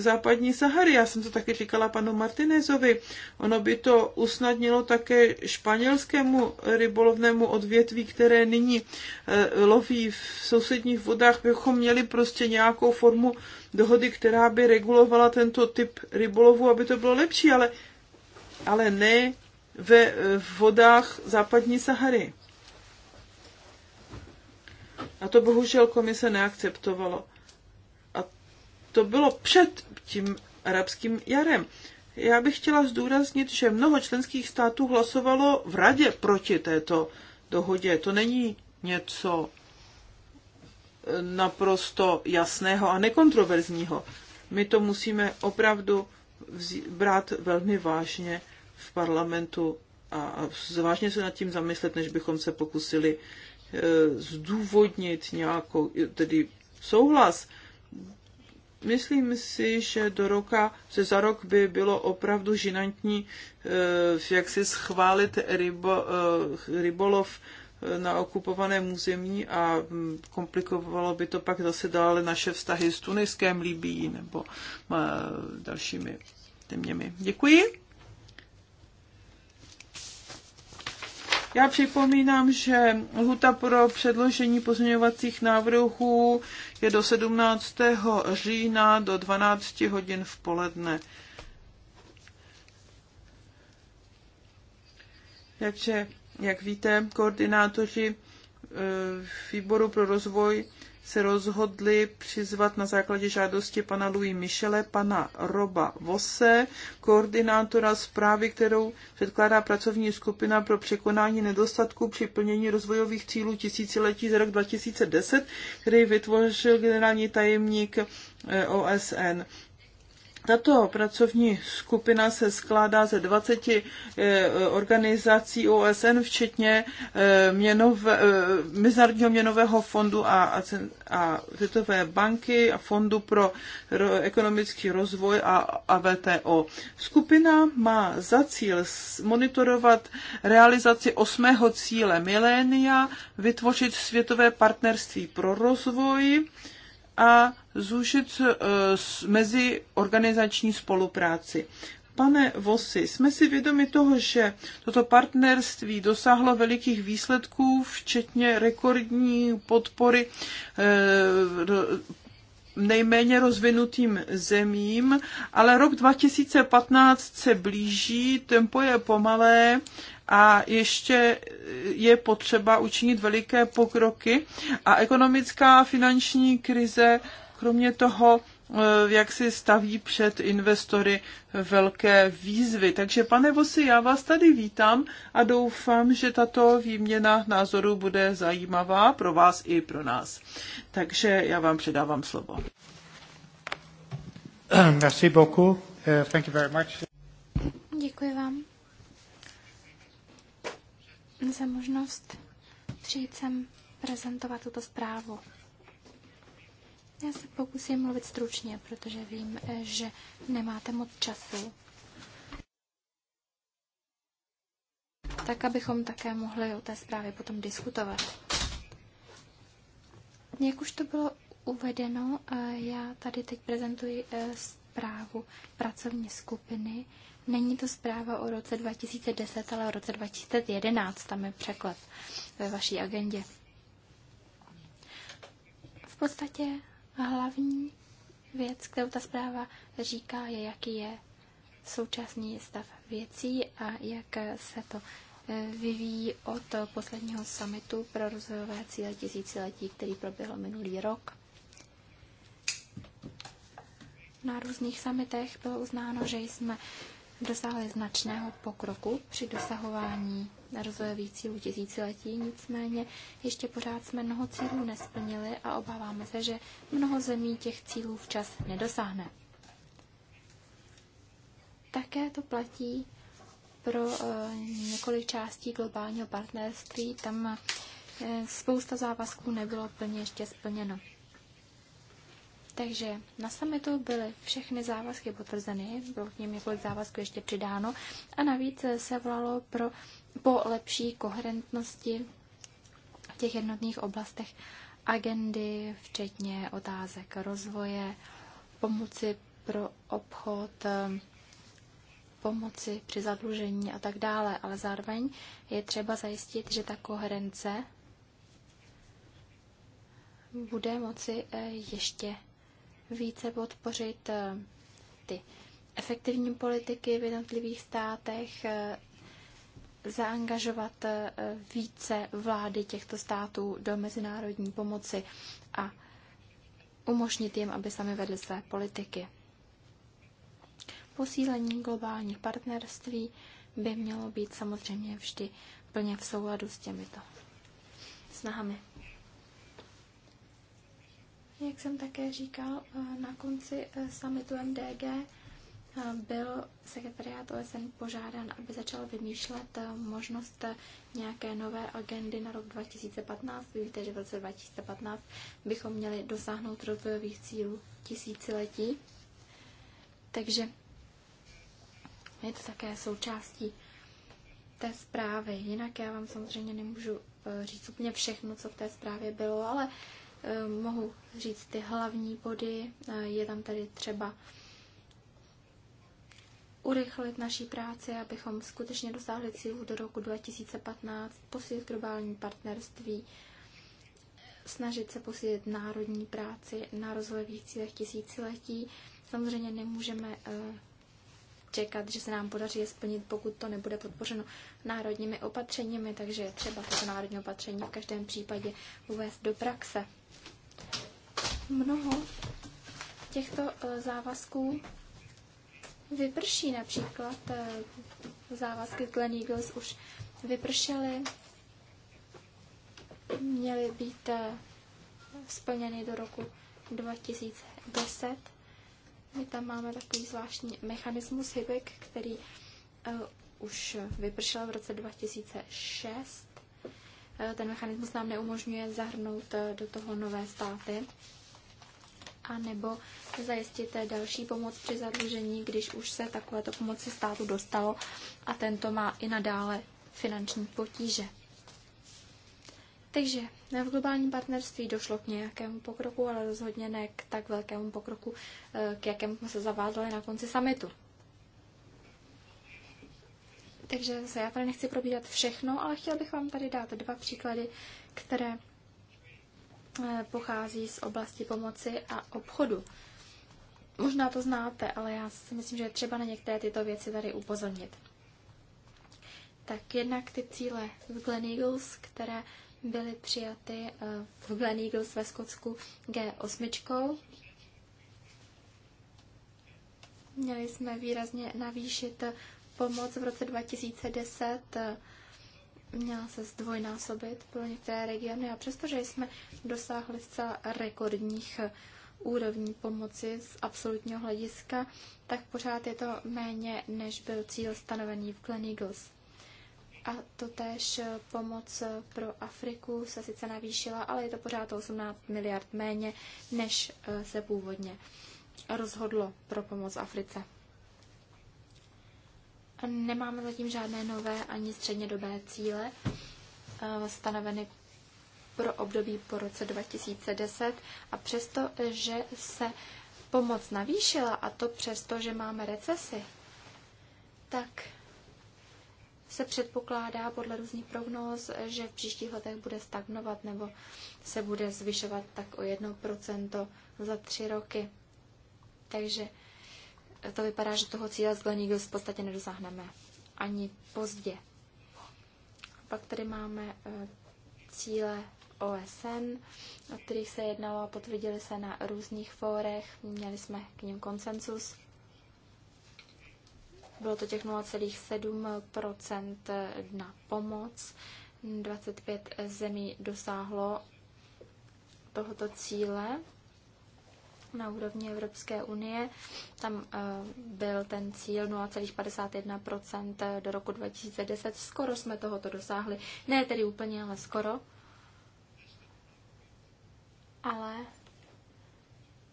západní Sahary. Já jsem to taky říkala panu Martinezovi. Ono by to usnadnilo také španělskému rybolovnému odvětví, které nyní e, loví v sousedních vodách, bychom měli prostě nějakou formu dohody, která by regulovala tento typ rybolovu, aby to bylo lepší, ale, ale ne ve e, vodách západní Sahary. A to bohužel komise neakceptovalo to bylo před tím arabským jarem. Já bych chtěla zdůraznit, že mnoho členských států hlasovalo v radě proti této dohodě. To není něco eh, naprosto jasného a nekontroverzního. My to musíme opravdu brát velmi vážně v parlamentu a vážně se nad tím zamyslet, než bychom se pokusili eh, zdůvodnit nějakou, tedy souhlas Myslím si, že do roka, že za rok by bylo opravdu žinantní, eh, jak si schválit rybo, eh, rybolov eh, na okupovaném území a hm, komplikovalo by to pak zase dále naše vztahy s Tuniskem, Libií nebo dalšími zeměmi. Děkuji. Já připomínám, že lhuta pro předložení pozměňovacích návrhů je do 17. října do 12 hodin v poledne. Takže, jak víte, koordinátoři eh, výboru pro rozvoj se rozhodli přizvat na základě žádosti pana Louis Michele, pana Roba Vose, koordinátora zprávy, kterou předkládá pracovní skupina pro překonání nedostatku při plnění rozvojových cílů tisíciletí za rok 2010, který vytvořil generální tajemník eh, OSN. Tato pracovní skupina se skládá ze 20 eh, organizací OSN, včetně eh, měnové, eh, Mezinárodního měnového fondu a, a Světové banky a Fondu pro ekonomický rozvoj a, a VTO. Skupina má za cíl monitorovat realizaci osmého cíle milénia, vytvořit světové partnerství pro rozvoj, a zúžit eh, mezi organizační spolupráci. Pane Vosy, jsme si vědomi toho, že toto partnerství dosáhlo velikých výsledků, včetně rekordní podpory eh, nejméně rozvinutým zemím, ale rok 2015 se blíží, tempo je pomalé a ještě je potřeba učinit veliké pokroky a ekonomická finanční krize kromě toho Eh, jak si staví před investory velké výzvy. Takže pane Vosy, já vás tady vítám a doufám, že tato výměna názorů bude zajímavá pro vás i pro nás. Takže já vám předávám slovo. Merci beaucoup. Eh, thank you very much. Děkuji vám za možnost přijít sem prezentovat tuto zprávu. Já se pokusím mluvit stručně, protože vím, eh, že nemáte moc času. Tak, abychom také mohli o té zprávě potom diskutovat. Jak už to bylo uvedeno, já tady teď prezentuji eh, zprávu pracovní skupiny. Není to zpráva o roce 2010, ale o roce 2011, tam je překlad ve vaší agendě. V podstatě Hlavní věc, kterou ta zpráva říká, je, jaký je současný stav věcí a jak se to eh, vyvíjí od posledního summitu pro rozvojové cíle tisíciletí, který proběhl minulý rok. Na různých summitech bylo uznáno, že jsme dosáhli značného pokroku při dosahování rozvojových cílů tisíciletí, nicméně ještě pořád jsme mnoho cílů nesplnili a obáváme se, že mnoho zemí těch cílů včas nedosáhne. Také to platí pro eh, několik částí globálního partnerství. Tam eh, spousta závazků nebylo plně ještě splněno. Takže na summitu byly všechny závazky potvrzeny, bylo k ním několik závazků ještě přidáno a navíc se volalo pro, po lepší koherentnosti v těch jednotných oblastech agendy, včetně otázek rozvoje, pomoci pro obchod, pomoci při zadlužení a tak dále, ale zároveň je třeba zajistit, že ta koherence bude moci eh, ještě více podpořit eh, ty efektivní politiky v jednotlivých státech, eh, zaangažovat eh, více vlády těchto států do mezinárodní pomoci a umožnit jim, aby sami vedli své politiky. Posílení globálních partnerství by mělo být samozřejmě vždy plně v souladu s těmito snahami. Jak jsem také říkal, eh, na konci eh, summitu MDG eh, byl sekretariát OSN požádán, aby začal vymýšlet možnost nějaké nové agendy na rok 2015. Vy víte, že v roce 2015 bychom měli dosáhnout rozvojových cílů tisíciletí. Takže je to také součástí té zprávy. Jinak já vám samozřejmě nemůžu říct úplně všechno, co v té zprávě bylo, ale Eh, mohu říct ty hlavní body. Eh, je tam tady třeba urychlit naší práci, abychom skutečně dosáhli cílů do roku 2015, posílit globální partnerství, snažit se posílit národní práci na rozvojových cílech tisíciletí. Samozřejmě nemůžeme eh, čekat, že se nám podaří je splnit, pokud to nebude podpořeno národními opatřeními, takže je třeba toto národní opatření v každém případě uvést do praxe mnoho těchto eh, závazků vyprší. Například eh, závazky Glen Eagles už vypršely, měly být eh, splněny do roku 2010. My tam máme takový zvláštní mechanismus hybek, který už vypršel v roce 2006. Ten mechanismus nám neumožňuje zahrnout do toho nové státy, nebo zajistit další pomoc při zadlužení, když už se takovéto pomoci státu dostalo a tento má i nadále finanční potíže. Takže v globálním partnerství došlo k nějakému pokroku, ale rozhodně ne k tak velkému pokroku, eh, k jakému jsme se zavázali na konci samitu. Takže zase já tady nechci probírat všechno, ale chtěl bych vám tady dát dva příklady, které Eh, pochází z oblasti pomoci a obchodu. Možná to znáte, ale já si myslím, že je třeba na některé tyto věci tady upozornit. Tak jednak ty cíle v Glen Eagles, které byly přijaty eh, v Glen Eagles ve Skotsku G8. Měli jsme výrazně navýšit pomoc v roce 2010 měla se zdvojnásobit pro některé regiony a přestože jsme dosáhli zcela rekordních eh, úrovní pomoci z absolutního hlediska, tak pořád je to méně, než byl cíl stanovený v Glen A A totéž eh, pomoc eh, pro Afriku se sice navýšila, ale je to pořád 18 miliard méně, než se původně rozhodlo pro pomoc Africe. Nemáme zatím žádné nové ani střednědobé cíle eh, stanoveny pro období po roce 2010 a přesto, že se pomoc navýšila a to přesto, že máme recesi, tak se předpokládá podle různých prognóz, že v příštích letech bude stagnovat nebo se bude zvyšovat tak o 1% za tři roky. Takže to vypadá, že toho cíle z nikdo v podstatě nedosáhneme. Ani pozdě. Pak tady máme e, cíle OSN, o kterých se jednalo a potvrdili se na různých fórech. Měli jsme k ním konsensus. Bylo to těch 0,7 na pomoc. 25 zemí dosáhlo tohoto cíle na úrovni Evropské unie. Tam eh, byl ten cíl 0,51 eh, do roku 2010. Skoro jsme tohoto dosáhli. Ne tedy úplně, ale skoro. Ale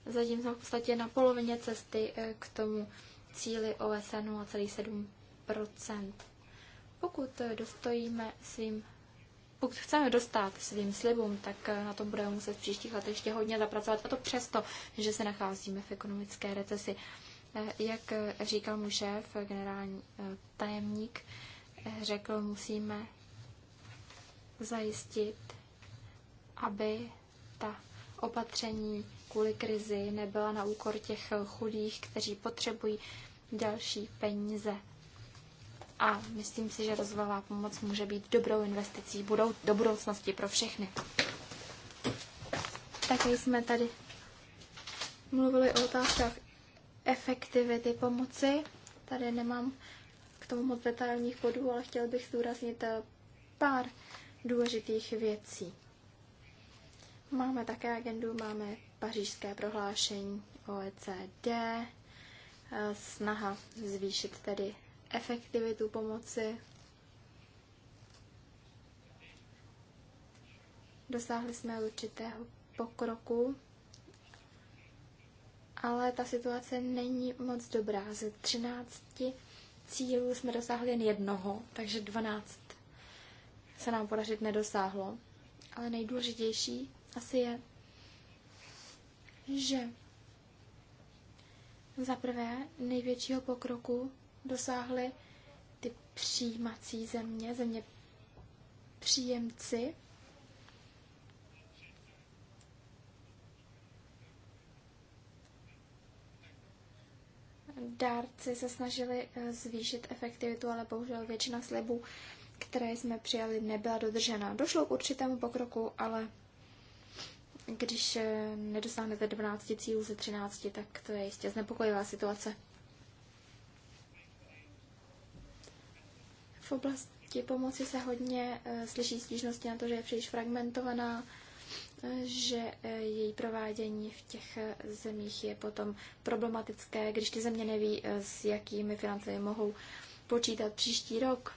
zatím jsme v podstatě na polovině cesty eh, k tomu cíli OSN 0,7 Pokud dostojíme svým pokud chceme dostat svým slibům, tak eh, na tom budeme muset v příštích letech ještě hodně zapracovat. A to přesto, že se nacházíme v ekonomické recesi. Eh, jak eh, říkal mu šéf, generální tajemník, řekl, musíme zajistit, aby ta opatření kvůli krizi nebyla na úkor těch chudých, kteří potřebují další peníze a myslím si, že rozvojová pomoc může být dobrou investicí budou, do budoucnosti pro všechny. Také jsme tady mluvili o otázkách efektivity pomoci. Tady nemám k tomu moc detailních bodů, ale chtěl bych zdůraznit eh, pár důležitých věcí. Máme také agendu, máme pařížské prohlášení OECD, eh, snaha zvýšit tedy efektivitu pomoci. Dosáhli jsme určitého pokroku, ale ta situace není moc dobrá. Ze 13 cílů jsme dosáhli jen jednoho, takže 12 se nám podařit nedosáhlo. Ale nejdůležitější asi je, že za prvé největšího pokroku dosáhly ty přijímací země, země příjemci. Dárci se snažili eh, zvýšit efektivitu, ale bohužel většina slibů, které jsme přijali, nebyla dodržena. Došlo k určitému pokroku, ale když eh, nedosáhnete 12 cílů ze 13, tak to je jistě znepokojivá situace. oblasti pomoci se hodně eh, slyší stížnosti na to, že je příliš fragmentovaná, eh, že eh, její provádění v těch zemích je potom problematické, když ty země neví, s jakými financemi mohou počítat příští rok.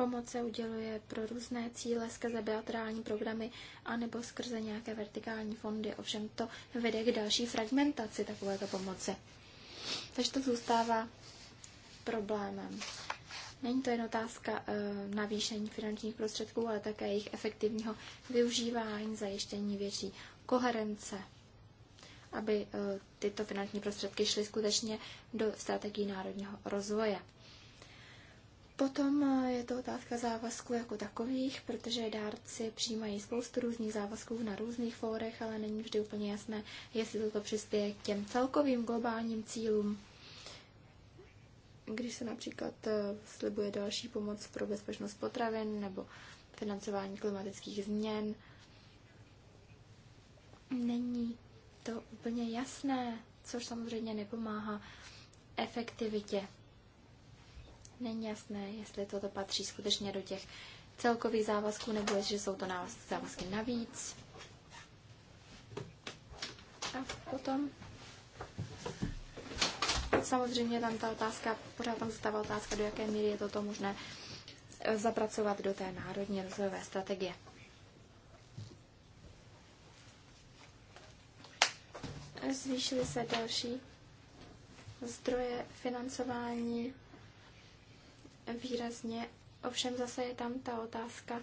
Pomoc se uděluje pro různé cíle skrze bilaterální programy anebo skrze nějaké vertikální fondy. Ovšem to vede k další fragmentaci takovéto pomoci. Takže to zůstává problémem. Není to jen otázka e, navýšení finančních prostředků, ale také jejich efektivního využívání, zajištění větší koherence, aby e, tyto finanční prostředky šly skutečně do strategií národního rozvoje. Potom eh, je to otázka závazků jako takových, protože dárci přijímají spoustu různých závazků na různých fórech, ale není vždy úplně jasné, jestli toto přispěje k těm celkovým globálním cílům. Když se například eh, slibuje další pomoc pro bezpečnost potravin nebo financování klimatických změn, není to úplně jasné, což samozřejmě nepomáhá efektivitě není jasné, jestli toto patří skutečně do těch celkových závazků, nebo jestli jsou to závazky navíc. A potom samozřejmě tam ta otázka, pořád tam zůstává otázka, do jaké míry je toto možné eh, zapracovat do té národní rozvojové strategie. Zvýšily se další zdroje financování výrazně. Ovšem zase je tam ta otázka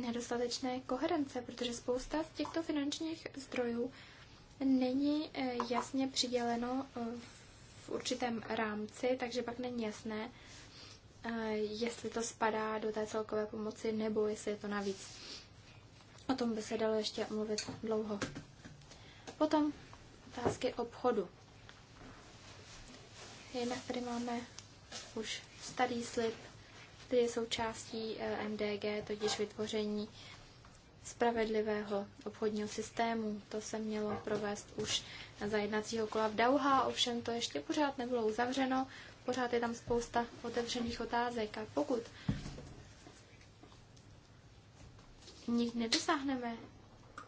nedostatečné koherence, protože spousta z těchto finančních zdrojů není eh, jasně přiděleno eh, v určitém rámci, takže pak není jasné, eh, jestli to spadá do té celkové pomoci nebo jestli je to navíc. O tom by se dalo ještě mluvit dlouho. Potom otázky obchodu. Jinak tady máme už starý slib, který je součástí eh, MDG, totiž vytvoření spravedlivého obchodního systému. To se mělo provést už na zajednacího kola v Dauha, ovšem to ještě pořád nebylo uzavřeno, pořád je tam spousta otevřených otázek a pokud nikdy nedosáhneme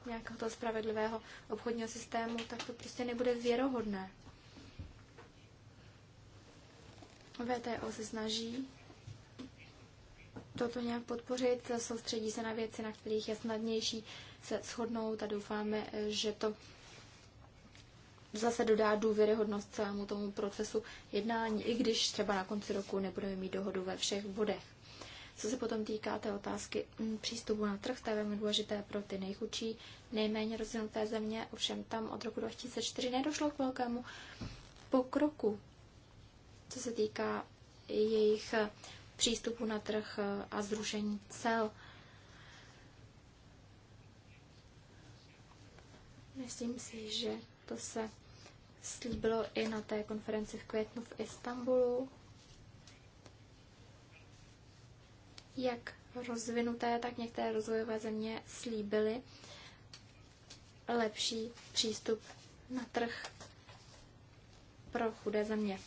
nějakého toho spravedlivého obchodního systému, tak to prostě nebude věrohodné. VTO se snaží toto nějak podpořit, soustředí se na věci, na kterých je snadnější se shodnout a doufáme, že to zase dodá důvěryhodnost celému tomu procesu jednání, i když třeba na konci roku nebudeme mít dohodu ve všech bodech. Co se potom týká té otázky mm, přístupu na trh, to je velmi důležité pro ty nejchudší, nejméně rozvinuté země, ovšem tam od roku 2004 nedošlo k velkému pokroku co se týká jejich přístupu na trh a zrušení cel. Myslím si, že to se slíbilo i na té konferenci v květnu v Istanbulu. Jak rozvinuté, tak některé rozvojové země slíbily lepší přístup na trh pro chudé země.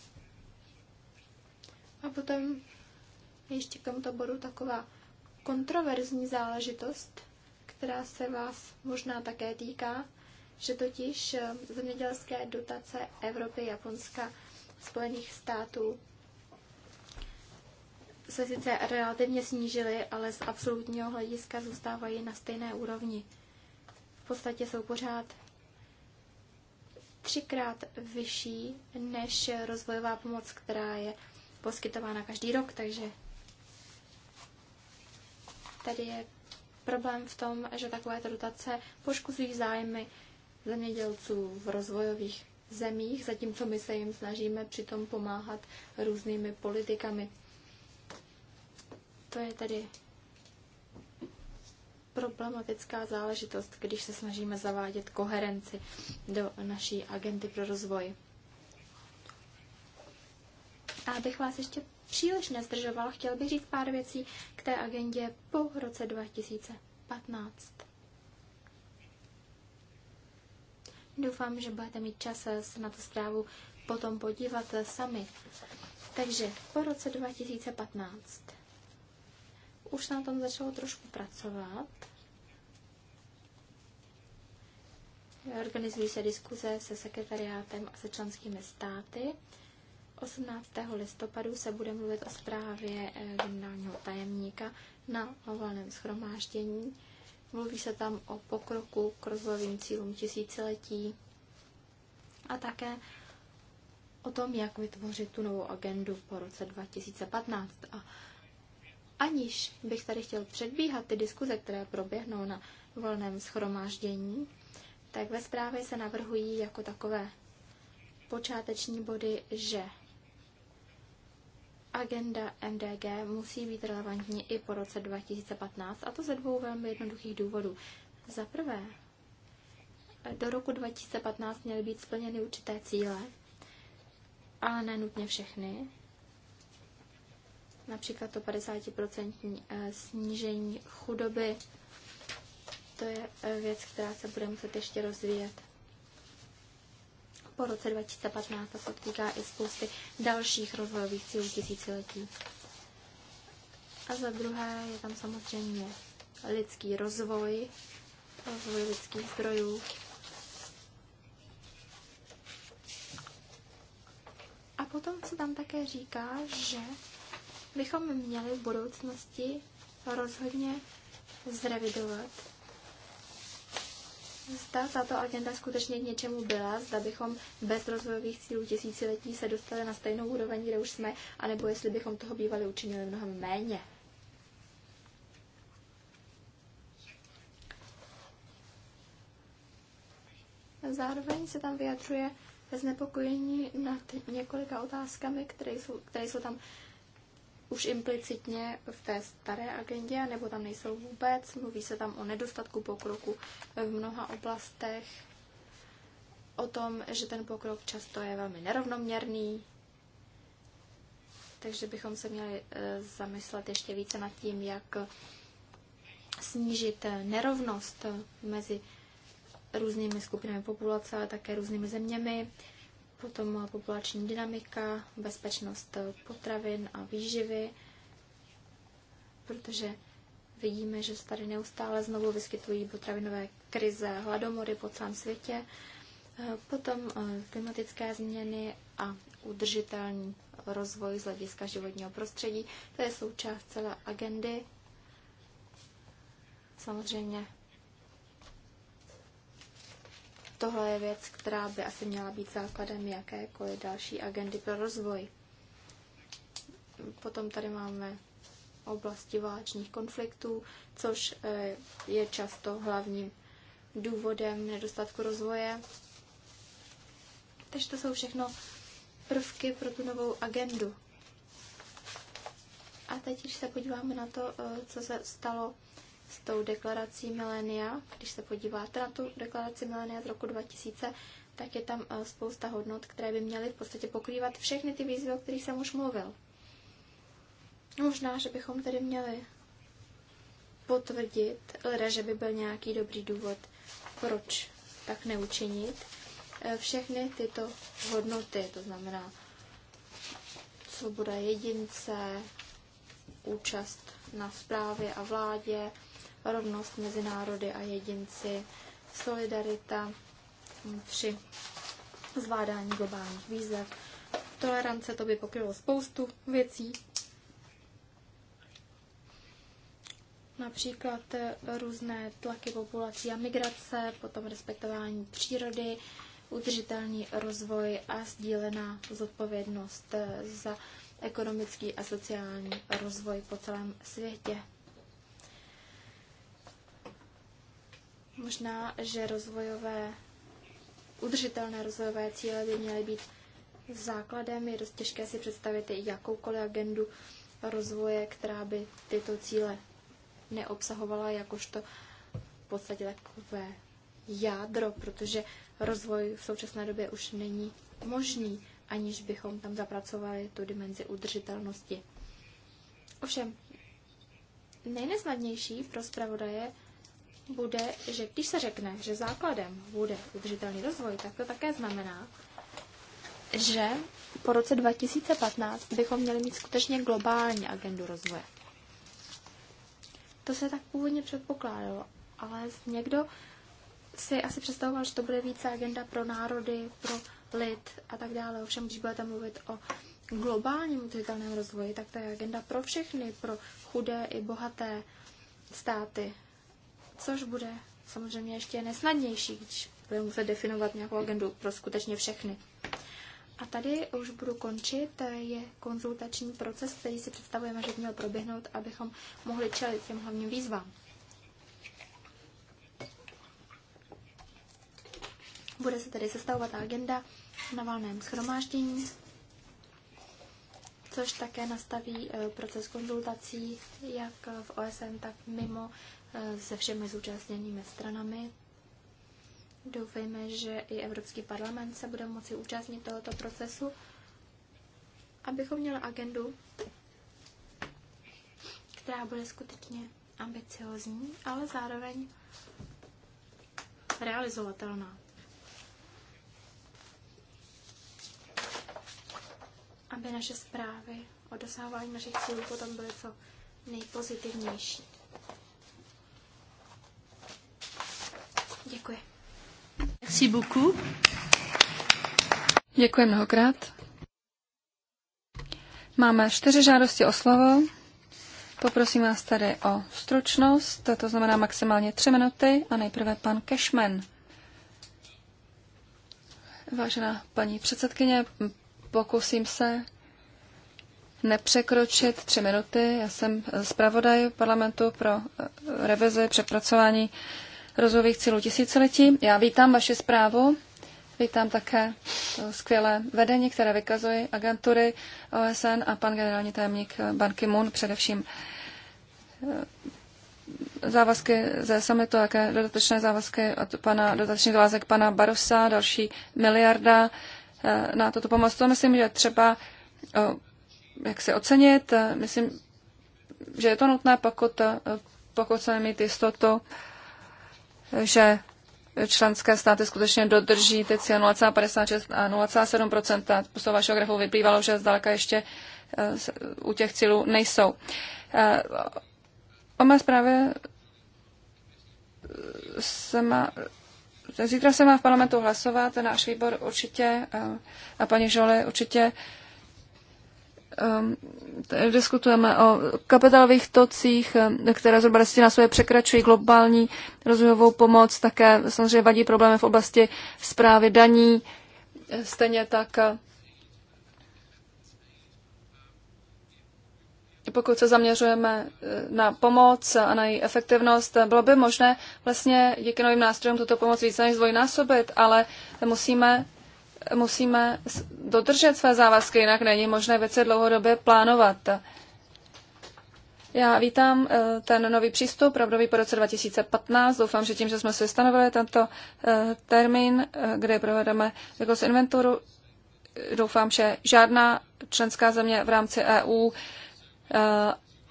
A potom ještě k tomuto bodu taková kontroverzní záležitost, která se vás možná také týká, že totiž eh, zemědělské dotace Evropy, Japonska, Spojených států se sice relativně snížily, ale z absolutního hlediska zůstávají na stejné úrovni. V podstatě jsou pořád třikrát vyšší než rozvojová pomoc, která je poskytována každý rok, takže tady je problém v tom, že takovéto dotace poškozují zájmy zemědělců v rozvojových zemích, zatímco my se jim snažíme přitom pomáhat různými politikami. To je tedy problematická záležitost, když se snažíme zavádět koherenci do naší agendy pro rozvoj abych vás ještě příliš nezdržoval, chtěl bych říct pár věcí k té agendě po roce 2015. Doufám, že budete mít čas se na tu zprávu potom podívat sami. Takže po roce 2015 už se na tom začalo trošku pracovat. Organizují se diskuze se sekretariátem a se členskými státy. 18. listopadu se bude mluvit o zprávě eh, generálního tajemníka na volném schromáždění. Mluví se tam o pokroku k rozvojovým cílům tisíciletí a také o tom, jak vytvořit tu novou agendu po roce 2015. A aniž bych tady chtěl předbíhat ty diskuze, které proběhnou na volném schromáždění, tak ve zprávě se navrhují jako takové počáteční body, že Agenda MDG musí být relevantní i po roce 2015, a to ze dvou velmi jednoduchých důvodů. Za prvé, do roku 2015 měly být splněny určité cíle, ale nenutně všechny. Například to 50% eh, snížení chudoby. To je eh, věc, která se bude muset ještě rozvíjet po roce 2015 a se týká i spousty dalších rozvojových cílů tisíciletí. A za druhé je tam samozřejmě lidský rozvoj, rozvoj lidských zdrojů. A potom se tam také říká, že bychom měli v budoucnosti rozhodně zrevidovat zda tato agenda skutečně k něčemu byla, zda bychom bez rozvojových cílů tisíciletí se dostali na stejnou úroveň, kde už jsme, anebo jestli bychom toho bývali učinili mnohem méně. Zároveň se tam vyjadřuje znepokojení nad několika otázkami, které jsou, které jsou tam už implicitně v té staré agendě, nebo tam nejsou vůbec. Mluví se tam o nedostatku pokroku v mnoha oblastech, o tom, že ten pokrok často je velmi nerovnoměrný, takže bychom se měli e, zamyslet ještě více nad tím, jak snížit nerovnost mezi různými skupinami populace, ale také různými zeměmi, potom populační dynamika, bezpečnost potravin a výživy, protože vidíme, že se tady neustále znovu vyskytují potravinové krize, hladomory po celém světě, potom eh, klimatické změny a udržitelný rozvoj z hlediska životního prostředí. To je součást celé agendy. Samozřejmě Tohle je věc, která by asi měla být základem jakékoliv další agendy pro rozvoj. Potom tady máme oblasti válečných konfliktů, což eh, je často hlavním důvodem nedostatku rozvoje. Takže to jsou všechno prvky pro tu novou agendu. A teď, když se podíváme na to, eh, co se stalo s tou deklarací milénia. Když se podíváte na tu deklaraci milénia z roku 2000, tak je tam eh, spousta hodnot, které by měly v podstatě pokrývat všechny ty výzvy, o kterých jsem už mluvil. Možná, že bychom tedy měli potvrdit, leda, že by byl nějaký dobrý důvod, proč tak neučinit, eh, všechny tyto hodnoty, to znamená svoboda jedince, účast na správě a vládě, rovnost mezi národy a jedinci, solidarita při zvládání globálních výzev. Tolerance to by pokrylo spoustu věcí. Například eh, různé tlaky populací a migrace, potom respektování přírody, udržitelný rozvoj a sdílená zodpovědnost eh, za ekonomický a sociální rozvoj po celém světě. Možná, že rozvojové, udržitelné rozvojové cíle by měly být základem. Je dost těžké si představit jakoukoliv agendu rozvoje, která by tyto cíle neobsahovala jakožto v podstatě takové jádro, protože rozvoj v současné době už není možný, aniž bychom tam zapracovali tu dimenzi udržitelnosti. Ovšem, nejnesnadnější pro zpravodaje bude, že když se řekne, že základem bude udržitelný rozvoj, tak to také znamená, že po roce 2015 bychom měli mít skutečně globální agendu rozvoje. To se tak původně předpokládalo, ale někdo si asi představoval, že to bude více agenda pro národy, pro lid a tak dále. Ovšem, když budete mluvit o globálním udržitelném rozvoji, tak to je agenda pro všechny, pro chudé i bohaté státy, což bude samozřejmě ještě nesnadnější, když budeme muset definovat nějakou agendu pro skutečně všechny. A tady už budu končit. Je konzultační proces, který si představujeme, že by měl proběhnout, abychom mohli čelit těm hlavním výzvám. Bude se tedy sestavovat agenda na valném schromáždění, což také nastaví eh, proces konzultací jak v OSN, tak mimo se všemi zúčastněnými stranami. Doufejme, že i Evropský parlament se bude moci účastnit tohoto procesu, abychom měli agendu, která bude skutečně ambiciozní, ale zároveň realizovatelná. Aby naše zprávy o dosahování našich cílů potom byly co nejpozitivnější. Děkuji. Merci beaucoup. Děkuji mnohokrát. Máme čtyři žádosti o slovo. Poprosím vás tady o stručnost, to znamená maximálně tři minuty a nejprve pan Cashman. Vážená paní předsedkyně, pokusím se nepřekročit tři minuty. Já jsem zpravodaj parlamentu pro revizi přepracování rozvojových cílů tisíciletí. Já vítám vaši zprávu. Vítám také skvělé vedení, které vykazují agentury OSN a pan generální tajemník Ban Ki-moon především eh, závazky ze samitu, jaké dodatečné závazky od pana, dodatečný závazek pana Barosa, další miliarda eh, na toto pomoc. To myslím, že třeba eh, jak se ocenit. Myslím, že je to nutné, pokud, pokud chceme mít jistotu že členské státy skutečně dodrží ty cíle 0,56 a 0,7 Z vašeho grafu vyplývalo, že zdaleka ještě eh, u těch cílů nejsou. Eh, o mé zprávě eh, se má, zítra se má v parlamentu hlasovat, náš výbor určitě a paní Žole určitě Ehm, diskutujeme o kapitálových tocích, ehm, které zhruba svoje překračují globální rozvojovou pomoc, také samozřejmě vadí problémy v oblasti zprávy daní, stejně tak eh, pokud se zaměřujeme eh, na pomoc a na její efektivnost, eh, bylo by možné vlastně díky novým nástrojům tuto pomoc více než zdvojnásobit, ale musíme musíme dodržet své závazky, jinak není možné věci dlouhodobě plánovat. Já vítám eh, ten nový přístup, pravdový po roce 2015. Doufám, že tím, že jsme si stanovili tento eh, termín, eh, kde provedeme jako z inventuru, doufám, že žádná členská země v rámci EU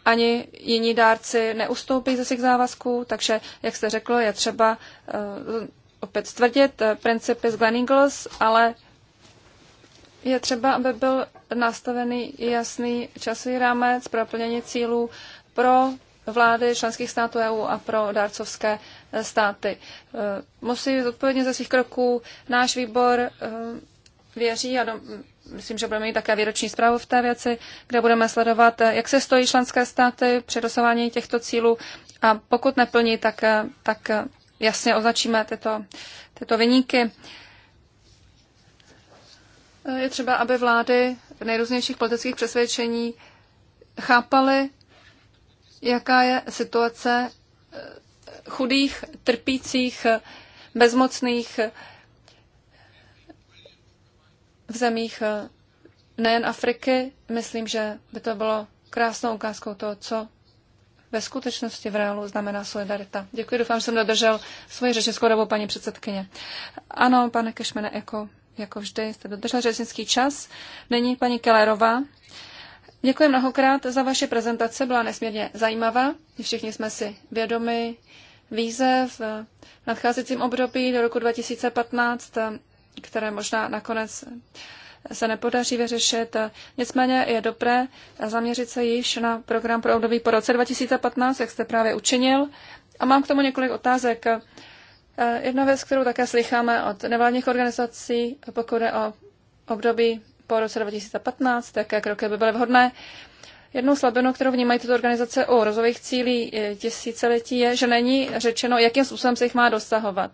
ani jiní dárci neustoupí ze svých závazků, takže, jak jste řekl, je třeba opět stvrdit principy z Glen Eagles, ale je třeba, aby byl nastavený jasný časový rámec pro plnění cílů pro vlády členských států EU a pro dárcovské státy. E, musí zodpovědně ze svých kroků náš výbor e, věří a do, myslím, že budeme mít také výroční zprávu v té věci, kde budeme sledovat, e, jak se stojí členské státy při dosování těchto cílů a pokud neplní, tak, tak jasně označíme tyto, tyto vyníky. Eh, je třeba, aby vlády nejrůznějších politických přesvědčení chápaly, jaká je situace eh, chudých, trpících, bezmocných eh, v zemích nejen Afriky. Myslím, že by to bylo krásnou ukázkou toho, co ve skutečnosti v reálu znamená solidarita. Děkuji, doufám, že jsem dodržel svoji řečnickou dobu, paní předsedkyně. Ano, pane Kešmene, jako jako vždy jste dodržel řečnický čas. Není paní Kellerová. Děkuji mnohokrát za vaše prezentace, byla nesmírně zajímavá. Všichni jsme si vědomi výzev v nadcházejícím období do roku 2015, které možná nakonec se nepodaří vyřešit. Nicméně je dobré zaměřit se již na program pro období po roce 2015, jak jste právě učinil. A mám k tomu několik otázek. Eh, jedna věc, kterou také slycháme od nevládních organizací, pokud je o období po roce 2015, jaké kroky by byly vhodné. Jednou slabinou, kterou vnímají tyto organizace o rozových cílí eh, tisíciletí, je, že není řečeno, jakým způsobem se jich má dosahovat.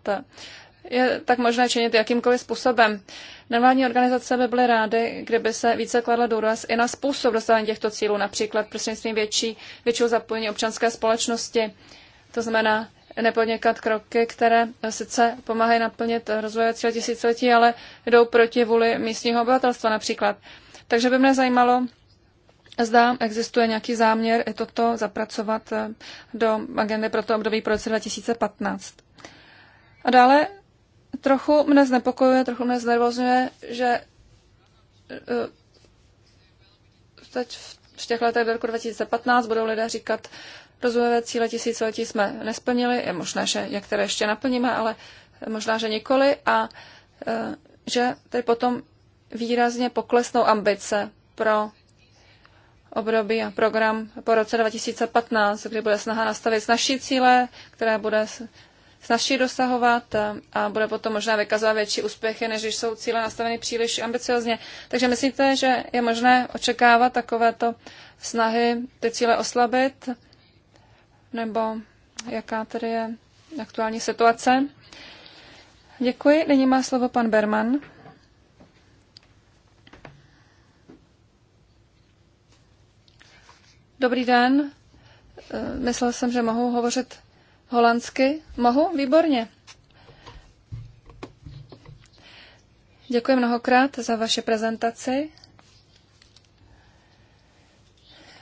Je tak možné činit jakýmkoliv způsobem. Nevládní organizace by byly rády, kdyby se více kladla důraz i na způsob dosažení těchto cílů, například prostřednictvím větší, většího zapojení občanské společnosti. To znamená nepodnikat kroky, které sice pomáhají naplnit rozvoje cíle tisíciletí, ale jdou proti vůli místního obyvatelstva například. Takže by mě zajímalo, zda existuje nějaký záměr i toto zapracovat eh, do agendy pro to období pro roce 2015. A dále trochu mne znepokojuje, trochu mne znervozňuje, že eh, teď v těch letech do roku 2015 budou lidé říkat, rozvojové cíle tisíciletí jsme nesplnili, je možné, že některé ještě naplníme, ale možná, že nikoli a e, že tedy potom výrazně poklesnou ambice pro období a program po roce 2015, kdy bude snaha nastavit snažší cíle, které bude snažší dosahovat e, a bude potom možná vykazovat větší úspěchy, než když jsou cíle nastaveny příliš ambiciozně. Takže myslíte, že je možné očekávat takovéto snahy ty cíle oslabit? nebo jaká tedy je aktuální situace. Děkuji. Nyní má slovo pan Berman. Dobrý den. Eh, myslel jsem, že mohu hovořit holandsky. Mohu? Výborně. Děkuji mnohokrát za vaše prezentaci.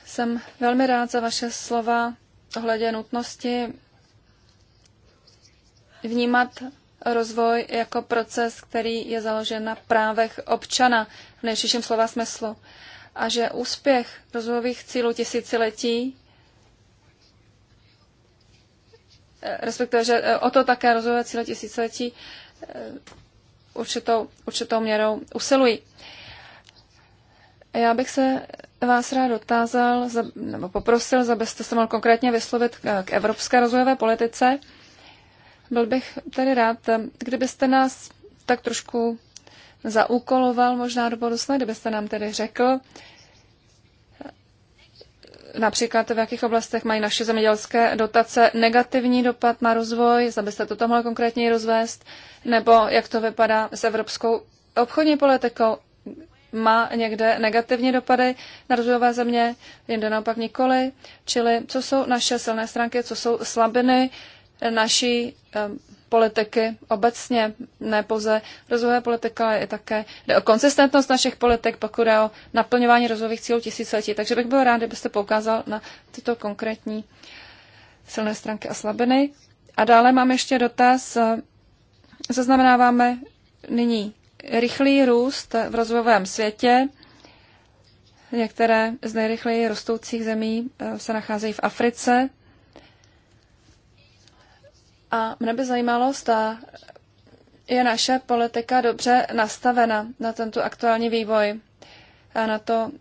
Jsem velmi rád za vaše slova ohledě nutnosti vnímat rozvoj jako proces, který je založen na právech občana v nejširším slova smyslu. A že úspěch rozvojových cílů tisíciletí, eh, respektive, že eh, o to také rozvojové cíle tisíciletí eh, určitou, určitou měrou usilují. Já bych se vás rád dotázal, nebo poprosil, abyste se mohl konkrétně vyslovit k evropské rozvojové politice. Byl bych tedy rád, kdybyste nás tak trošku zaúkoloval možná do budoucna, kdybyste nám tedy řekl, například v jakých oblastech mají naše zemědělské dotace negativní dopad na rozvoj, abyste toto mohli konkrétně rozvést, nebo jak to vypadá s evropskou obchodní politikou má někde negativní dopady na rozvojové země, jinde naopak nikoli. Čili co jsou naše silné stránky, co jsou slabiny naší politiky obecně, ne pouze rozvojové politika, ale i také jde o konsistentnost našich politik, pokud je o naplňování rozvojových cílů tisíciletí. Takže bych byl rád, kdybyste poukázal na tyto konkrétní silné stránky a slabiny. A dále mám ještě dotaz. Zaznamenáváme nyní rychlý růst v rozvojovém světě. Některé z nejrychleji rostoucích zemí eh, se nacházejí v Africe. A mne by zajímalo, zda je naše politika dobře nastavena na tento aktuální vývoj a na to,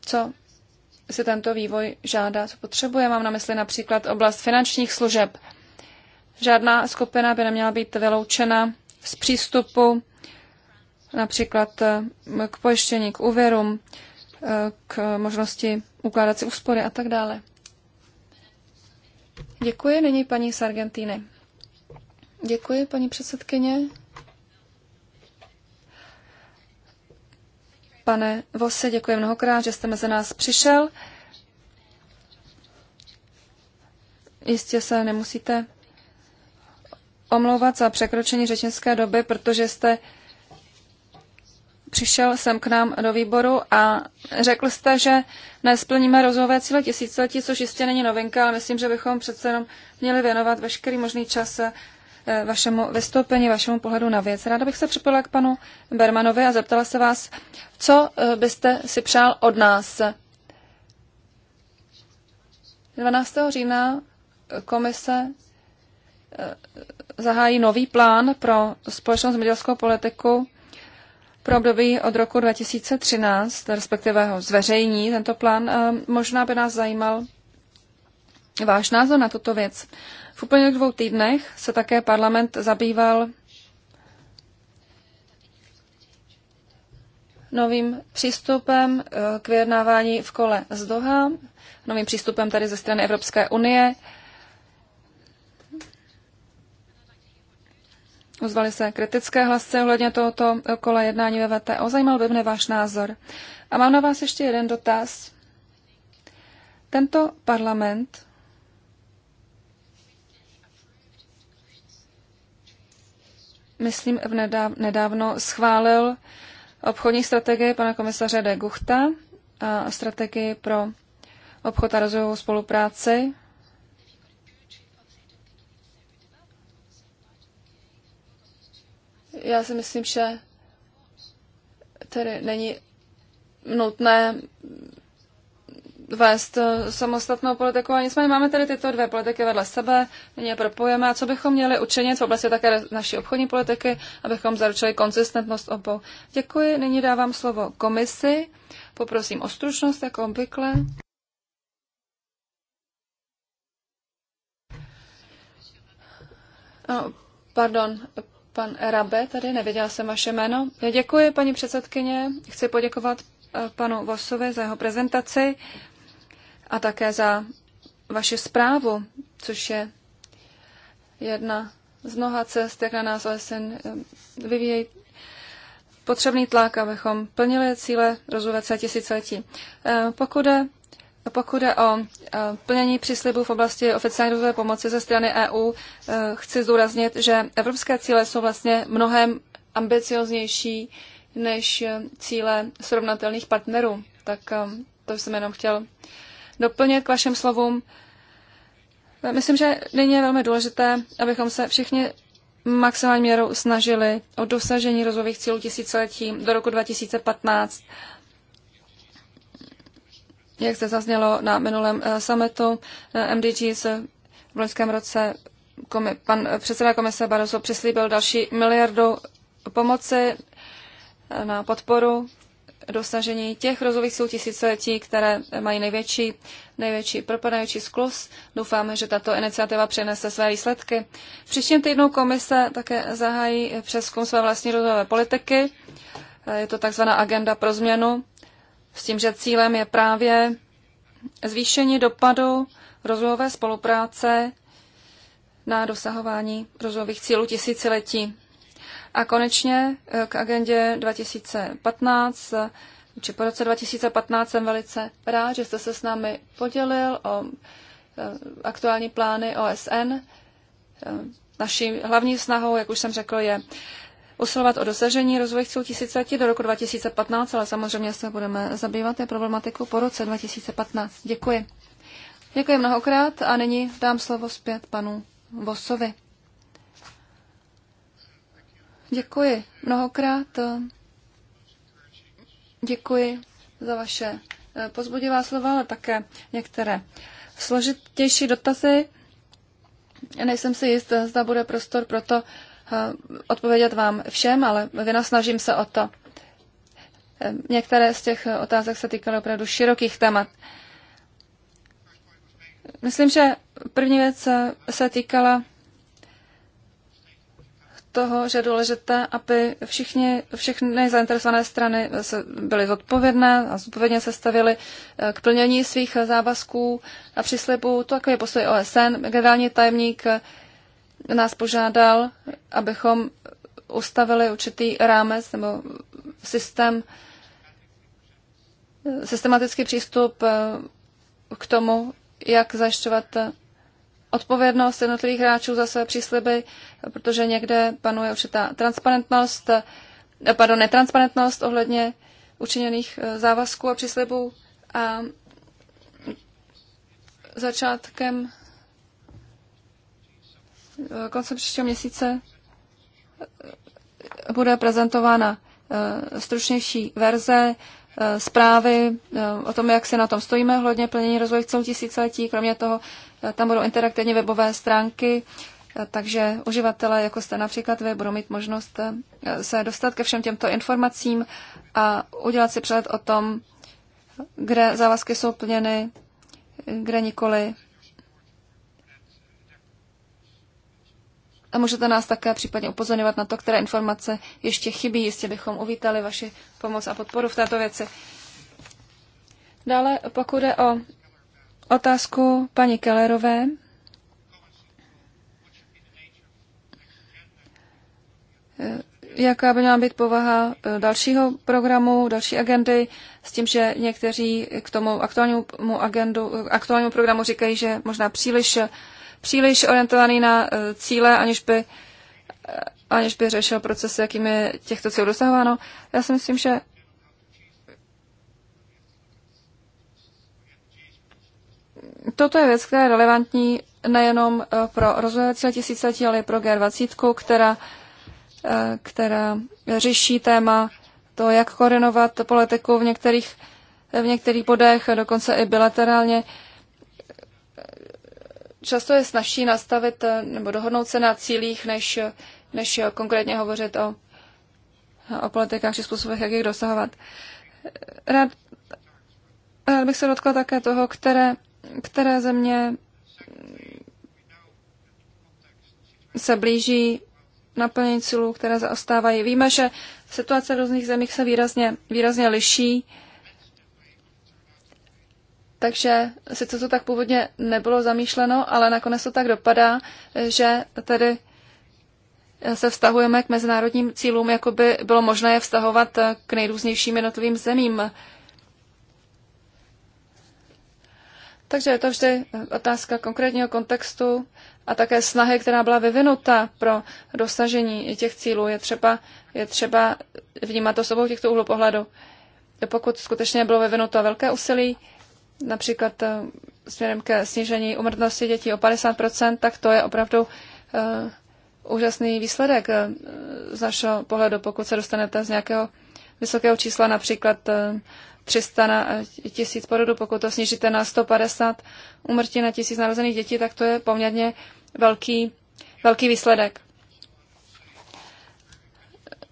co si tento vývoj žádá, co potřebuje. Mám na mysli například oblast finančních služeb. Žádná skupina by neměla být vyloučena z přístupu například eh, k pojištění, k úvěrům, eh, k možnosti ukládat si úspory a tak dále. Děkuji, nyní paní z Argentíny. Děkuji, paní předsedkyně. Pane Vose, děkuji mnohokrát, že jste mezi nás přišel. Jistě se nemusíte omlouvat za překročení řečnické doby, protože jste přišel jsem k nám do výboru a řekl jste, že nesplníme rozvojové cíle tisíciletí, což jistě není novinka, ale myslím, že bychom přece jenom měli věnovat veškerý možný čas eh, vašemu vystoupení, vašemu pohledu na věc. Ráda bych se připojila k panu Bermanovi a zeptala se vás, co eh, byste si přál od nás. 12. října komise eh, zahájí nový plán pro společnou zemědělskou politiku pro období od roku 2013, respektive ho zveřejní tento plán. Eh, možná by nás zajímal váš názor na tuto věc. V úplně dvou týdnech se také parlament zabýval novým přístupem eh, k vyjednávání v kole z Doha, novým přístupem tady ze strany Evropské unie. Ozvaly se kritické hlasce ohledně tohoto kola jednání ve VTO. Zajímal by mne váš názor. A mám na vás ještě jeden dotaz. Tento parlament myslím, v nedávno schválil obchodní strategii pana komisaře de Guchta a strategii pro obchod a rozvojovou spolupráci já si myslím, že tedy není nutné vést samostatnou politiku. A nicméně máme tady tyto dvě politiky vedle sebe, my je propojeme. A co bychom měli učinit v oblasti také naší obchodní politiky, abychom zaručili konzistentnost obou. Děkuji. Nyní dávám slovo komisi. Poprosím o stručnost, jako obvykle. No, pardon, Pan Rabe, tady nevěděla jsem vaše jméno. Já děkuji, paní předsedkyně. Chci poděkovat eh, panu Vosovi za jeho prezentaci a také za vaši zprávu, což je jedna z mnoha cest, jak na nás OSN eh, vyvíjí potřebný tlak, abychom plnili cíle rozvoje tisíciletí. Eh, pokud je pokud je o e, plnění příslibu v oblasti oficiální rozvojové pomoci ze strany EU, e, chci zdůraznit, že evropské cíle jsou vlastně mnohem ambicioznější než e, cíle srovnatelných partnerů. Tak to jsem jenom chtěl doplnit k vašim slovům. Myslím, že nyní je velmi důležité, abychom se všichni maximální měrou snažili o dosažení rozvojových cílů tisíciletí do roku 2015 jak se zaznělo na minulém eh, summitu eh, MDGs v loňském roce, komi, pan předseda komise Barroso přislíbil další miliardu pomoci eh, na podporu dosažení těch rozvojových cílů tisíciletí, které mají největší, největší propad, největší sklus. Doufáme, že tato iniciativa přinese své výsledky. V příštím týdnu komise také zahájí přeskum své vlastní rozvojové politiky. Je to takzvaná agenda pro změnu s tím, že cílem je právě zvýšení dopadu rozvojové spolupráce na dosahování rozvojových cílů tisíciletí. A konečně eh, k agendě 2015, či po roce 2015 jsem velice rád, že jste se s námi podělil o eh, aktuální plány OSN. Eh, naší hlavní snahou, jak už jsem řekl, je usilovat o dosažení rozvoje cílů tisíciletí do roku 2015, ale samozřejmě se budeme zabývat té problematiku po roce 2015. Děkuji. Děkuji mnohokrát a nyní dám slovo zpět panu Vosovi. Děkuji mnohokrát. Děkuji za vaše eh, pozbudivá slova, ale také některé složitější dotazy. Nejsem si jist, zda bude prostor pro to Eh, odpovědět vám všem, ale vynasnažím se o to. Eh, některé z těch otázek se týkaly opravdu širokých témat. Myslím, že první věc eh, se týkala toho, že je důležité, aby všichni, všechny zainteresované strany byly zodpovědné a zodpovědně se stavily k plnění svých závazků a přislibů. To je postoj OSN, generální tajemník nás požádal, abychom ustavili určitý rámec nebo systém, systematický přístup eh, k tomu, jak zajišťovat eh, odpovědnost jednotlivých hráčů za své přísliby, protože někde panuje určitá transparentnost, eh, pardon, netransparentnost ohledně učiněných závazků a příslibů. A začátkem koncem příštího měsíce eh, bude prezentována eh, stručnější verze eh, zprávy o tom, jak se na tom stojíme hledně plnění rozvoje v celou tisíciletí. Kromě toho tam budou interaktivní webové stránky, takže uživatelé, jako jste například vy, budou mít možnost se dostat ke všem těmto informacím a udělat si přehled o tom, kde závazky jsou plněny, kde nikoli, A můžete nás také případně upozorňovat na to, které informace ještě chybí. Jistě bychom uvítali vaši pomoc a podporu v této věci. Dále, pokud jde o otázku paní Kellerové, eh, jaká by měla být povaha eh, dalšího programu, další agendy, s tím, že někteří k tomu aktuálnímu, agendu, eh, aktuálnímu programu říkají, že možná příliš příliš orientovaný na eh, cíle, aniž by, eh, aniž by řešil procesy, jakými těchto cílů dosahováno. Já si myslím, že toto je věc, která je relevantní nejenom eh, pro rozvojové cíle tisíciletí, ale i pro G20, která, která řeší téma to, jak koordinovat politiku v některých, v některých bodech, dokonce i bilaterálně často je snažší nastavit eh, nebo dohodnout se na cílích, než, než konkrétně hovořit o, o politikách či způsobech, jak jich dosahovat. Rád, rád bych se dotkla také toho, které, které země se blíží naplnění cílů, které zaostávají. Víme, že situace v různých zemích se výrazně, výrazně liší. Takže sice to tak původně nebylo zamýšleno, ale nakonec to tak dopadá, že tedy se vztahujeme k mezinárodním cílům, jako by bylo možné je vztahovat k nejrůznějším jednotlivým zemím. Takže je to vždy otázka konkrétního kontextu a také snahy, která byla vyvinuta pro dosažení těch cílů. Je třeba, je třeba vnímat osobou těchto úhlu pohledu. Pokud skutečně bylo vyvinuto velké úsilí, například eh, směrem ke snížení umrtnosti dětí o 50%, tak to je opravdu eh, úžasný výsledek eh, z našeho pohledu, pokud se dostanete z nějakého vysokého čísla, například 300 na tisíc porodů, pokud to snížíte na 150 umrtí na tisíc narozených dětí, tak to je poměrně velký, velký výsledek.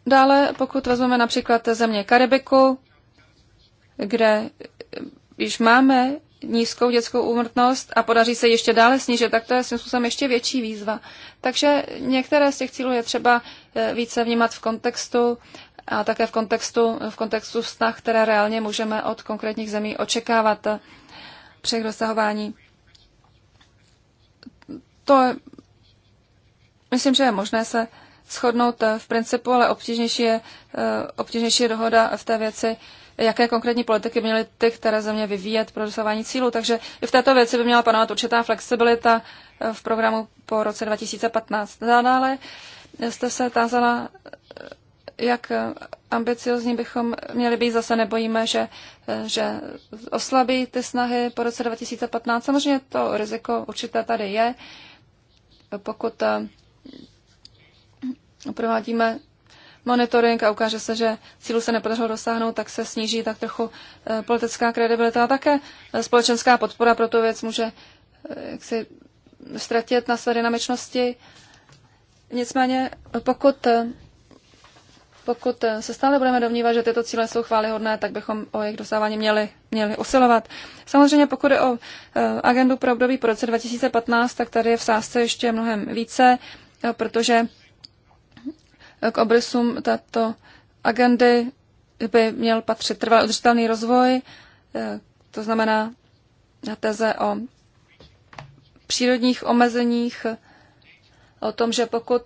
Dále, pokud vezmeme například země Karibiku, kde když máme nízkou dětskou úmrtnost a podaří se ještě dále snížit, tak to je svým způsobem ještě větší výzva. Takže některé z těch cílů je třeba eh, více vnímat v kontextu a také v kontextu, v kontextu vztah, které reálně můžeme od konkrétních zemí očekávat eh, při dosahování. To je, myslím, že je možné se shodnout eh, v principu, ale obtížnější je, obtížnější je dohoda v té věci jaké konkrétní politiky měly ty, které země vyvíjet pro dosahování cílů. Takže i v této věci by měla panovat určitá flexibilita eh, v programu po roce 2015. Dále jste se tázala, eh, jak eh, ambiciozní bychom měli být. Zase nebojíme, že, že oslabí ty snahy po roce 2015. Samozřejmě to riziko určité tady je. Pokud provádíme monitoring a ukáže se, že cílu se nepodařilo dosáhnout, tak se sníží tak trochu eh, politická kredibilita a také eh, společenská podpora pro tu věc může eh, jaksi ztratit na své dynamičnosti. Nicméně, pokud, pokud se stále budeme domnívat, že tyto cíle jsou chválihodné, tak bychom o jejich dosávání měli, měli usilovat. Samozřejmě, pokud je o agendu pro období po roce 2015, tak tady je v sázce ještě mnohem více, protože k obrysům této agendy by měl patřit trvalý udržitelný rozvoj, eh, to znamená teze o přírodních omezeních, o tom, že pokud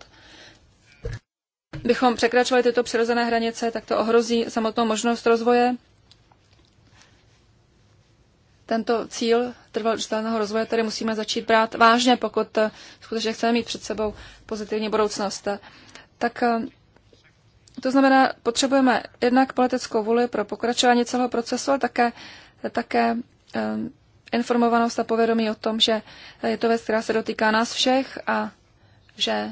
bychom překračovali tyto přirozené hranice, tak to ohrozí samotnou možnost rozvoje. Tento cíl trvalého rozvoje tady musíme začít brát vážně, pokud skutečně chceme mít před sebou pozitivní budoucnost tak eh, to znamená, potřebujeme jednak politickou vůli pro pokračování celého procesu, ale také, také eh, informovanost a povědomí o tom, že je to věc, která se dotýká nás všech a že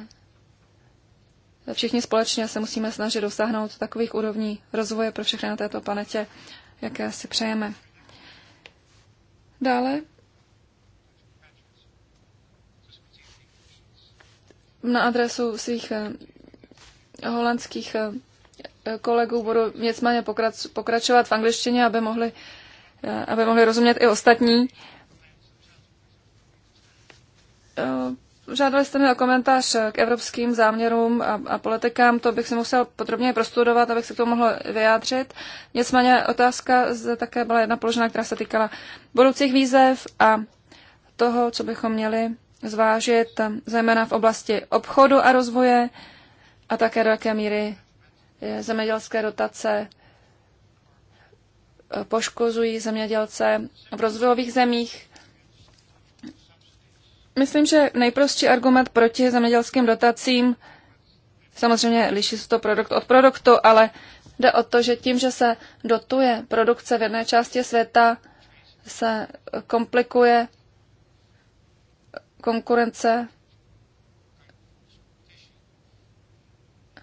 všichni společně se musíme snažit dosáhnout takových úrovní rozvoje pro všechny na této planetě, jaké si přejeme. Dále na adresu svých eh, holandských eh, kolegů budu nicméně pokračovat v angličtině, aby mohli, eh, aby mohli rozumět i ostatní. Eh, žádali jste mi o komentář k evropským záměrům a, a politikám, to bych si musel podrobně prostudovat, abych se k tomu mohl vyjádřit. Nicméně otázka zde také byla jedna položená, která se týkala budoucích výzev a toho, co bychom měli zvážit, zejména v oblasti obchodu a rozvoje. Uh, a také do jaké míry eh, zemědělské dotace eh, poškozují zemědělce v rozvojových zemích. Myslím, že nejprostší argument proti zemědělským dotacím, samozřejmě liší se to produkt od produktu, ale jde o to, že tím, že se dotuje produkce v jedné části světa, se komplikuje konkurence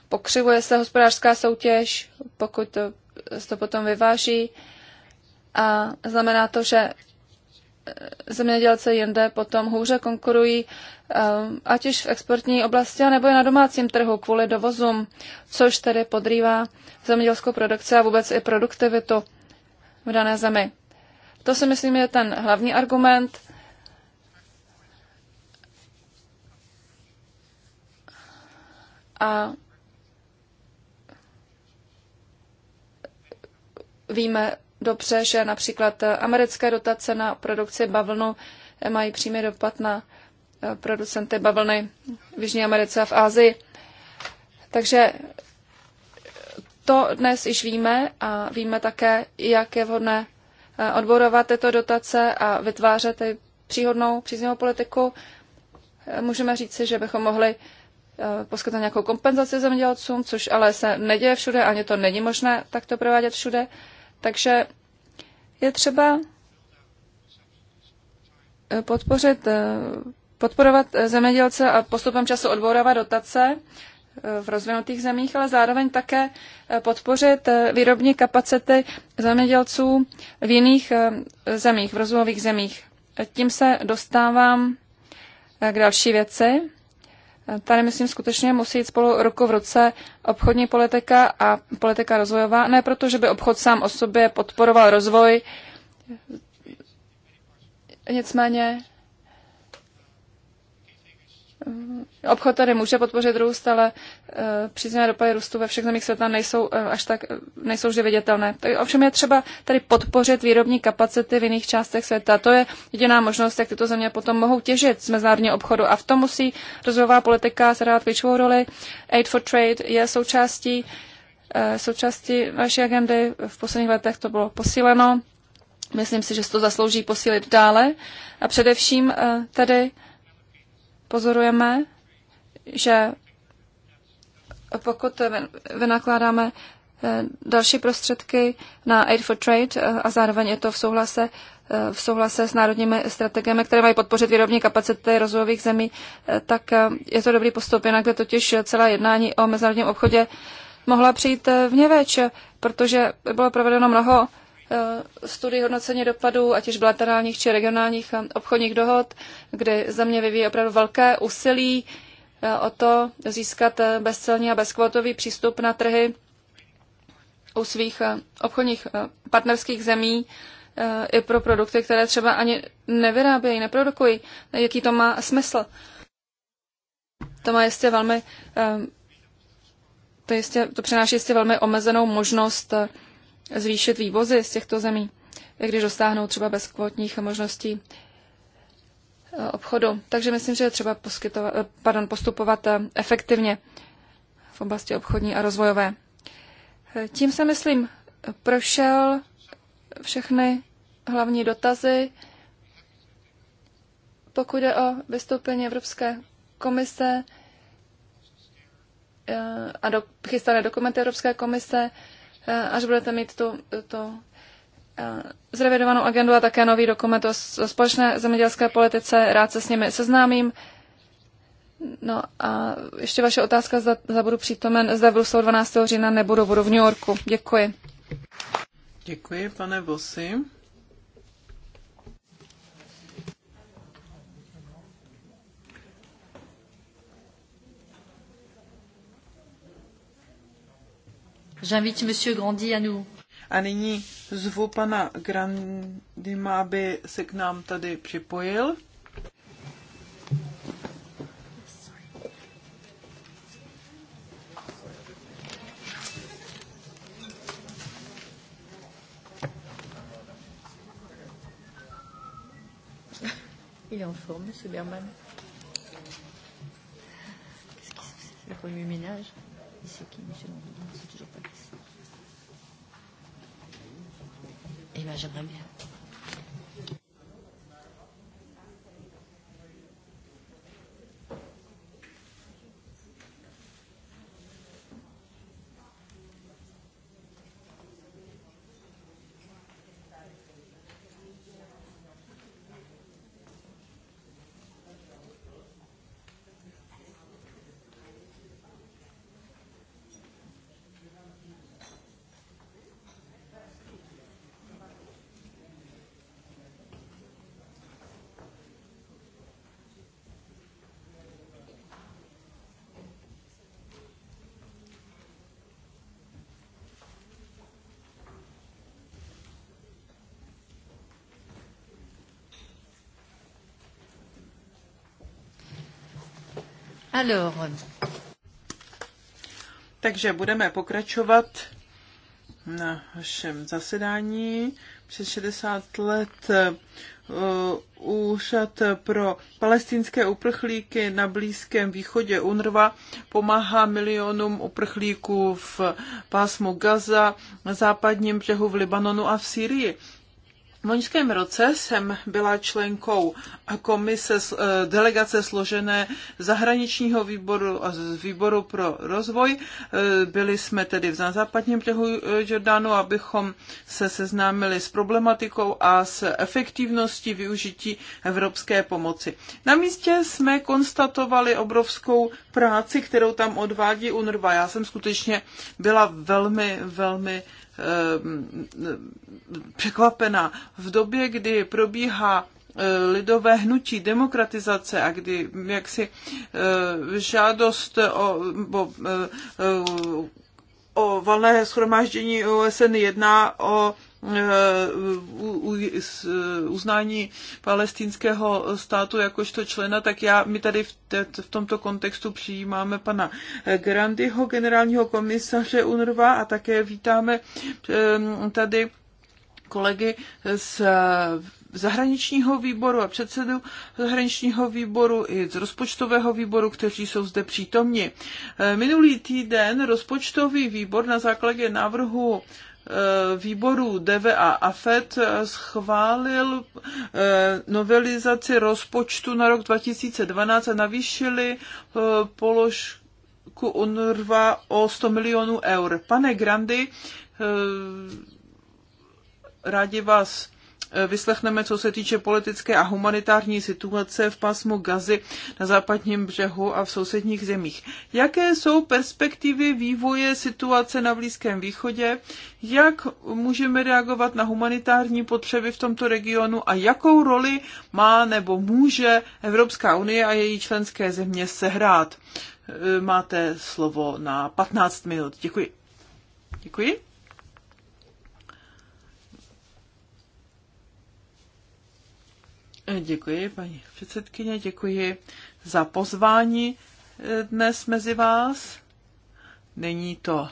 pokřivuje se hospodářská soutěž, pokud to, to potom vyváží. A znamená to, že eh, zemědělce jinde potom hůře konkurují, eh, ať už v exportní oblasti, nebo i na domácím trhu kvůli dovozům, což tedy podrývá zemědělskou produkci a vůbec i produktivitu v dané zemi. To si myslím je ten hlavní argument. A Víme dobře, že například americké dotace na produkci bavlnu mají přímý dopad na eh, producenty bavlny v Jižní Americe a v Ázii. Takže to dnes již víme a víme také, jak je vhodné eh, odborovat tyto dotace a vytvářet příhodnou příznivou politiku. Eh, můžeme říci, že bychom mohli poskytnout nějakou kompenzaci zemědělcům, což ale se neděje všude, ani to není možné takto provádět všude. Takže je třeba eh, podpořit, eh, podporovat eh, zemědělce a postupem času odbourovat dotace v rozvinutých zemích, ale zároveň také podpořit výrobní kapacity zemědělců v jiných zemích, v rozvojových zemích. Tím se dostávám k další věci. Tady, myslím, skutečně musí jít spolu ruku v ruce obchodní politika a politika rozvojová. Ne proto, že by obchod sám o sobě podporoval rozvoj, nicméně Eh, obchod tady může podpořit růst, ale eh, příznivé dopady růstu ve všech zemích světa nejsou eh, až tak nejsou vždy viditelné. Tak ovšem je třeba tady podpořit výrobní kapacity v jiných částech světa. To je jediná možnost, jak tyto země potom mohou těžit z mezinárodního obchodu. A v tom musí rozvojová politika sehrát klíčovou roli. Aid for Trade je součástí, součástí vaší agendy. V posledních letech to bylo posíleno. Myslím si, že se to zaslouží posílit dále. A především tady pozorujeme, že pokud vynakládáme eh, další prostředky na Aid for Trade eh, a zároveň je to v souhlase, eh, v souhlase s národními strategiemi, které mají podpořit výrobní kapacity rozvojových zemí, tak je to dobrý postup. Jinak by totiž celá jednání o mezinárodním obchodě mohla přijít v něveč, protože bylo provedeno mnoho Eh, studii hodnocení dopadů, ať už bilaterálních či regionálních eh, obchodních dohod, kdy země vyvíjí opravdu velké úsilí eh, o to získat bezcelní a bezkvotový přístup na trhy u svých obchodních partnerských zemí i pro produkty, které třeba ani nevyrábějí, neprodukují. Jaký to má smysl? To má jistě velmi, to, jistě, to přináší jistě velmi omezenou možnost zvýšit vývozy z těchto zemí, když dosáhnou třeba bezkvotních možností eh, obchodu. Takže myslím, že je třeba eh, pardon, postupovat eh, efektivně v oblasti obchodní a rozvojové. Tím se, myslím, prošel všechny hlavní dotazy. Pokud je o vystoupení Evropské komise a do, chystané dokumenty Evropské komise, Eh, až budete mít tu, tu eh, zrevidovanou agendu a také nový dokument o společné zemědělské politice. Rád se s nimi seznámím. No a ještě vaše otázka, zda, zda budu přítomen, zda v Bruselu 12. října nebudu, budu v New Yorku. Děkuji. Děkuji, pane Bosy. J'invite Monsieur Grandi à nous. A nyní zvu pana Grandima, aby se k nám tady připojil. Il est en forme, ce Berman. Qu'est-ce qui se passe Le premier ménage. Et c'est qui, monsieur Landry C'est toujours pas j'aimerais Alors. Takže budeme pokračovat na našem zasedání. Přes 60 let eh, Úřad pro palestinské uprchlíky na Blízkém východě UNRWA pomáhá milionům uprchlíků v pásmu Gaza, na západním břehu v Libanonu a v Sýrii. V loňském roce jsem byla členkou komise eh, delegace složené zahraničního výboru a z výboru pro rozvoj. Eh, byli jsme tedy v západním břehu eh, Jordánu, abychom se seznámili s problematikou a s efektivností využití evropské pomoci. Na místě jsme konstatovali obrovskou práci, kterou tam odvádí UNRWA. Já jsem skutečně byla velmi, velmi Eh, překvapena. V době, kdy probíhá eh, lidové hnutí demokratizace a kdy jaksi eh, žádost o, bo, o valné schromáždění OSN jedná o Eh, eh, uznání palestinského státu jakožto člena, tak já, my tady v, te, v tomto kontextu přijímáme pana Grandyho, generálního komisaře UNRWA a také vítáme eh, tady kolegy z zahraničního výboru a předsedu zahraničního výboru i z rozpočtového výboru, kteří jsou zde přítomni. Minulý týden rozpočtový výbor na základě návrhu Eh, výborů DVA a AFET eh, schválil eh, novelizaci rozpočtu na rok 2012 a navýšili položku UNRWA o 100 milionů eur. Pane Grandy, rádi vás Eh, vyslechneme, co se týče politické a humanitární situace v pásmu Gazy na západním břehu a v sousedních zemích. Jaké jsou perspektivy vývoje situace na Blízkém východě? Jak můžeme reagovat na humanitární potřeby v tomto regionu a jakou roli má nebo může Evropská unie a její členské země sehrát? Eh, máte slovo na 15 minut. Děkuji. Děkuji. Děkuji, paní předsedkyně, děkuji za pozvání eh, dnes mezi vás. Není to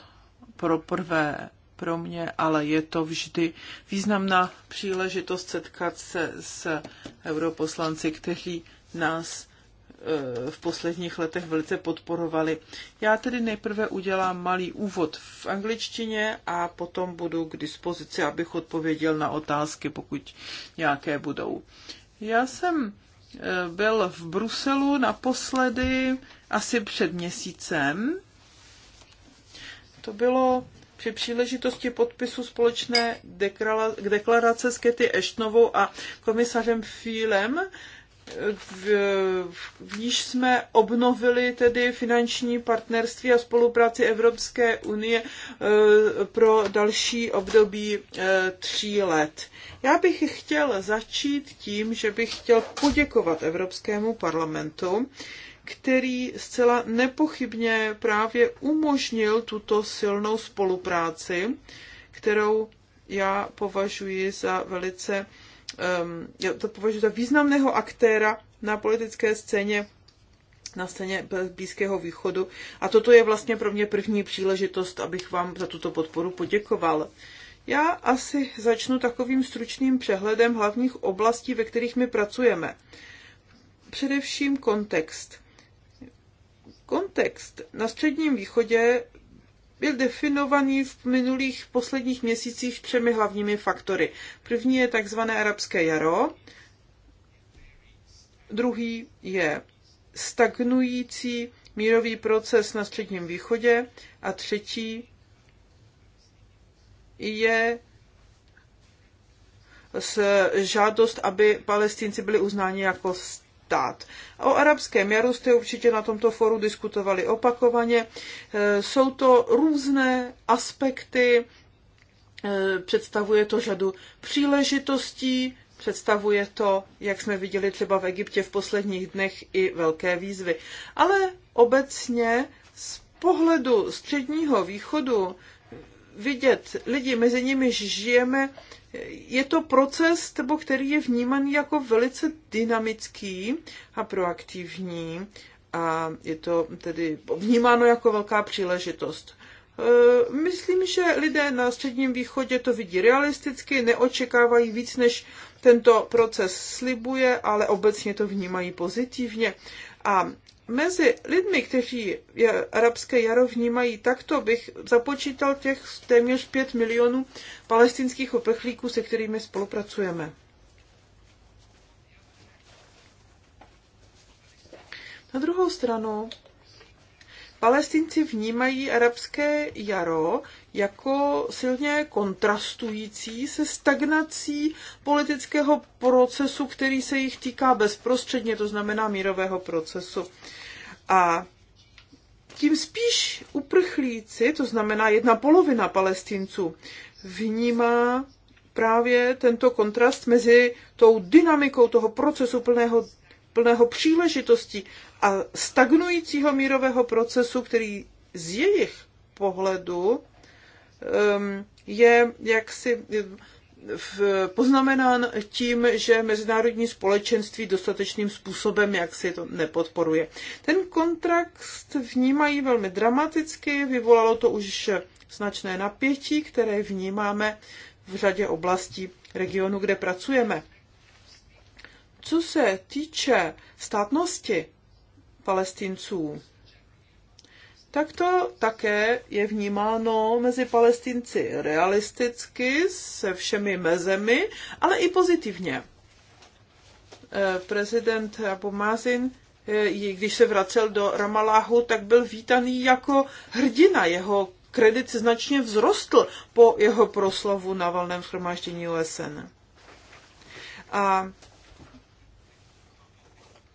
pro prvé pro mě, ale je to vždy významná příležitost setkat se s europoslanci, kteří nás eh, v posledních letech velice podporovali. Já tedy nejprve udělám malý úvod v angličtině a potom budu k dispozici, abych odpověděl na otázky, pokud nějaké budou. Já jsem e, byl v Bruselu naposledy asi před měsícem. To bylo při příležitosti podpisu společné deklarace s Kety Eštnovou a komisařem Fílem v, v níž jsme obnovili tedy finanční partnerství a spolupráci Evropské unie eh, pro další období eh, tří let. Já bych chtěl začít tím, že bych chtěl poděkovat Evropskému parlamentu, který zcela nepochybně právě umožnil tuto silnou spolupráci, kterou já považuji za velice Um, já to považuji za významného aktéra na politické scéně na scéně Blízkého východu. A toto je vlastně pro mě první příležitost, abych vám za tuto podporu poděkoval. Já asi začnu takovým stručným přehledem hlavních oblastí, ve kterých my pracujeme. Především kontext. Kontext na Středním východě byl definovaný v minulých posledních měsících třemi hlavními faktory. První je takzvané arabské jaro, druhý je stagnující mírový proces na Středním východě a třetí je žádost, aby palestinci byli uznáni jako stát. O arabském jaru jste určitě na tomto foru diskutovali opakovaně. E, jsou to různé aspekty, e, představuje to řadu příležitostí, představuje to, jak jsme viděli třeba v Egyptě v posledních dnech, i velké výzvy. Ale obecně z pohledu středního východu vidět lidi, mezi nimiž žijeme, je to proces, tebo, který je vnímán jako velice dynamický a proaktivní a je to tedy vnímáno jako velká příležitost. E, myslím, že lidé na Středním východě to vidí realisticky, neočekávají víc, než tento proces slibuje, ale obecně to vnímají pozitivně. A mezi lidmi, kteří arabské jaro vnímají takto, bych započítal těch téměř 5 milionů palestinských uprchlíků, se kterými spolupracujeme. Na druhou stranu Palestinci vnímají arabské jaro jako silně kontrastující se stagnací politického procesu, který se jich týká bezprostředně, to znamená mírového procesu. A tím spíš uprchlíci, to znamená jedna polovina palestinců, vnímá právě tento kontrast mezi tou dynamikou toho procesu plného plného příležitosti a stagnujícího mírového procesu, který z jejich pohledu ehm, je jaksi poznamenán tím, že mezinárodní společenství dostatečným způsobem jak si to nepodporuje. Ten kontrakt vnímají velmi dramaticky, vyvolalo to už značné napětí, které vnímáme v řadě oblastí regionu, kde pracujeme. Co se týče státnosti palestinců, tak to také je vnímáno mezi palestinci realisticky, se všemi mezemi, ale i pozitivně. Eh, prezident Abu Mazin, eh, když se vracel do Ramaláhu, tak byl vítaný jako hrdina. Jeho kredit značně vzrostl po jeho proslovu na valném schromáždění OSN. A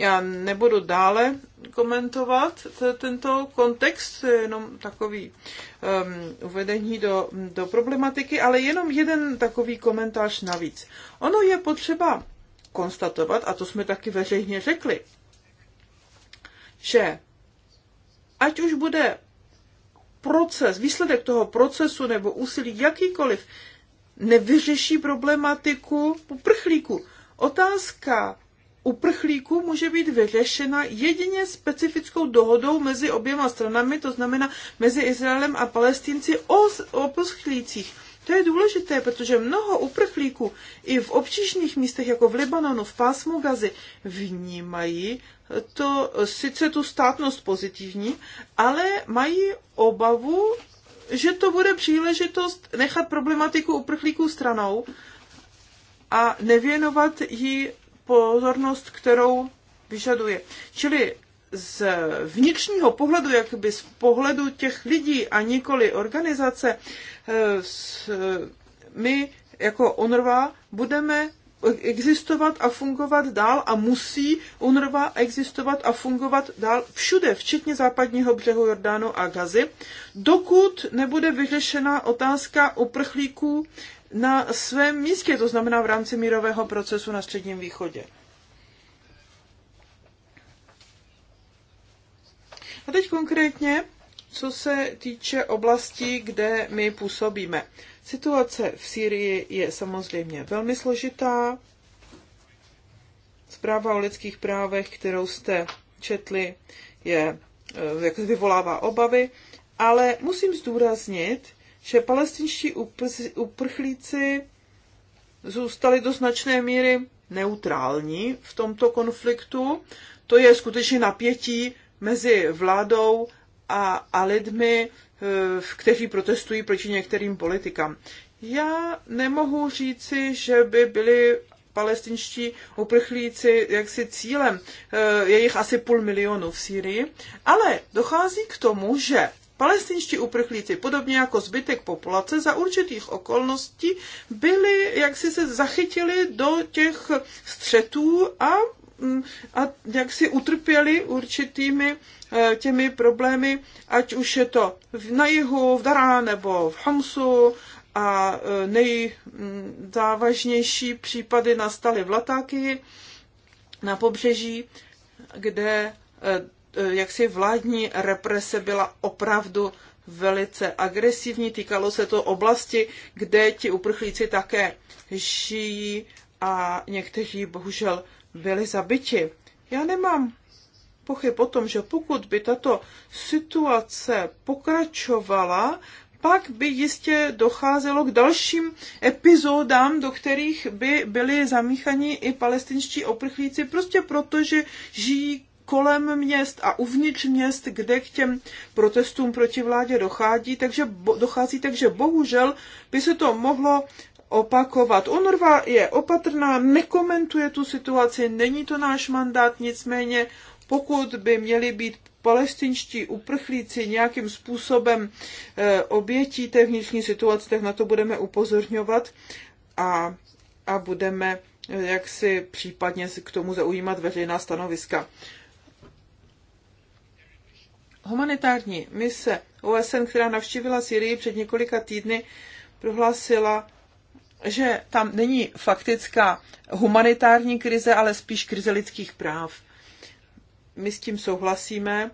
já nebudu dále komentovat tento kontext, jenom takový um, uvedení do, do problematiky, ale jenom jeden takový komentář navíc. Ono je potřeba konstatovat, a to jsme taky veřejně řekli, že ať už bude proces, výsledek toho procesu nebo úsilí jakýkoliv, nevyřeší problematiku uprchlíku. Otázka uprchlíků může být vyřešena jedině specifickou dohodou mezi oběma stranami, to znamená mezi Izraelem a Palestinci o, uprchlících. To je důležité, protože mnoho uprchlíků i v obtížných místech, jako v Libanonu, v pásmu Gazy, vnímají to sice tu státnost pozitivní, ale mají obavu, že to bude příležitost nechat problematiku uprchlíků stranou a nevěnovat ji pozornost, kterou vyžaduje. Čili z vnitřního pohledu, jakoby z pohledu těch lidí a nikoli organizace, eh, my jako UNRWA budeme existovat a fungovat dál a musí UNRWA existovat a fungovat dál všude, včetně západního břehu Jordánu a Gazy, dokud nebude vyřešena otázka uprchlíků na svém místě, to znamená v rámci mírového procesu na Středním východě. A teď konkrétně, co se týče oblasti, kde my působíme. Situace v Sýrii je samozřejmě velmi složitá. Zpráva o lidských právech, kterou jste četli, je, eh, jak vyvolává obavy, ale musím zdůraznit, že palestinští uprchlíci zůstali do značné míry neutrální v tomto konfliktu. To je skutečně napětí mezi vládou a, a lidmi, eh, kteří protestují proti některým politikám. Já nemohu říci, že by byli palestinští uprchlíci jaksi cílem, eh, je jich asi půl milionu v Sýrii, ale dochází k tomu, že Palestinští uprchlíci, podobně jako zbytek populace, za určitých okolností byli, jak si se zachytili do těch střetů a, mm, a jak si utrpěli určitými eh, těmi problémy, ať už je to na jihu, v Dará nebo v Homsu, a eh, nejzávažnější případy nastaly v Latáky na pobřeží, kde eh, Eh, jaksi vládní represe byla opravdu velice agresivní. Týkalo se to oblasti, kde ti uprchlíci také žijí a někteří bohužel byli zabiti. Já nemám pochyb o tom, že pokud by tato situace pokračovala, pak by jistě docházelo k dalším epizodám, do kterých by byli zamíchaní i palestinští oprchlíci, prostě protože žijí kolem měst a uvnitř měst, kde k těm protestům proti vládě dochází, takže, dochází, takže bohužel by se to mohlo opakovat. Onorva je opatrná, nekomentuje tu situaci, není to náš mandát, nicméně pokud by měli být palestinští uprchlíci nějakým způsobem eh, obětí té vnitřní situace, tak na to budeme upozorňovat a, a budeme eh, jak si případně k tomu zaujímat veřejná stanoviska. Humanitární mise OSN, která navštívila Syrii před několika týdny, prohlásila, že tam není faktická humanitární krize, ale spíš krize lidských práv. My s tím souhlasíme,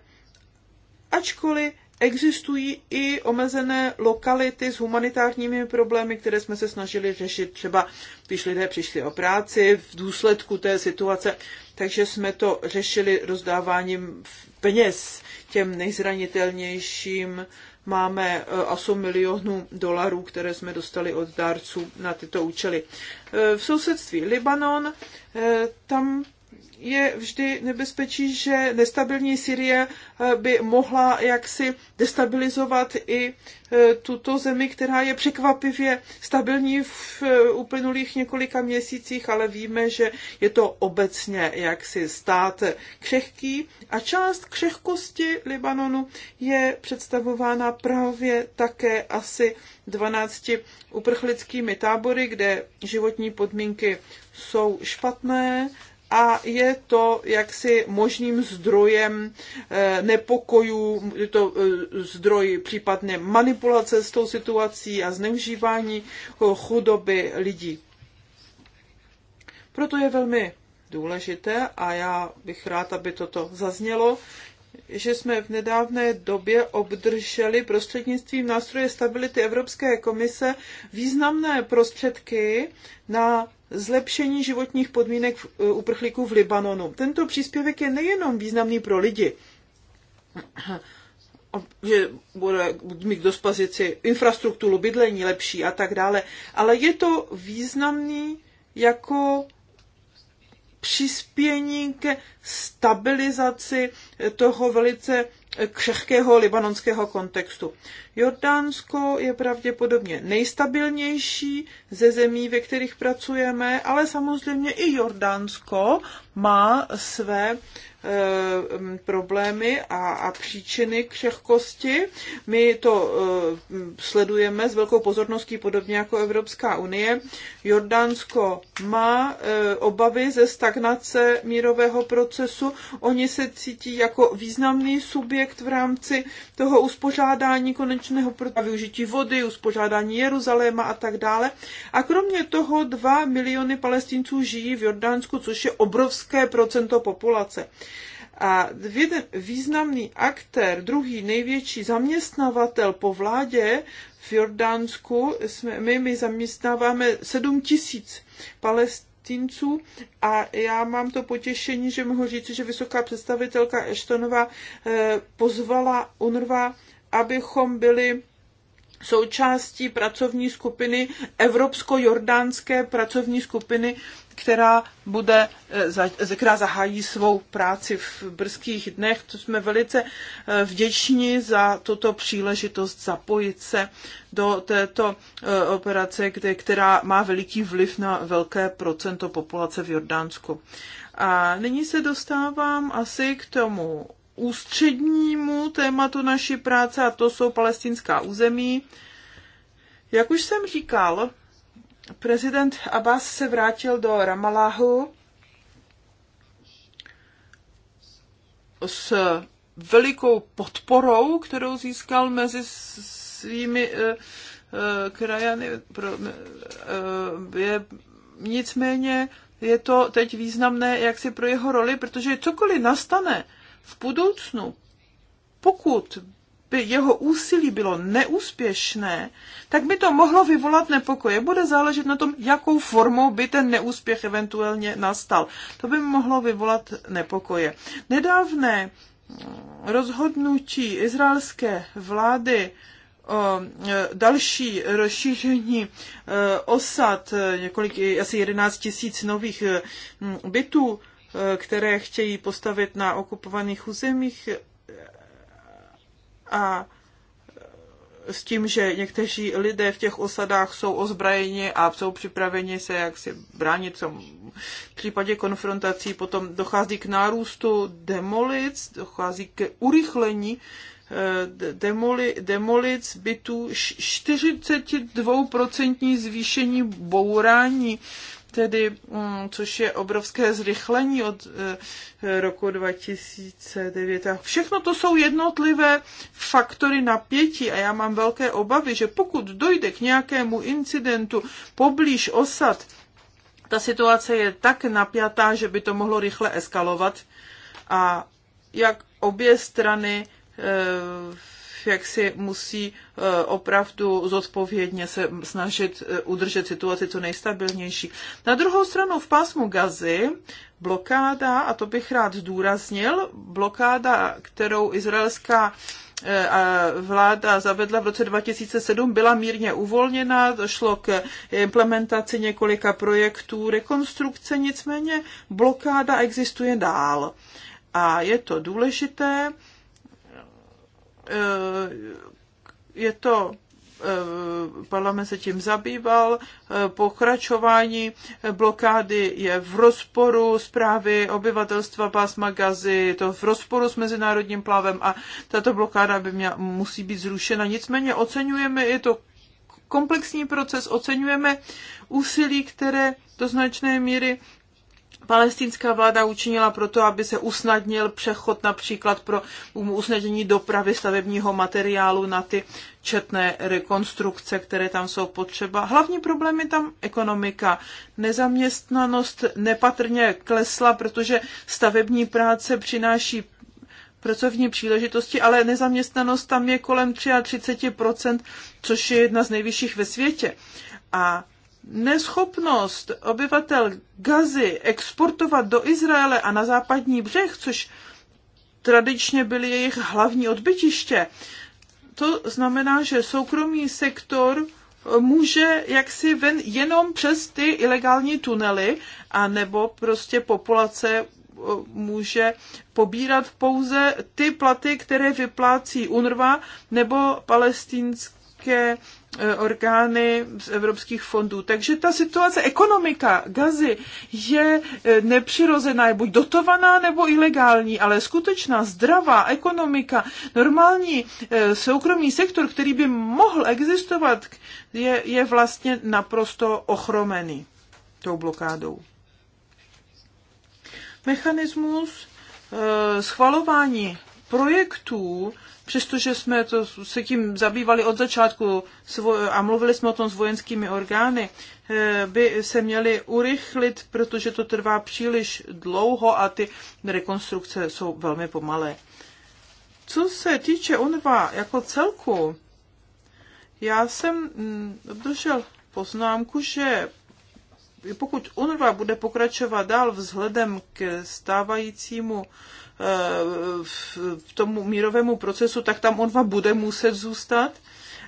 ačkoliv existují i omezené lokality s humanitárními problémy, které jsme se snažili řešit třeba, když lidé přišli o práci v důsledku té situace, takže jsme to řešili rozdáváním peněz těm nejzranitelnějším. Máme 8 eh, milionů dolarů, které jsme dostali od dárců na tyto účely. Eh, v sousedství Libanon, eh, tam je vždy nebezpečí, že nestabilní Syrie eh, by mohla jaksi destabilizovat i eh, tuto zemi, která je překvapivě stabilní v eh, uplynulých několika měsících, ale víme, že je to obecně jaksi stát křehký a část křehkosti Libanonu je představována právě také asi 12 uprchlickými tábory, kde životní podmínky jsou špatné, a je to jaksi možným zdrojem eh, nepokojů, je to eh, zdroj případné manipulace s tou situací a zneužívání eh, chudoby lidí. Proto je velmi důležité a já bych rád, aby toto zaznělo, že jsme v nedávné době obdrželi prostřednictvím nástroje stability Evropské komise významné prostředky na zlepšení životních podmínek e, uprchlíků v Libanonu. Tento příspěvek je nejenom významný pro lidi, že bude mít k dispozici infrastrukturu, bydlení lepší a tak dále, ale je to významný jako přispění ke stabilizaci toho velice křehkého libanonského kontextu. Jordánsko je pravděpodobně nejstabilnější ze zemí, ve kterých pracujeme, ale samozřejmě i Jordánsko má své Eh, problémy a, a příčiny křehkosti. My to eh, sledujeme s velkou pozorností, podobně jako Evropská unie. Jordánsko má eh, obavy ze stagnace mírového procesu. Oni se cítí jako významný subjekt v rámci toho uspořádání konečného a využití vody, uspořádání Jeruzaléma a tak dále. A kromě toho dva miliony palestinců žijí v Jordánsku, což je obrovské procento populace. A významný aktér, druhý největší zaměstnavatel po vládě v Jordánsku, jsme, my, my zaměstnáváme 7 tisíc palestinců a já mám to potěšení, že mohu říct, že vysoká představitelka Eštonová eh, pozvala UNRWA, abychom byli součástí pracovní skupiny, evropsko-jordánské pracovní skupiny která, bude, eh, která zahájí svou práci v brzkých dnech. To jsme velice eh, vděční za tuto příležitost zapojit se do této eh, operace, kde, která má veliký vliv na velké procento populace v Jordánsku. A nyní se dostávám asi k tomu ústřednímu tématu naší práce a to jsou palestinská území. Jak už jsem říkal, Prezident Abbas se vrátil do Ramaláhu s velikou podporou, kterou získal mezi svými eh, eh, krajany. Eh, je, nicméně je to teď významné jaksi pro jeho roli, protože cokoliv nastane v budoucnu, pokud by jeho úsilí bylo neúspěšné, tak by to mohlo vyvolat nepokoje. Bude záležet na tom, jakou formou by ten neúspěch eventuálně nastal. To by mohlo vyvolat nepokoje. Nedávné rozhodnutí izraelské vlády o e, další rozšíření e, osad, e, několik, asi 11 tisíc nových bytů, které chtějí postavit na okupovaných územích, a s tím, že někteří lidé v těch osadách jsou ozbrojeni a jsou připraveni se jak si bránit. V případě konfrontací potom dochází k nárůstu demolic, dochází k urychlení eh, demoli, demolic bytů, 42% zvýšení bourání tedy, mm, což je obrovské zrychlení od eh, roku 2009. všechno to jsou jednotlivé faktory napětí a já mám velké obavy, že pokud dojde k nějakému incidentu poblíž osad, ta situace je tak napjatá, že by to mohlo rychle eskalovat a jak obě strany eh, jak si musí eh, opravdu zodpovědně se snažit eh, udržet situaci co nejstabilnější. Na druhou stranu v pásmu Gazy blokáda, a to bych rád zdůraznil, blokáda, kterou izraelská eh, vláda zavedla v roce 2007, byla mírně uvolněna, došlo k implementaci několika projektů rekonstrukce, nicméně blokáda existuje dál. A je to důležité, Eh, je to eh, parlament se tím zabýval, eh, pokračování blokády je v rozporu s právy obyvatelstva pásma Gazy, je to v rozporu s mezinárodním plavem a tato blokáda by měla, musí být zrušena. Nicméně oceňujeme, je to komplexní proces, oceňujeme úsilí, které do značné míry palestinská vláda učinila proto, aby se usnadnil přechod například pro usnadnění dopravy stavebního materiálu na ty četné rekonstrukce, které tam jsou potřeba. Hlavní problém je tam ekonomika. Nezaměstnanost nepatrně klesla, protože stavební práce přináší pracovní příležitosti, ale nezaměstnanost tam je kolem 33%, což je jedna z nejvyšších ve světě. A neschopnost obyvatel Gazy exportovat do Izraele a na západní břeh, což tradičně byly jejich hlavní odbytiště, to znamená, že soukromý sektor může jaksi ven jenom přes ty ilegální tunely, a nebo prostě populace může pobírat pouze ty platy, které vyplácí UNRWA nebo palestinské E, orgány z evropských fondů. Takže ta situace, ekonomika gazy je e, nepřirozená, je buď dotovaná nebo ilegální, ale skutečná zdravá ekonomika, normální e, soukromý sektor, který by mohl existovat, je, je vlastně naprosto ochromený tou blokádou. Mechanismus schvalování projektů, přestože jsme to, se tím zabývali od začátku a mluvili jsme o tom s vojenskými orgány, eh, by se měly urychlit, protože to trvá příliš dlouho a ty rekonstrukce jsou velmi pomalé. Co se týče UNRWA jako celku, já jsem mm, obdržel poznámku, že pokud UNRWA bude pokračovat dál vzhledem k stávajícímu v tomu mírovému procesu, tak tam on bude muset zůstat.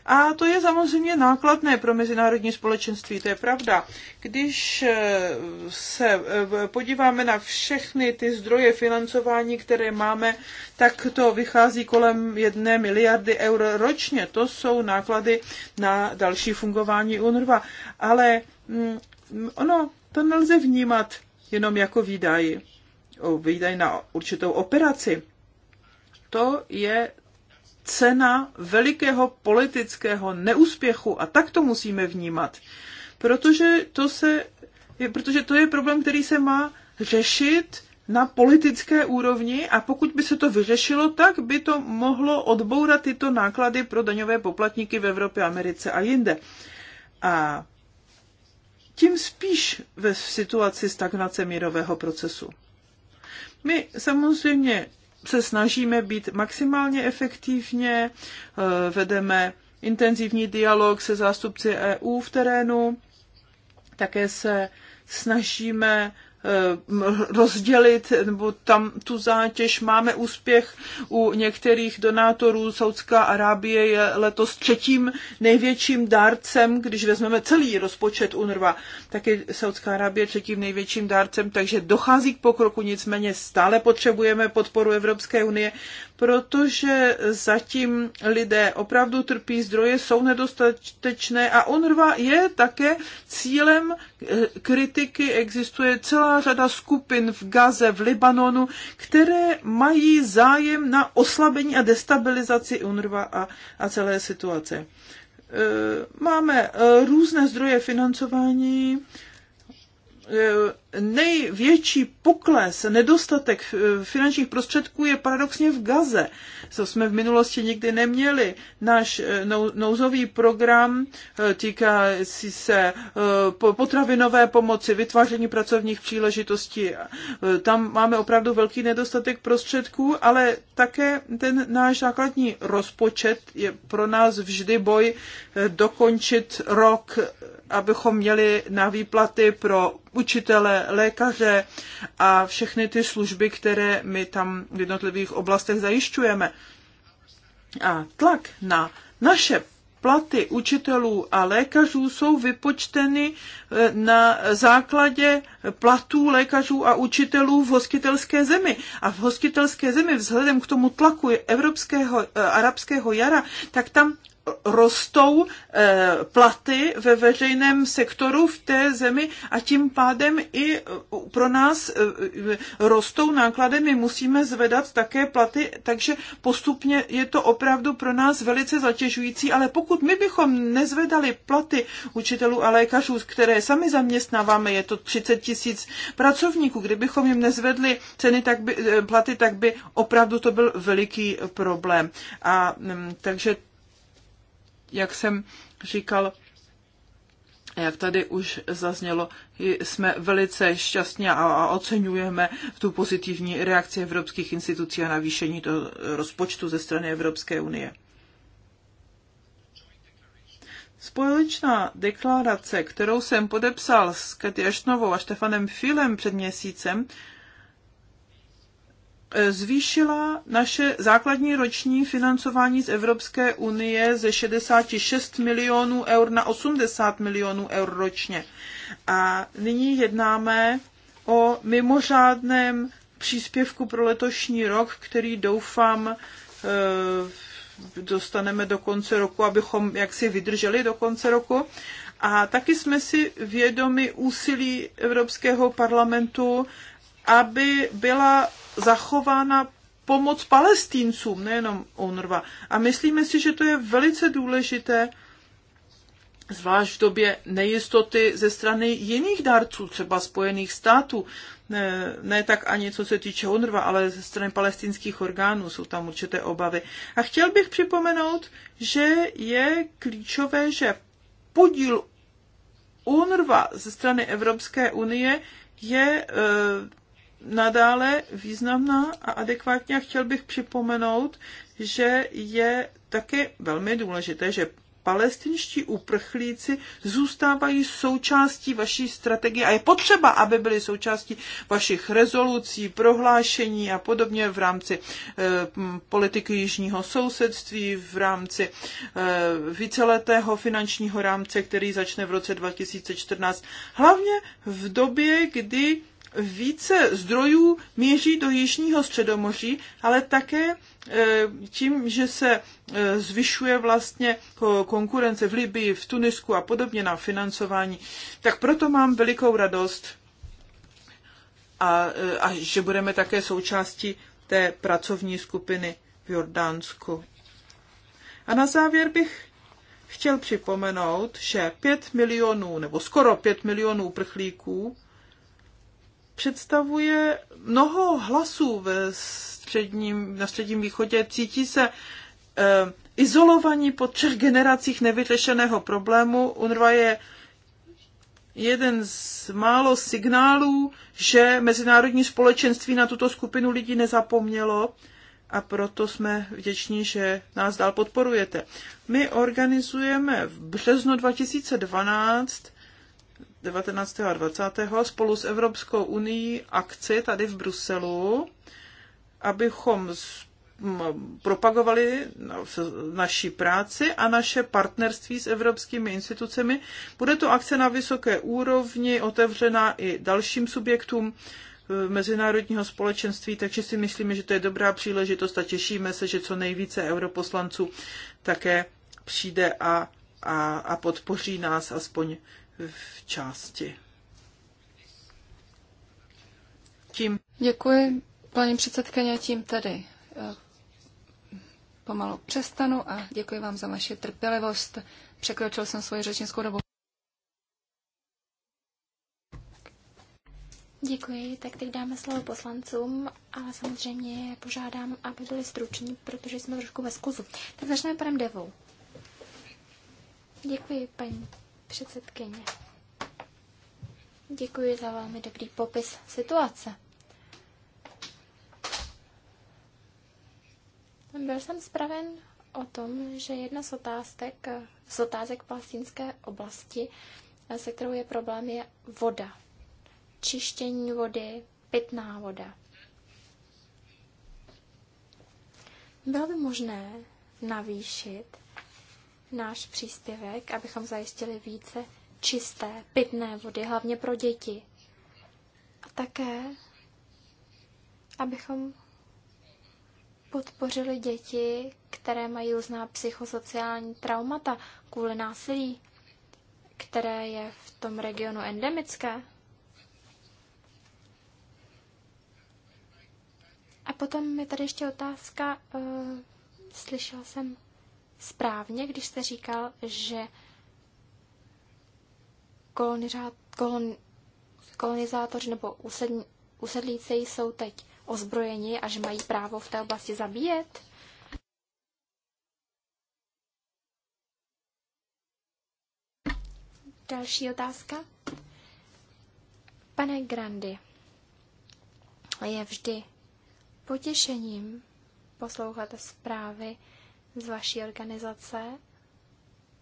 A to je samozřejmě nákladné pro mezinárodní společenství, to je pravda. Když eh, se eh, podíváme na všechny ty zdroje financování, které máme, tak to vychází kolem jedné miliardy eur ročně. To jsou náklady na další fungování UNRWA. Ale mm, ono to nelze vnímat jenom jako výdaji výdaj na určitou operaci. To je cena velikého politického neúspěchu a tak to musíme vnímat. Protože to, se, protože to je problém, který se má řešit na politické úrovni a pokud by se to vyřešilo, tak by to mohlo odbourat tyto náklady pro daňové poplatníky v Evropě, Americe a jinde. A tím spíš ve situaci stagnace mírového procesu. My samozřejmě se snažíme být maximálně efektivně, eh, vedeme intenzivní dialog se zástupci EU v terénu, také se snažíme Eh, rozdělit nebo tam tu zátěž. Máme úspěch u některých donátorů. Saudská Arábie je letos třetím největším dárcem, když vezmeme celý rozpočet UNRWA, tak je Saudská Arábie třetím největším dárcem, takže dochází k pokroku, nicméně stále potřebujeme podporu Evropské unie protože zatím lidé opravdu trpí, zdroje jsou nedostatečné a UNRWA je také cílem eh, kritiky. Existuje celá řada skupin v Gaze, v Libanonu, které mají zájem na oslabení a destabilizaci UNRWA a, a celé situace. Eh, máme eh, různé zdroje financování, Eh, největší pokles, nedostatek eh, finančních prostředků je paradoxně v Gaze, co jsme v minulosti nikdy neměli. Náš eh, nouzový program týká si se potravinové pomoci, vytváření pracovních příležitostí. Tam máme opravdu velký nedostatek prostředků, ale také ten náš základní rozpočet je pro nás vždy boj dokončit rok abychom měli na výplaty pro učitele, lékaře a všechny ty služby, které my tam v jednotlivých oblastech zajišťujeme. A tlak na naše platy učitelů a lékařů jsou vypočteny eh, na základě platů lékařů a učitelů v hostitelské zemi. A v hostitelské zemi vzhledem k tomu tlaku evropského eh, arabského jara, tak tam rostou eh, platy ve veřejném sektoru v té zemi a tím pádem i eh, pro nás eh, rostou náklady. My musíme zvedat také platy, takže postupně je to opravdu pro nás velice zatěžující, ale pokud my bychom nezvedali platy učitelů a lékařů, které sami zaměstnáváme, je to 30 tisíc pracovníků, kdybychom jim nezvedli ceny, tak by, platy, tak by opravdu to byl veliký problém. A mm, takže jak jsem říkal, jak tady už zaznělo, jsme velice šťastní a oceňujeme tu pozitivní reakci evropských institucí a navýšení to rozpočtu ze strany Evropské unie. Společná deklarace, kterou jsem podepsal s Katy Ashtonovou a Štefanem Filem před měsícem, Eh, zvýšila naše základní roční financování z Evropské unie ze 66 milionů eur na 80 milionů eur ročně. A nyní jednáme o mimořádném příspěvku pro letošní rok, který doufám eh, dostaneme do konce roku, abychom jaksi vydrželi do konce roku. A taky jsme si vědomi úsilí Evropského parlamentu, aby byla zachována pomoc palestíncům, nejenom UNRWA. A myslíme si, že to je velice důležité, zvlášť v době nejistoty ze strany jiných dárců, třeba Spojených států, ne, ne tak ani co se týče UNRWA, ale ze strany palestinských orgánů jsou tam určité obavy. A chtěl bych připomenout, že je klíčové, že podíl UNRWA ze strany Evropské unie je eh, nadále významná a adekvátní. A chtěl bych připomenout, že je také velmi důležité, že palestinští uprchlíci zůstávají součástí vaší strategie a je potřeba, aby byli součástí vašich rezolucí, prohlášení a podobně v rámci eh, politiky jižního sousedství, v rámci eh, víceletého finančního rámce, který začne v roce 2014. Hlavně v době, kdy více zdrojů míří do Jižního středomoří, ale také eh, tím, že se eh, zvyšuje vlastně konkurence v Libii, v Tunisku a podobně na financování, tak proto mám velikou radost a, eh, a že budeme také součástí té pracovní skupiny v Jordánsku. A na závěr bych chtěl připomenout, že 5 milionů, nebo skoro 5 milionů prchlíků představuje mnoho hlasů ve středním, na středním východě. Cítí se e, izolovaní po třech generacích nevyřešeného problému. UNRWA je jeden z málo signálů, že mezinárodní společenství na tuto skupinu lidí nezapomnělo a proto jsme vděční, že nás dál podporujete. My organizujeme v březnu 2012 19. a 20. spolu s Evropskou unii akci tady v Bruselu, abychom propagovali naši práci a naše partnerství s evropskými institucemi. Bude to akce na vysoké úrovni, otevřená i dalším subjektům e, mezinárodního společenství, takže si myslíme, že to je dobrá příležitost a těšíme se, že co nejvíce europoslanců také přijde a, a, a podpoří nás aspoň v části. Tím. Děkuji, paní předsedkyně, tím tedy eh, pomalu přestanu a děkuji vám za vaši trpělivost. Překročil jsem svoji řečnickou dobu. Děkuji, tak teď dáme slovo poslancům, ale samozřejmě požádám, aby byli struční, protože jsme trošku ve skuzu. Tak začneme panem Devou. Děkuji, paní předsedkyně. Děkuji za velmi dobrý popis situace. Byl jsem zpraven o tom, že jedna z otázek, z otázek palestinské oblasti, se kterou je problém, je voda. Čištění vody, pitná voda. Bylo by možné navýšit náš příspěvek, abychom zajistili více čisté, pitné vody, hlavně pro děti. A také, abychom podpořili děti, které mají různá psychosociální traumata kvůli násilí, které je v tom regionu endemické. A potom je tady ještě otázka, uh, jsem správně, když jste říkal, že kolonizátoři nebo usedlíci jsou teď ozbrojeni a že mají právo v té oblasti zabíjet? Další otázka. Pane Grandy, je vždy potěšením poslouchat zprávy z vaší organizace,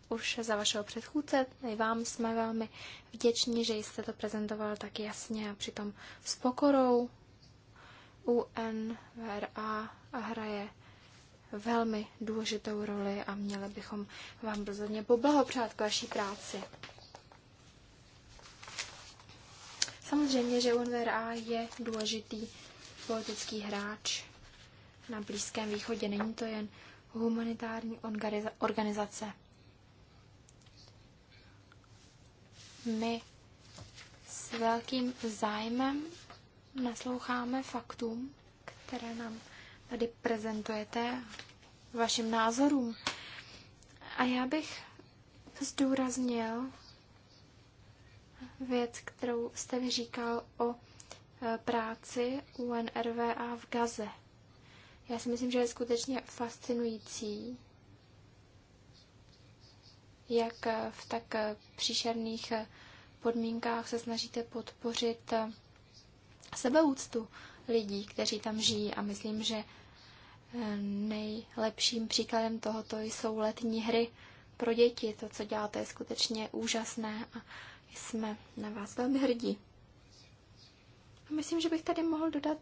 už za vašeho předchůdce. I vám jsme velmi vděční, že jste to prezentoval tak jasně a přitom s pokorou. UNVRA hraje velmi důležitou roli a měli bychom vám rozhodně poblahopřát k vaší práci. Samozřejmě, že UNVRA je důležitý politický hráč na Blízkém východě. Není to jen humanitární organizace. My s velkým zájmem nasloucháme faktům, které nám tady prezentujete, vašim názorům. A já bych zdůraznil věc, kterou jste vyříkal o e, práci UNRWA v Gaze. Já si myslím, že je skutečně fascinující, jak eh, v tak eh, příšerných eh, podmínkách se snažíte podpořit sebeúctu lidí, kteří tam žijí. A myslím, že nejlepším příkladem tohoto jsou letní hry pro děti. To, co děláte, je skutečně úžasné a jsme na vás velmi hrdí. A myslím, že bych tady mohl dodat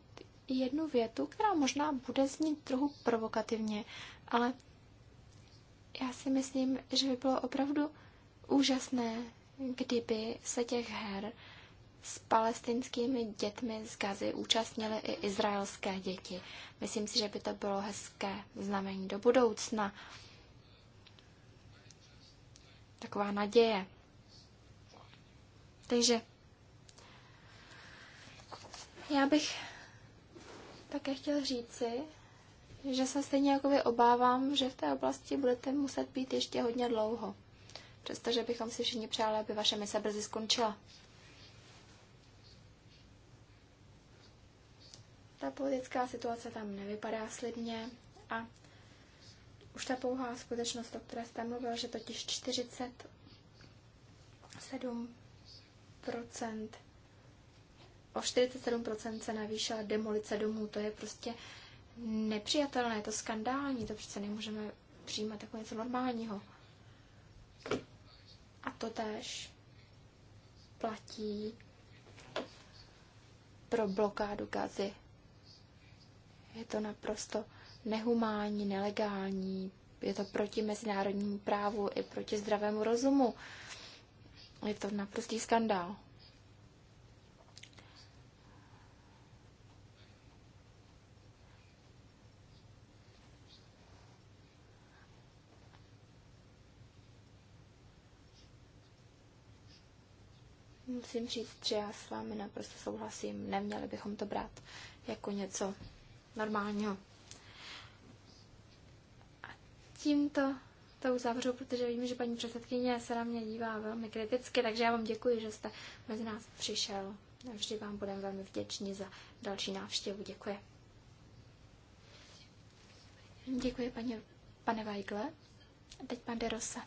jednu větu, která možná bude znít trochu provokativně, ale já si myslím, že by bylo opravdu úžasné, kdyby se těch her s palestinskými dětmi z Gazy účastnily i izraelské děti. Myslím si, že by to bylo hezké znamení do budoucna. Taková naděje. Takže já bych také chtěl říci, že se stejně jako vy obávám, že v té oblasti budete muset být ještě hodně dlouho. Přestože bychom si všichni přáli, aby vaše mise brzy skončila. Ta politická situace tam nevypadá slibně a už ta pouhá skutečnost, o které jste mluvil, že totiž 47 procent O 47% se navýšila demolice domů. To je prostě nepřijatelné, je to skandální, to přece nemůžeme přijímat jako něco normálního. A to tež platí pro blokádu gazy. Je to naprosto nehumánní, nelegální, je to proti mezinárodnímu právu i proti zdravému rozumu. Je to naprostý skandál. musím říct, že já s vámi naprosto souhlasím. Neměli bychom to brát jako něco normálního. A tímto to uzavřu, protože vím, že paní předsedkyně se na mě dívá velmi kriticky, takže já vám děkuji, že jste mezi nás přišel. Vždy vám budeme velmi vděční za další návštěvu. Děkuji. Děkuji, paní, pane Weigle. Teď pan De Rosa.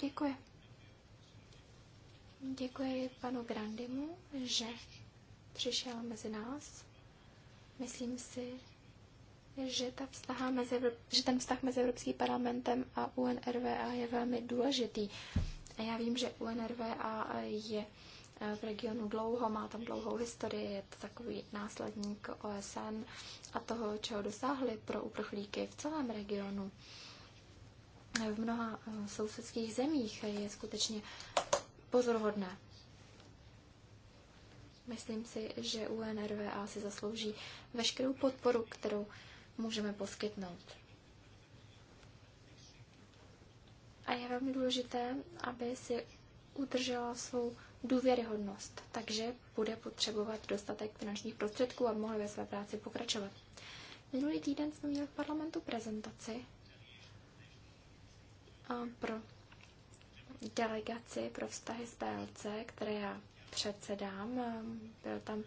Děkuji. Děkuji panu Grandimu, že přišel mezi nás. Myslím si, že, ta vztaha mezi, že ten vztah mezi Evropským parlamentem a UNRWA je velmi důležitý. A já vím, že UNRWA je eh, v regionu dlouho, má tam dlouhou historii, je to takový následník OSN a toho, čeho dosáhli pro uprchlíky v celém regionu v mnoha eh, sousedských zemích je skutečně pozoruhodné. Myslím si, že UNRWA si zaslouží veškerou podporu, kterou můžeme poskytnout. A je velmi důležité, aby si udržela svou důvěryhodnost, takže bude potřebovat dostatek finančních prostředků, a mohla ve své práci pokračovat. Minulý týden jsme měli v parlamentu prezentaci pro delegaci pro vztahy s PLC, které já předsedám. Um, byl tam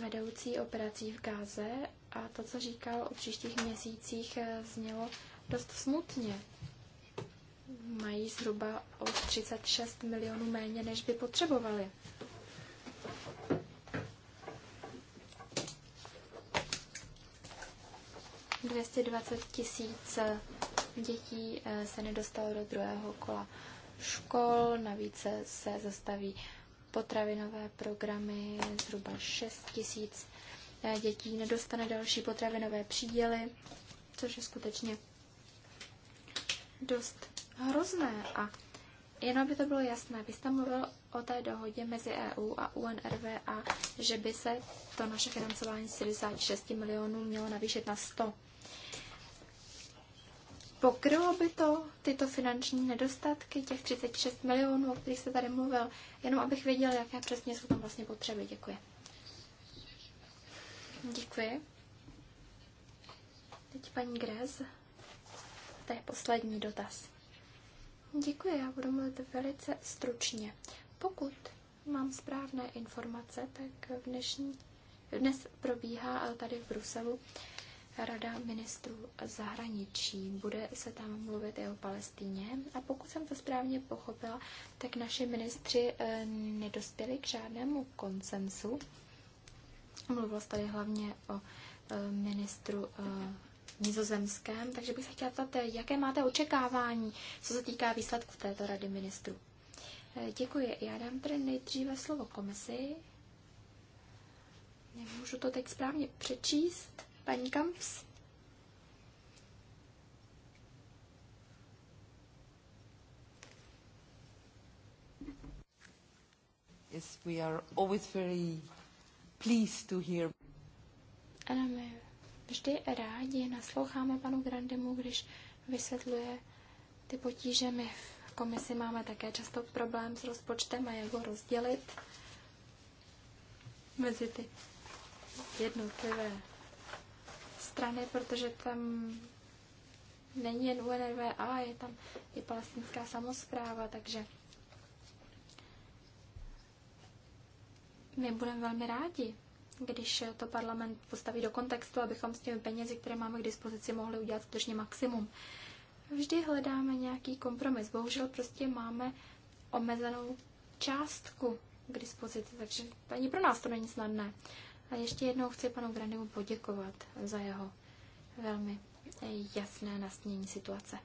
vedoucí operací v Gáze a to, co říkal o příštích měsících, eh, znělo dost smutně. Mají zhruba o 36 milionů méně, než by potřebovali. Dvěstě dvacet tisíc eh, dětí eh, se nedostalo do druhého kola škol, navíc se zastaví potravinové programy, zhruba 6 tisíc eh, dětí nedostane další potravinové příděly, což je skutečně dost hrozné. A jenom by to bylo jasné, vy jste mluvil o té dohodě mezi EU a UNRV, a že by se to naše financování 76 milionů mělo navýšit na 100 Pokrylo by to tyto finanční nedostatky, těch 36 milionů, o kterých se tady mluvil, jenom abych věděl, jaké přesně jsou tam vlastně potřeby. Děkuji. Děkuji. Teď paní Grez. To je poslední dotaz. Děkuji, já budu mluvit velice stručně. Pokud mám správné informace, tak v dnešní, dnes probíhá ale tady v Bruselu Rada ministrů zahraničí. Bude se tam mluvit i o Palestíně. A pokud jsem to správně pochopila, tak naši ministři eh, nedospěli k žádnému konsensu. Mluvilo se tady hlavně o eh, ministru eh, nizozemském, takže bych se chtěla ptat, jaké máte očekávání, co se týká výsledků této rady ministrů. Děkuji. Já dám tedy nejdříve slovo komisi. Nemůžu to teď správně přečíst paní Kamps? Yes, we are always very pleased to hear. Ano, my vždy rádi nasloucháme panu Grandemu, když vysvětluje ty potíže. My v komisi máme také často problém s rozpočtem a jeho rozdělit mezi ty jednotlivé strany, protože tam není jen UNRWA, je tam i palestinská samozpráva, takže my budeme velmi rádi, když to parlament postaví do kontextu, abychom s těmi penězi, které máme k dispozici, mohli udělat skutečně maximum. Vždy hledáme nějaký kompromis. Bohužel prostě máme omezenou částku k dispozici, takže ani pro nás to není snadné. A ještě jednou chci panu Grandemu poděkovat za jeho velmi jasné nasnění situace.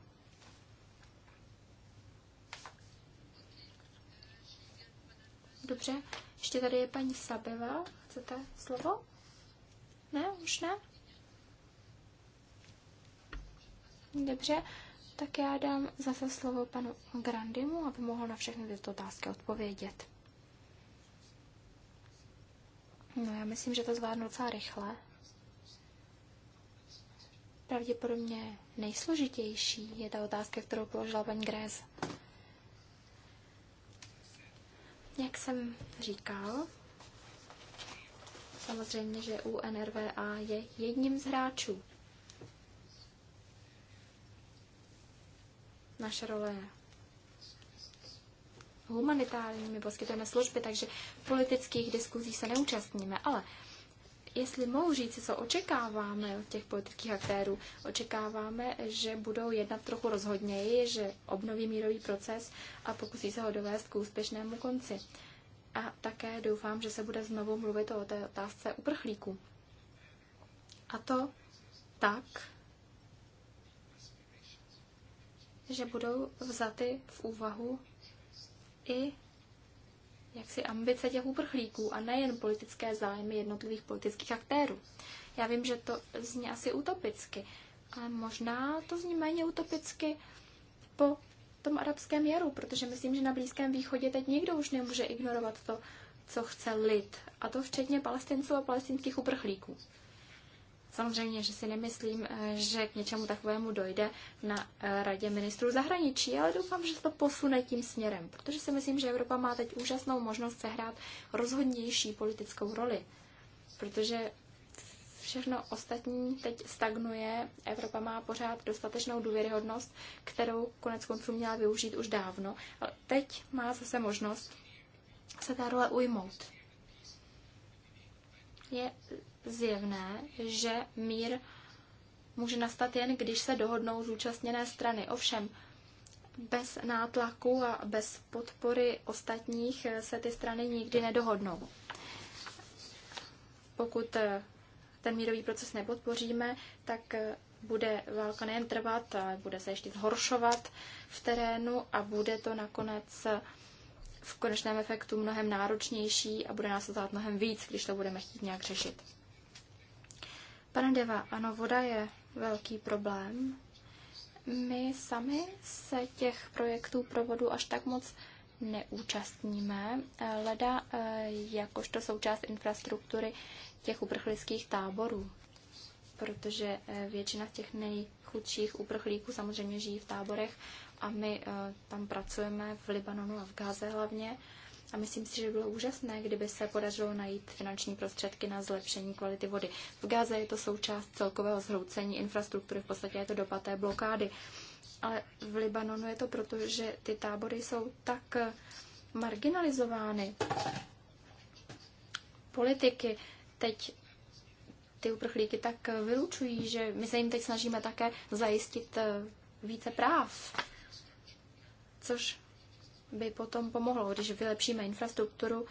Dobře, ještě tady je paní Sabeva. Chcete slovo? Ne, už ne? Dobře, tak já dám zase slovo panu Grandimu, aby mohl na všechny tyto otázky odpovědět. No, já myslím, že to zvládnu docela rychle. Pravděpodobně nejsložitější je ta otázka, kterou položila paní Gréz. Jak jsem říkal, samozřejmě, že u NRVA je jedním z hráčů. Naše role je humanitární, my poskytujeme služby, takže politických diskuzí se neúčastníme. Ale jestli mohu říct, co očekáváme od těch politických aktérů, očekáváme, že budou jednat trochu rozhodněji, že obnoví mírový proces a pokusí se ho dovést k úspěšnému konci. A také doufám, že se bude znovu mluvit o té otázce uprchlíků. A to tak, že budou vzaty v úvahu i jaksi ambice těch uprchlíků a nejen politické zájmy jednotlivých politických aktérů. Já vím, že to zní asi utopicky, ale možná to zní méně utopicky po tom arabském jaru, protože myslím, že na Blízkém východě teď nikdo už nemůže ignorovat to, co chce lid, a to včetně palestinců a palestinských uprchlíků. Samozřejmě, že si nemyslím, eh, že k něčemu takovému dojde na eh, Radě ministrů zahraničí, ale doufám, že se to posune tím směrem, protože si myslím, že Evropa má teď úžasnou možnost sehrát rozhodnější politickou roli, protože všechno ostatní teď stagnuje, Evropa má pořád dostatečnou důvěryhodnost, kterou konec konců měla využít už dávno, ale teď má zase možnost se ta role ujmout. Je zjevné, že mír může nastat jen, když se dohodnou zúčastněné strany. Ovšem, bez nátlaku a bez podpory ostatních se ty strany nikdy nedohodnou. Pokud eh, ten mírový proces nepodpoříme, tak eh, bude válka nejen trvat, ale bude se ještě zhoršovat v terénu a bude to nakonec eh, v konečném efektu mnohem náročnější a bude nás to mnohem víc, když to budeme chtít nějak řešit. Pane Deva, ano, voda je velký problém. My sami se těch projektů pro vodu až tak moc neúčastníme. Leda eh, jakožto součást infrastruktury těch uprchlických táborů, protože eh, většina z těch nejchudších uprchlíků samozřejmě žijí v táborech a my eh, tam pracujeme v Libanonu a v Gáze hlavně a myslím si, že bylo úžasné, kdyby se podařilo najít finanční prostředky na zlepšení kvality vody. V Gáze je to součást celkového zhroucení infrastruktury, v podstatě je to dopad blokády. Ale v Libanonu je to proto, že ty tábory jsou tak eh, marginalizovány. Politiky teď ty uprchlíky tak eh, vylučují, že my se jim teď snažíme také zajistit eh, více práv. Což by potom pomohlo. Když vylepšíme infrastrukturu,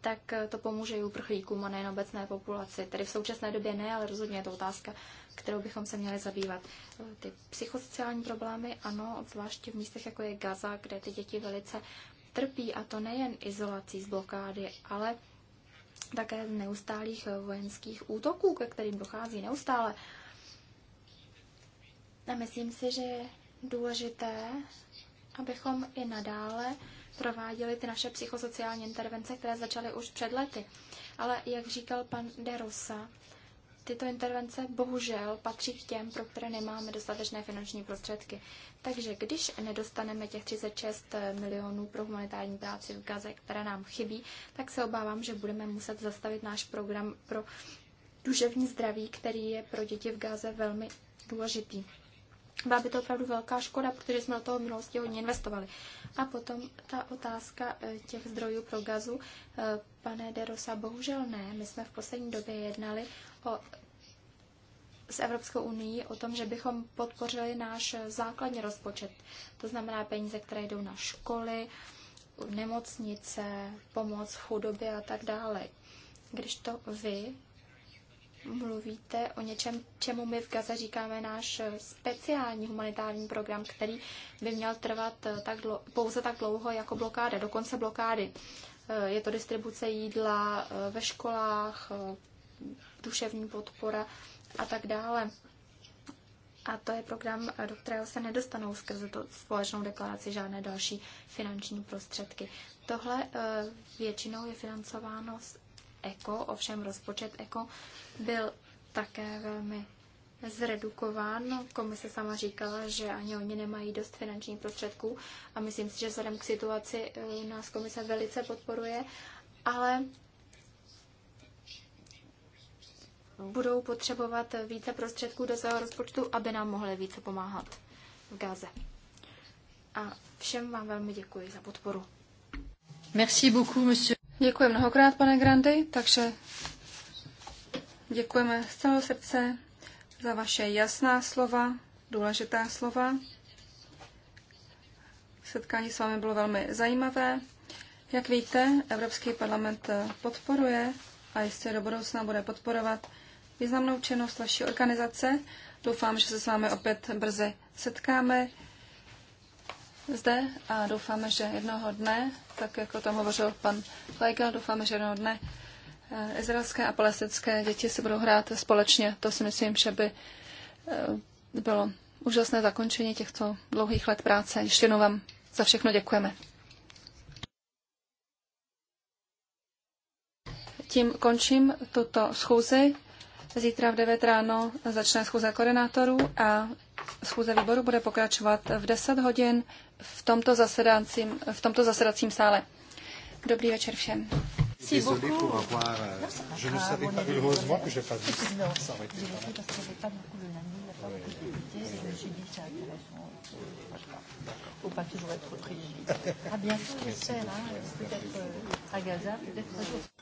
tak to pomůže i uprchlíkům a nejen obecné populaci. Tedy v současné době ne, ale rozhodně je to otázka, kterou bychom se měli zabývat. Ty psychosociální problémy, ano, zvláště v místech, jako je Gaza, kde ty děti velice trpí, a to nejen izolací z blokády, ale také z neustálých vojenských útoků, ke kterým dochází neustále. A myslím si, že je důležité abychom i nadále prováděli ty naše psychosociální intervence, které začaly už před lety. Ale jak říkal pan De Rosa, tyto intervence bohužel patří k těm, pro které nemáme dostatečné finanční prostředky. Takže když nedostaneme těch 36 milionů pro humanitární práci v Gaze, které nám chybí, tak se obávám, že budeme muset zastavit náš program pro duševní zdraví, který je pro děti v Gaze velmi důležitý byla by to opravdu velká škoda, protože jsme do toho v minulosti hodně investovali. A potom ta otázka eh, těch zdrojů pro gazu. Eh, pane Derosa, bohužel ne. My jsme v poslední době jednali o, s Evropskou unii o tom, že bychom podpořili náš základní rozpočet. To znamená peníze, které jdou na školy, nemocnice, pomoc v chudobě a tak dále. Když to vy mluvíte o něčem, čemu my v Gaze říkáme náš speciální humanitární program, který by měl trvat eh, tak dlouho, pouze tak dlouho jako blokáda, do konce blokády. Eh, je to distribuce jídla eh, ve školách, duševní podpora a tak dále. A to je program, do kterého se nedostanou skrze tu společnou deklaraci žádné další finanční prostředky. Tohle většinou je financováno z ECO, ovšem rozpočet ECO byl také velmi zredukován. No, komise sama říkala, že ani oni nemají dost finančních prostředků a myslím si, že vzhledem k situaci eh, nás komise velice podporuje, ale budou potřebovat více prostředků do svého rozpočtu, aby nám mohli více pomáhat v Gaze. A všem vám velmi děkuji za podporu. Merci beaucoup, monsieur. Děkuji mnohokrát, pane Grandy, takže děkujeme z celého srdce za vaše jasná slova, důležitá slova. Setkání s vámi bylo velmi zajímavé. Jak víte, Evropský parlament podporuje a jistě do budoucna bude podporovat významnou činnost vaší organizace. Doufám, že se s vámi opět brzy setkáme zde a doufáme, že jednoho dne, tak jako tam hovořil pan Weigel, doufáme, že jednoho dne eh, izraelské a palestinské děti se budou hrát společně. To si myslím, že by eh, bylo úžasné zakončení těchto dlouhých let práce. Ještě jednou vám za všechno děkujeme. Tím končím tuto schůzi. Zítra v 9 ráno začne schůze koordinátorů a schůze výboru bude pokračovat v 10 hodin v tomto zasedacím, v tomto zasedacím sále. Dobrý večer všem. pas, toujours être trop À bientôt, hein, peut-être euh, à Gaza, peut-être